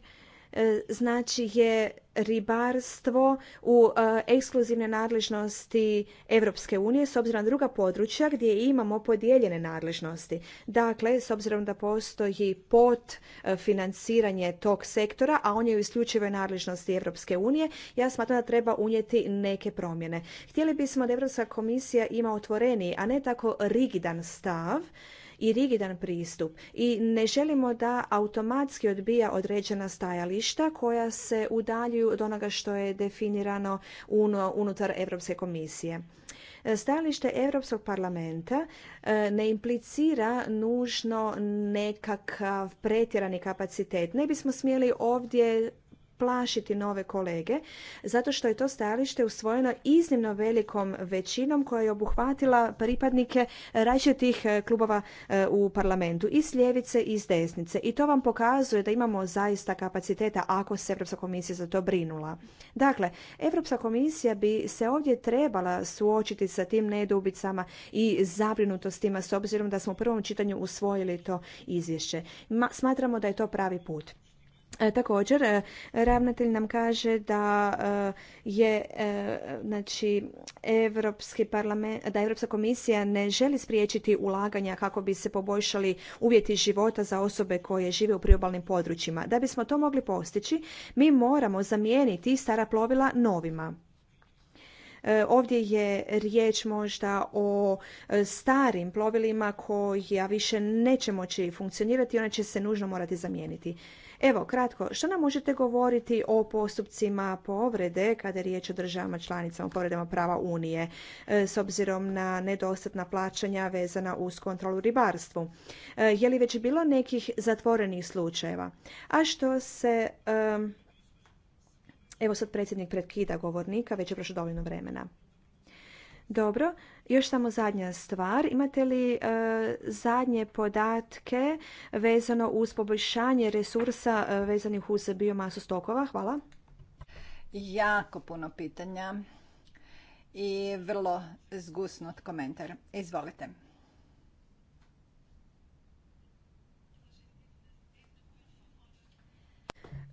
E, znači je ribarstvo u e, ekskluzivne nadležnosti Europske unije s obzirom na druga područja gdje imamo podijeljene nadležnosti. Dakle, s obzirom da postoji pot e, financiranje tog sektora, a on je u isključivoj nadležnosti Europske unije, ja smatram da treba unijeti neke promjene. Htjeli bismo da Europska komisija ima otvoreniji, a ne tako rigidan stav i rigidan pristup i ne želimo da automatski odbija određena stajališta koja se udaljuju od onoga što je definirano unutar Europske komisije. Stajalište Europskog parlamenta e, ne implicira nužno nekakav pretjerani kapacitet. Ne bismo smjeli ovdje plašiti nove kolege, zato što je to stajalište usvojeno iznimno velikom većinom koja je obuhvatila pripadnike različitih e, klubova e, u parlamentu, i s ljevice i s desnice. I to vam pokazuje da imamo zaista kapaciteta ako se Europska komisija za to brinula. Dakle, Europska komisija bi se ovdje trebala suočiti sa tim nedubicama i zabrinutostima s obzirom da smo u prvom čitanju usvojili to izvješće. smatramo da je to pravi put. E, također, e, ravnatelj nam kaže da e, je znači Europski parlament, da Europska komisija ne želi spriječiti ulaganja kako bi se poboljšali uvjeti života za osobe koje žive u priobalnim područjima. Da bismo to mogli postići, mi moramo zamijeniti stara plovila novima. Ovdje je riječ možda o starim plovilima koja više neće moći funkcionirati, ona će se nužno morati zamijeniti. Evo, kratko, što nam možete govoriti o postupcima povrede kada je riječ o državama članicama povredama prava Unije e, s obzirom na nedostatna plaćanja vezana uz kontrolu ribarstvu? E, je li već bilo nekih zatvorenih slučajeva? A što se... Evo sad predsjednik pretkida govornika, već je prošlo dovoljno vremena. Dobro, još samo zadnja stvar, imate li e, zadnje podatke vezano uz poboljšanje resursa e, vezanih uz biomasu stokova? Hvala. Jako puno pitanja i vrlo zgusnut komentar. Izvolite.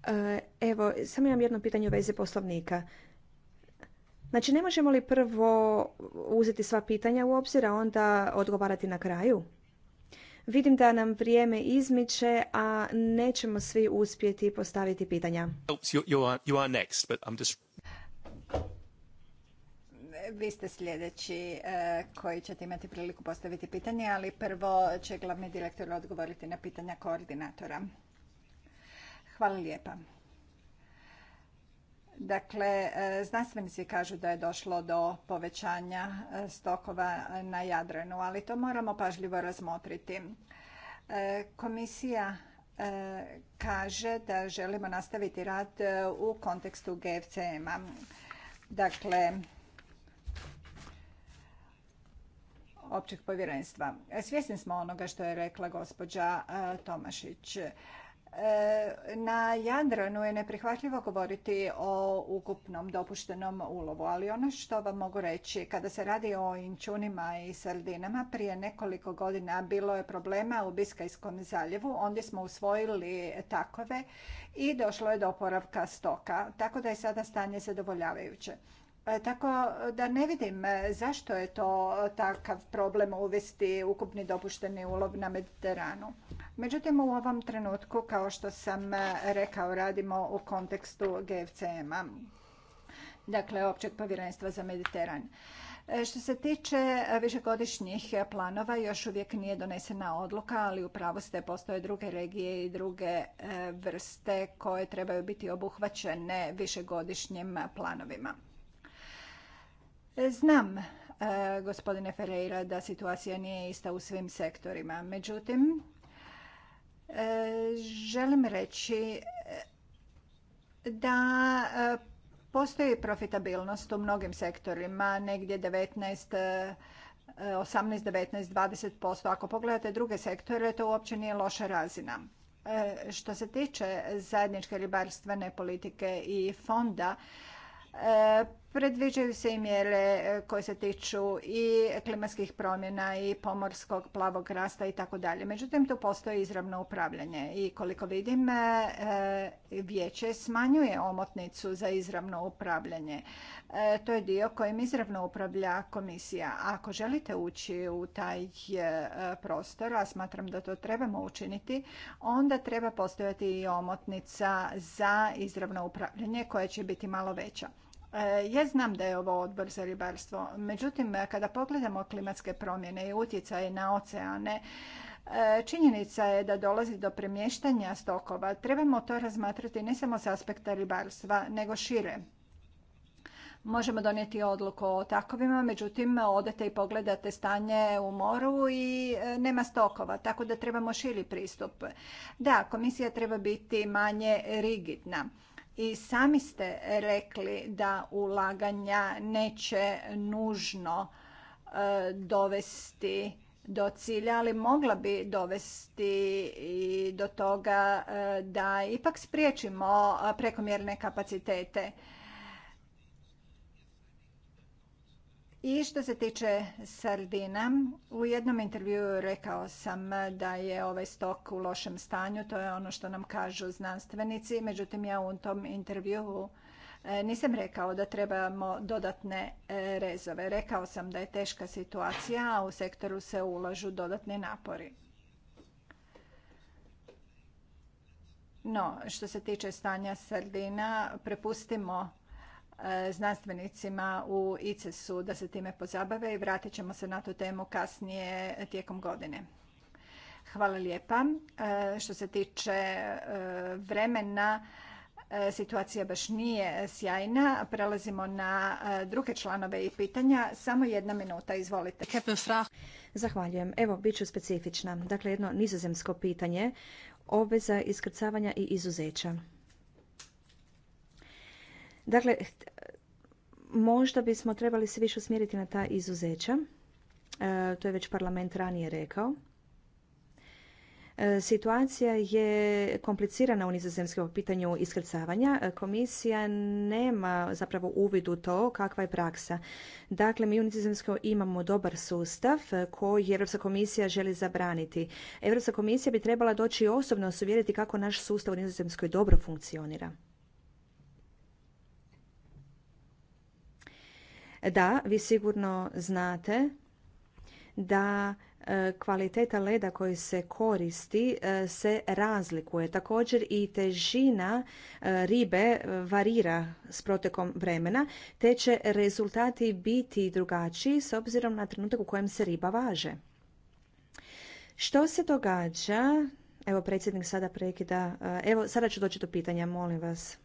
E, evo, samo imam jedno pitanje u vezi poslovnika. Znači, ne možemo li prvo uzeti sva pitanja u obzir, a onda odgovarati na kraju? Vidim da nam vrijeme izmiče, a nećemo svi uspjeti postaviti pitanja. Vi ste sljedeći e, koji ćete imati priliku postaviti pitanje, ali prvo će glavni direktor odgovoriti na pitanja koordinatora. Hvala lijepa. Dakle, e, znanstvenici kažu da je došlo do povećanja e, stokova na Jadranu, ali to moramo pažljivo razmotriti. E, komisija kaže da želimo nastaviti rad u kontekstu GFCM-a. Dakle, općeg povjerenstva. Svjesni smo onoga što je rekla gospođa Tomašić. E, na Jadranu je neprihvatljivo govoriti o ukupnom dopuštenom ulovu, ali ono što vam mogu reći, kada se radi o inčunima i sardinama, prije nekoliko godina bilo je problema u Biskajskom zaljevu, ondje smo usvojili takove i došlo je do oporavka stoka, tako da je sada stanje zadovoljavajuće. E, tako da ne vidim e, zašto je to takav problem uvesti ukupni dopušteni ulov na Mediteranu. Međutim, u ovom trenutku, kao što sam e, rekao, radimo u kontekstu GFCM-a, dakle Općeg povjerenstva za Mediteran. Što se tiče višegodišnjih planova, još uvijek nije donesena odluka, ali u pravu ste postoje druge regije i druge vrste koje trebaju biti obuhvaćene višegodišnjim planovima. Znam, e, gospodine Ferreira, da situacija nije ista u svim sektorima. Međutim, e, želim reći e, da postoji profitabilnost u mnogim sektorima, negdje 19 18, 19, 20%. Ako pogledate druge sektore, to uopće nije loša razina. Što se tiče zajedničke ribarstvene politike i fonda, Predviđaju se i mjere e, koje se tiču i klimatskih promjena i pomorskog plavog rasta i tako dalje. Međutim, tu postoji izravno upravljanje i koliko vidim e, e, vijeće smanjuje omotnicu za izravno upravljanje. To je dio kojim izravno upravlja komisija. Ako želite ući u taj prostor, a smatram da to trebamo učiniti, onda treba postojati i omotnica za izravno upravljanje koja će biti malo veća. E, ja znam da je ovo odbor za ribarstvo, međutim kada pogledamo klimatske promjene i utjecaje na oceane, e, Činjenica je da dolazi do premještanja stokova. Trebamo to razmatrati ne samo s aspekta ribarstva, nego šire. Možemo donijeti odluku o takovima, međutim odete i pogledate stanje u moru i e, nema stokova, tako da trebamo širi pristup. Da, komisija treba biti manje rigidna i sami ste rekli da ulaganja neće nužno e, dovesti do cilja, ali mogla bi dovesti i do toga e, da ipak spriječimo prekomjerne kapacitete. I što se tiče sardina, u jednom intervjuu rekao sam da je ovaj stok u lošem stanju, to je ono što nam kažu znanstvenici, međutim ja u tom intervjuu e, nisam rekao da trebamo dodatne e, rezove. Rekao sam da je teška situacija, a u sektoru se ulažu dodatni napori. No, što se tiče stanja sardina, prepustimo E, znanstvenicima u ICES-u da se time pozabave i vratit ćemo se na tu temu kasnije tijekom godine. Hvala lijepa. E, što se tiče e, vremena, situacija baš nije sjajna. Prelazimo na druge članove i pitanja. Samo jedna minuta, izvolite. Zahvaljujem. Evo, bit ću specifična. Dakle, jedno nizozemsko pitanje. Obveza iskrcavanja i izuzeća. Dakle, možda bismo trebali se više usmjeriti na ta izuzeća. E, to je već parlament ranije rekao. E, situacija je komplicirana u nizozemskom pitanju iskrcavanja. E, komisija nema zapravo uvid u to kakva je praksa. Dakle, mi u nizozemskoj imamo dobar sustav koji Europska komisija želi zabraniti. Europska komisija bi trebala doći osobno osuvjeriti kako naš sustav u nizozemskoj dobro funkcionira. Da, vi sigurno znate da e, kvaliteta leda koji se koristi e, se razlikuje. Također i težina e, ribe varira s protekom vremena, te će rezultati biti drugačiji s obzirom na trenutak u kojem se riba važe. Što se događa? Evo predsjednik sada prekida. Evo sada ću doći do pitanja, molim vas.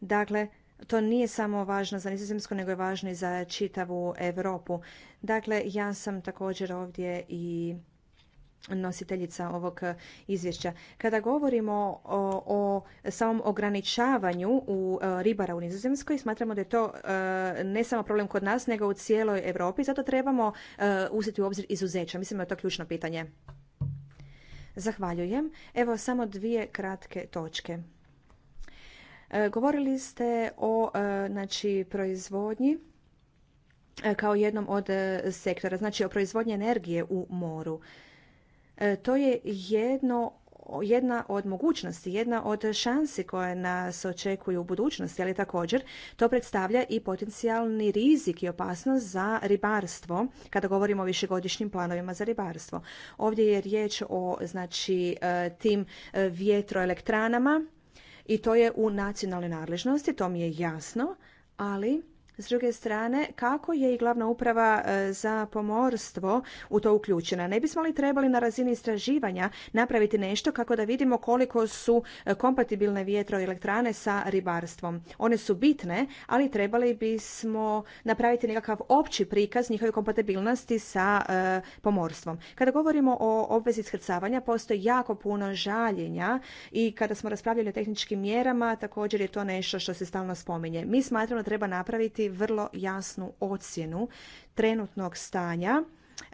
Dakle, to nije samo važno za Nizozemsku, nego je važno i za čitavu Europu. Dakle, ja sam također ovdje i nositeljica ovog izvješća. Kada govorimo o, o samom ograničavanju u e, ribara u Nizozemskoj, smatramo da je to e, ne samo problem kod nas, nego u cijeloj Europi. Zato trebamo e, uzeti u obzir izuzeća. Mislim da je to ključno pitanje. Zahvaljujem. Evo samo dvije kratke točke. E, govorili ste o e, znači, proizvodnji e, kao jednom od sektora, znači o proizvodnji energije u moru. To je jedno jedna od mogućnosti, jedna od šansi koje nas očekuju u budućnosti, ali također to predstavlja i potencijalni rizik i opasnost za ribarstvo kada govorimo o višegodišnjim planovima za ribarstvo. Ovdje je riječ o znači tim vjetroelektranama i to je u nacionalnoj nadležnosti, to mi je jasno, ali s druge strane, kako je i glavna uprava e, za pomorstvo u to uključena? Ne bismo li trebali na razini istraživanja napraviti nešto kako da vidimo koliko su e, kompatibilne vjetroelektrane sa ribarstvom? One su bitne, ali trebali bismo napraviti nekakav opći prikaz njihove kompatibilnosti sa e, pomorstvom. Kada govorimo o obvezi iskrcavanja, postoji jako puno žaljenja i kada smo raspravljali o tehničkim mjerama, također je to nešto što se stalno spominje. Mi smatramo da treba napraviti vrlo jasnu ocjenu trenutnog stanja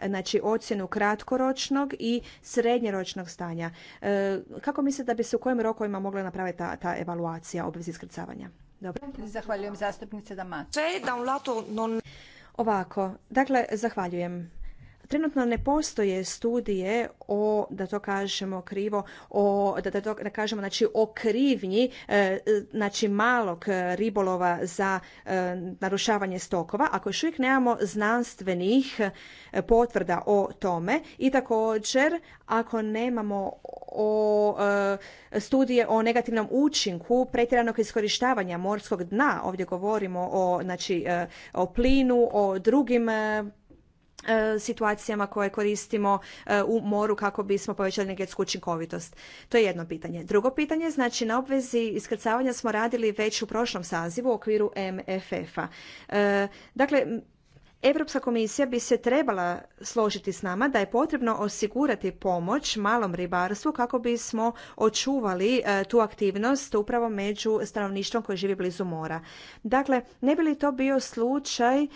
znači ocjenu kratkoročnog i srednjoročnog stanja. E, kako mislite da bi se u kojim rokovima mogla napraviti ta, ta evaluacija obvezi iskrcavanja? Dobro. Zahvaljujem zastupnice non Ovako, dakle, zahvaljujem. Trenutno ne postoje studije o, da to kažemo krivo, o, da, da da kažemo, znači o krivnji e, znači malog ribolova za e, narušavanje stokova. Ako još uvijek nemamo znanstvenih e, potvrda o tome i također ako nemamo o studije o negativnom učinku pretjeranog iskorištavanja morskog dna, ovdje govorimo o, znači, o plinu, o drugim E, situacijama koje koristimo e, u moru kako bismo povećali energetsku učinkovitost. To je jedno pitanje. Drugo pitanje, znači na obvezi iskrcavanja smo radili već u prošlom sazivu u okviru MFF-a. E, dakle, Europska komisija bi se trebala složiti s nama da je potrebno osigurati pomoć malom ribarstvu kako bismo očuvali e, tu aktivnost upravo među stanovništvom koje živi blizu mora. Dakle, ne bi li to bio slučaj e,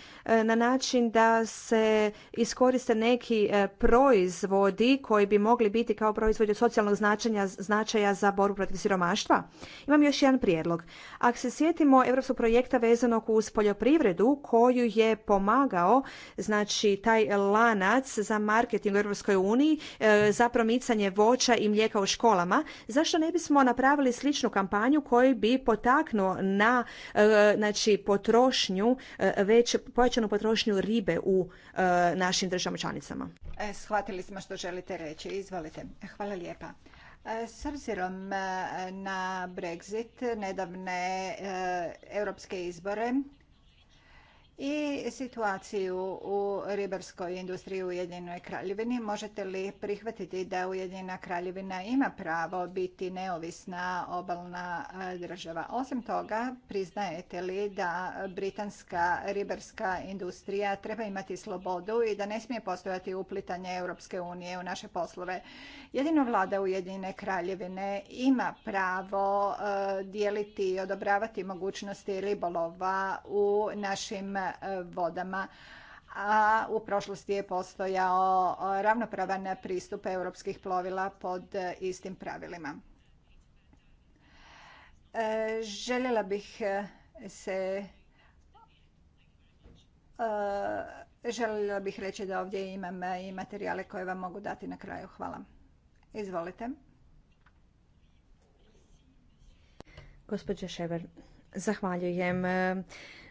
na način da se iskoriste neki e, proizvodi koji bi mogli biti kao proizvodi od socijalnog značenja, značaja za borbu protiv siromaštva? Imam još jedan prijedlog. Ako se sjetimo europskog projekta vezanog uz poljoprivredu koju je pomagao pomogao znači taj lanac za marketing u Europskoj uniji e, za promicanje voća i mlijeka u školama, zašto ne bismo napravili sličnu kampanju koji bi potaknuo na e, znači potrošnju e, već pojačanu potrošnju ribe u našim državama članicama? E, shvatili smo što želite reći. Izvolite. Hvala lijepa. S obzirom na Brexit, nedavne europske izbore, i situaciju u ribarskoj industriji u Ujedinjenoj kraljevini. Možete li prihvatiti da Ujedinjena kraljevina ima pravo biti neovisna obalna država? Osim toga, priznajete li da britanska ribarska industrija treba imati slobodu i da ne smije postojati uplitanje Europske unije u naše poslove? Jedino vlada Ujedinjene kraljevine ima pravo dijeliti i odobravati mogućnosti ribolova u našim E, vodama a u prošlosti je postojao e, ravnopravan pristup europskih plovila pod e, istim pravilima. Željela bih se željela bih reći da ovdje imam i materijale koje vam mogu dati na kraju. Hvala. Izvolite. Gospodin Šever, zahvaljujem.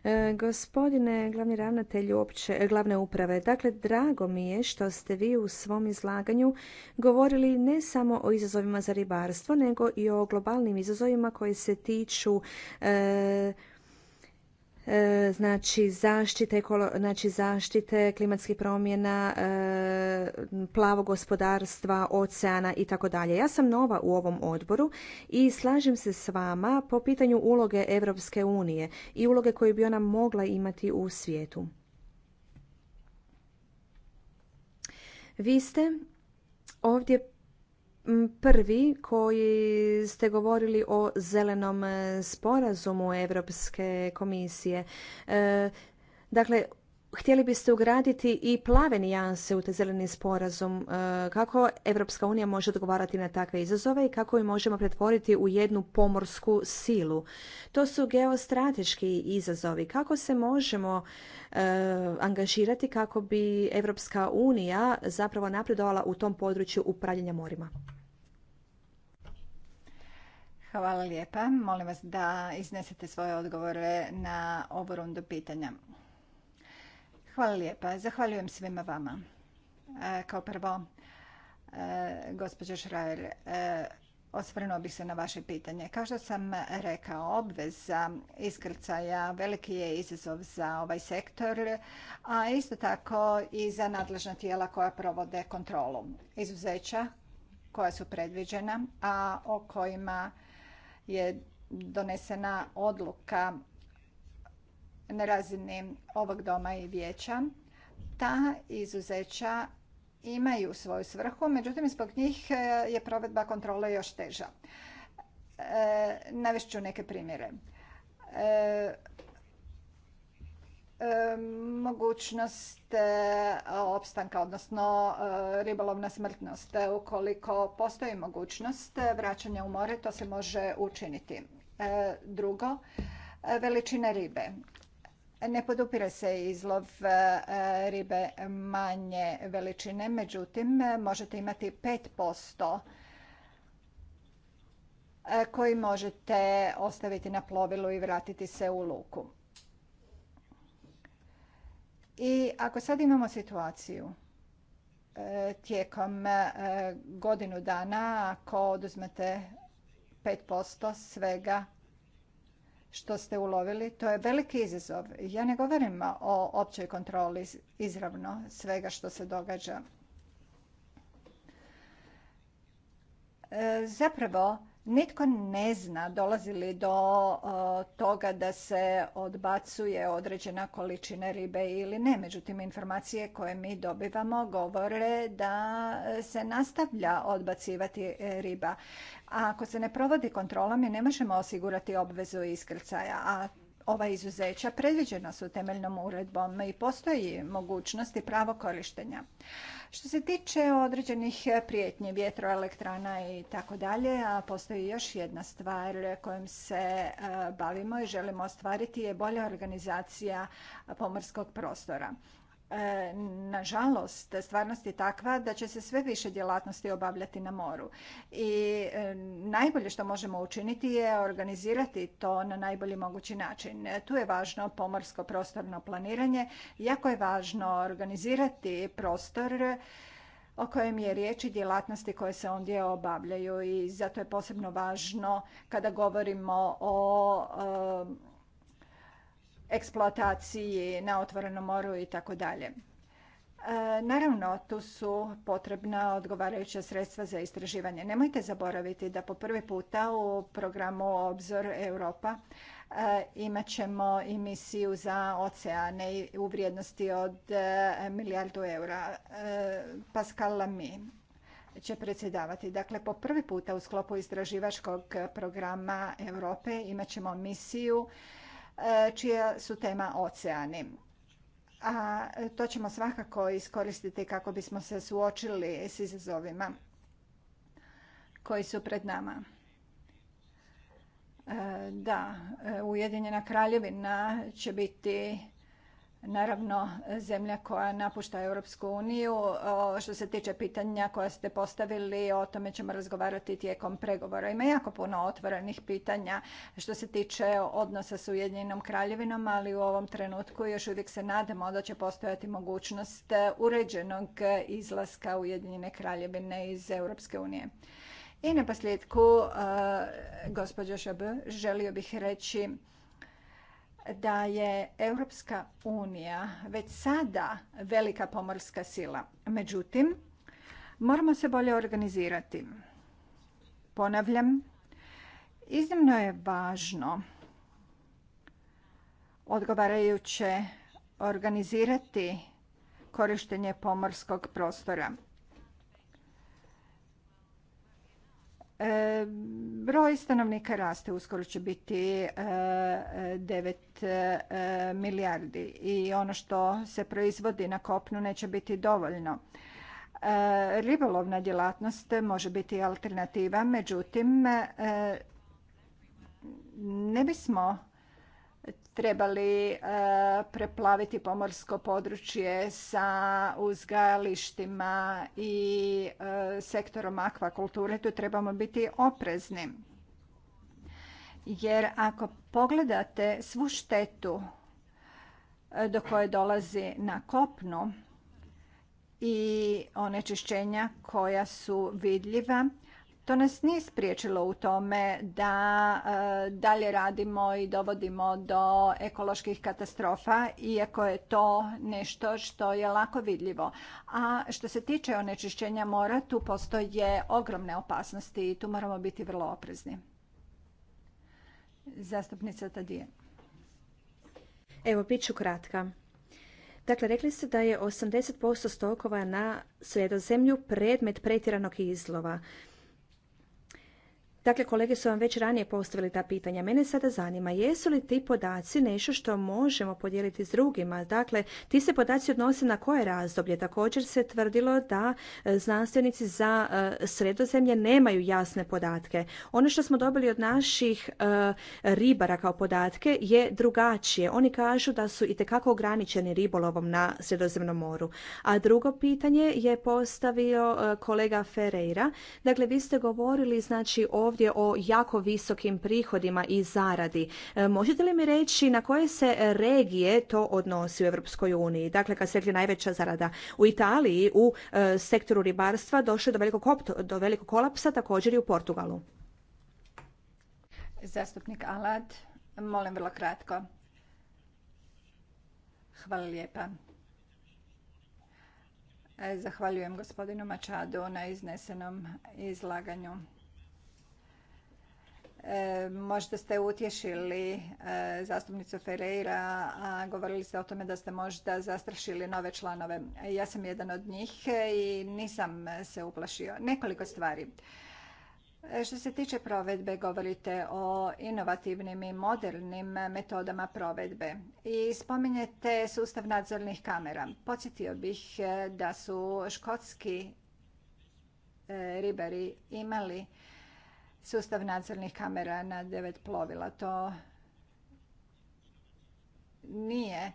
E, gospodine glavni ravnatelj opće, e, glavne uprave, dakle drago mi je što ste vi u svom izlaganju govorili ne samo o izazovima za ribarstvo, nego i o globalnim izazovima koji se tiču e, E, znači zaštite, znači zaštite klimatskih promjena, e, plavog gospodarstva, oceana i tako dalje. Ja sam nova u ovom odboru i slažem se s vama po pitanju uloge Europske unije i uloge koju bi ona mogla imati u svijetu. Vi ste ovdje prvi koji ste govorili o zelenom e, sporazumu Europske komisije. E, dakle, htjeli biste ugraditi i plave nijanse u te zeleni sporazum. E, kako Europska unija može odgovarati na takve izazove i kako ju možemo pretvoriti u jednu pomorsku silu? To su geostrateški izazovi. Kako se možemo angažirati kako bi Europska unija zapravo napredovala u tom području upravljanja morima? Hvala lijepa. Molim vas da iznesete svoje odgovore na ovu rundu pitanja. Hvala lijepa. Zahvaljujem svima vama. E, kao prvo, e, gospođo Šrajer, e, osvrnuo bih se na vaše pitanje. Kao što sam rekao, obveza iskrcaja veliki je izazov za ovaj sektor, a isto tako i za nadležna tijela koja provode kontrolu. Izuzeća koja su predviđena, a o kojima je donesena odluka na razini ovog doma i vijeća. Ta izuzeća imaju svoju svrhu, međutim zbog njih e, je provedba kontrole još teža. E, navest navešću neke primjere. E, E, mogućnost e, opstanka, odnosno e, ribolovna smrtnost. Ukoliko postoji mogućnost vraćanja u more, to se može učiniti. Drugo, veličina ribe. Ne podupire se izlov ribe manje veličine, međutim možete imati 5% koji možete ostaviti na plovilu i vratiti se u luku. I ako sad imamo situaciju e, tijekom e, godinu dana, ako oduzmete 5% svega što ste ulovili, to je veliki izazov. Ja ne govorim o općoj kontroli izravno svega što se događa. E, zapravo, Nitko ne zna dolazi li do toga da se odbacuje određena količina ribe ili ne. Međutim, informacije koje mi dobivamo govore da se nastavlja odbacivati e, riba. A ako se ne provodi kontrola, mi ne možemo osigurati obvezu iskrcaja. A ova izuzeća predviđena su temeljnom uredbom i postoji mogućnost i pravo korištenja. Što se tiče određenih prijetnje vjetroelektrana i tako dalje, a postoji još jedna stvar kojom se e, bavimo i želimo ostvariti je bolja organizacija pomorskog prostora. E, nažalost, stvarnost je takva da će se sve više djelatnosti obavljati na moru. I e, najbolje što možemo učiniti je organizirati to na najbolji mogući način. Tu je važno pomorsko prostorno planiranje, jako je važno organizirati prostor o kojem je riječ djelatnosti koje se ondje obavljaju i zato je posebno važno kada govorimo o e, eksploataciji na otvorenom moru i tako dalje. E, naravno, tu su potrebna odgovarajuća sredstva za istraživanje. Nemojte zaboraviti da po prvi puta u programu Obzor Europa e, imat ćemo i misiju za oceane u vrijednosti od e, milijardu eura. Pascal Lamy će predsjedavati. Dakle, po prvi puta u sklopu istraživačkog programa Europe imat ćemo misiju E, čija su tema oceani a e, to ćemo svakako iskoristiti kako bismo se suočili s izazovima koji su pred nama. E, da, Ujedinjena kraljevina će biti naravno zemlja koja napušta Europsku uniju. Što se tiče pitanja koja ste postavili, o tome ćemo razgovarati tijekom pregovora. Ima jako puno otvorenih pitanja što se tiče odnosa s Ujedinjenom kraljevinom, ali u ovom trenutku još uvijek se nadamo da će postojati mogućnost e, uređenog izlaska Ujedinjene kraljevine iz Europske unije. I na posljedku, e, gospođo Šab, želio bih reći da je Europska unija već sada velika pomorska sila. Međutim, moramo se bolje organizirati. Ponavljam, iznimno je važno odgovarajuće organizirati korištenje pomorskog prostora. E, broj stanovnika raste, uskoro će biti 9 e, e, milijardi i ono što se proizvodi na kopnu neće biti dovoljno. Ribolovna djelatnost može biti alternativa, međutim ne bismo trebali e, preplaviti pomorsko područje sa uzgajalištima i e, sektorom akvakulture, tu trebamo biti oprezni. Jer ako pogledate svu štetu e, do koje dolazi na kopnu i onečišćenja koja su vidljiva, to nas nije spriječilo u tome da e, dalje radimo i dovodimo do ekoloških katastrofa, iako je to nešto što je lako vidljivo. A što se tiče onečišćenja mora, tu postoje ogromne opasnosti i tu moramo biti vrlo oprezni. Zastupnica Tadije. Evo, bit ću kratka. Dakle, rekli ste da je 80% stokova na sredozemlju predmet pretjeranog izlova. Dakle, kolege su vam već ranije postavili ta pitanja. Mene sada zanima, jesu li ti podaci nešto što možemo podijeliti s drugima? Dakle, ti se podaci odnose na koje razdoblje? Također se tvrdilo da e, znanstvenici za e, sredozemlje nemaju jasne podatke. Ono što smo dobili od naših e, ribara kao podatke je drugačije. Oni kažu da su itekako ograničeni ribolovom na sredozemnom moru. A drugo pitanje je postavio kolega Ferreira. Dakle, vi ste govorili znači o ovdje o jako visokim prihodima i zaradi. E, možete li mi reći na koje se regije to odnosi u Europskoj uniji? Dakle, kad se rekli najveća zarada u Italiji u e, sektoru ribarstva došlo do do velikog kolapsa, također i u Portugalu. Zastupnik Alad, molim vrlo kratko. Hvala lijepa. E, zahvaljujem gospodinu Mačadu na iznesenom izlaganju. Možda ste utješili e, zastupnicu Ferreira, a govorili ste o tome da ste možda zastrašili nove članove. Ja sam jedan od njih i nisam se uplašio. Nekoliko stvari. E, što se tiče provedbe, govorite o inovativnim i modernim metodama provedbe i spominjete sustav nadzornih kamera. Podsjetio bih e, da su škotski ribari imali sustav nadzornih kamera na devet plovila. To nije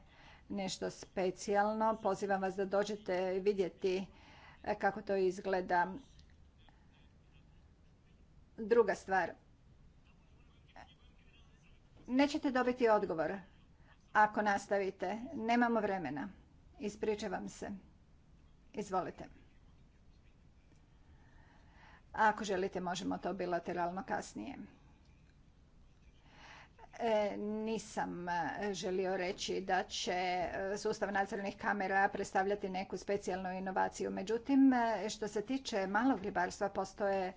nešto specijalno. Pozivam vas da dođete vidjeti e, kako to izgleda. Druga stvar. Nećete dobiti odgovor ako nastavite. Nemamo vremena. Ispričavam se. Izvolite ako želite možemo to bilateralno kasnije. E, nisam e, želio reći da će e, sustav nadzornih kamera predstavljati neku specijalnu inovaciju. Međutim, što se tiče malog ribarstva, postoje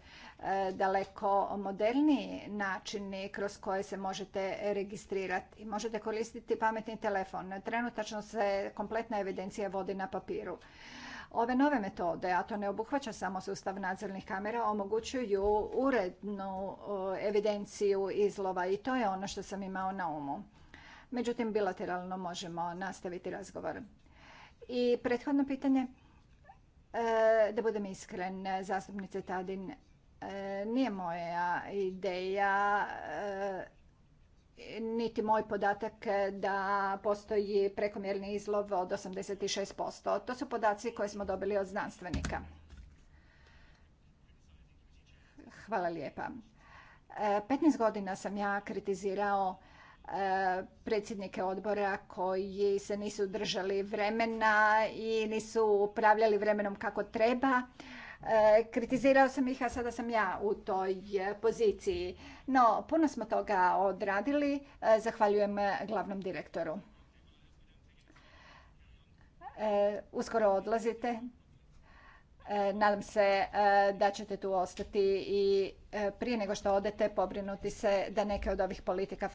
daleko moderniji načini kroz koje se možete registrirati. Možete koristiti pametni telefon. Trenutačno se kompletna evidencija vodi na papiru. Ove nove metode, a to ne obuhvaća samo sustav nadzornih kamera, omogućuju urednu evidenciju izlova i to je ono što sam imao na umu. Međutim, bilateralno možemo nastaviti razgovor. I prethodno pitanje, e, da budem iskren, zastupnice Tadin, e, nije moja ideja e, niti moj podatak da postoji prekomjerni izlov od 86%. To su podaci koje smo dobili od znanstvenika. Hvala lijepa. 15 godina sam ja kritizirao e, predsjednike odbora koji se nisu držali vremena i nisu upravljali vremenom kako treba. E, kritizirao sam ih, a sada sam ja u toj e, poziciji. No, puno smo toga odradili. E, zahvaljujem glavnom direktoru. Uskoro odlazite. Nadam se da ćete tu ostati i prije nego što odete pobrinuti se da neke od ovih politika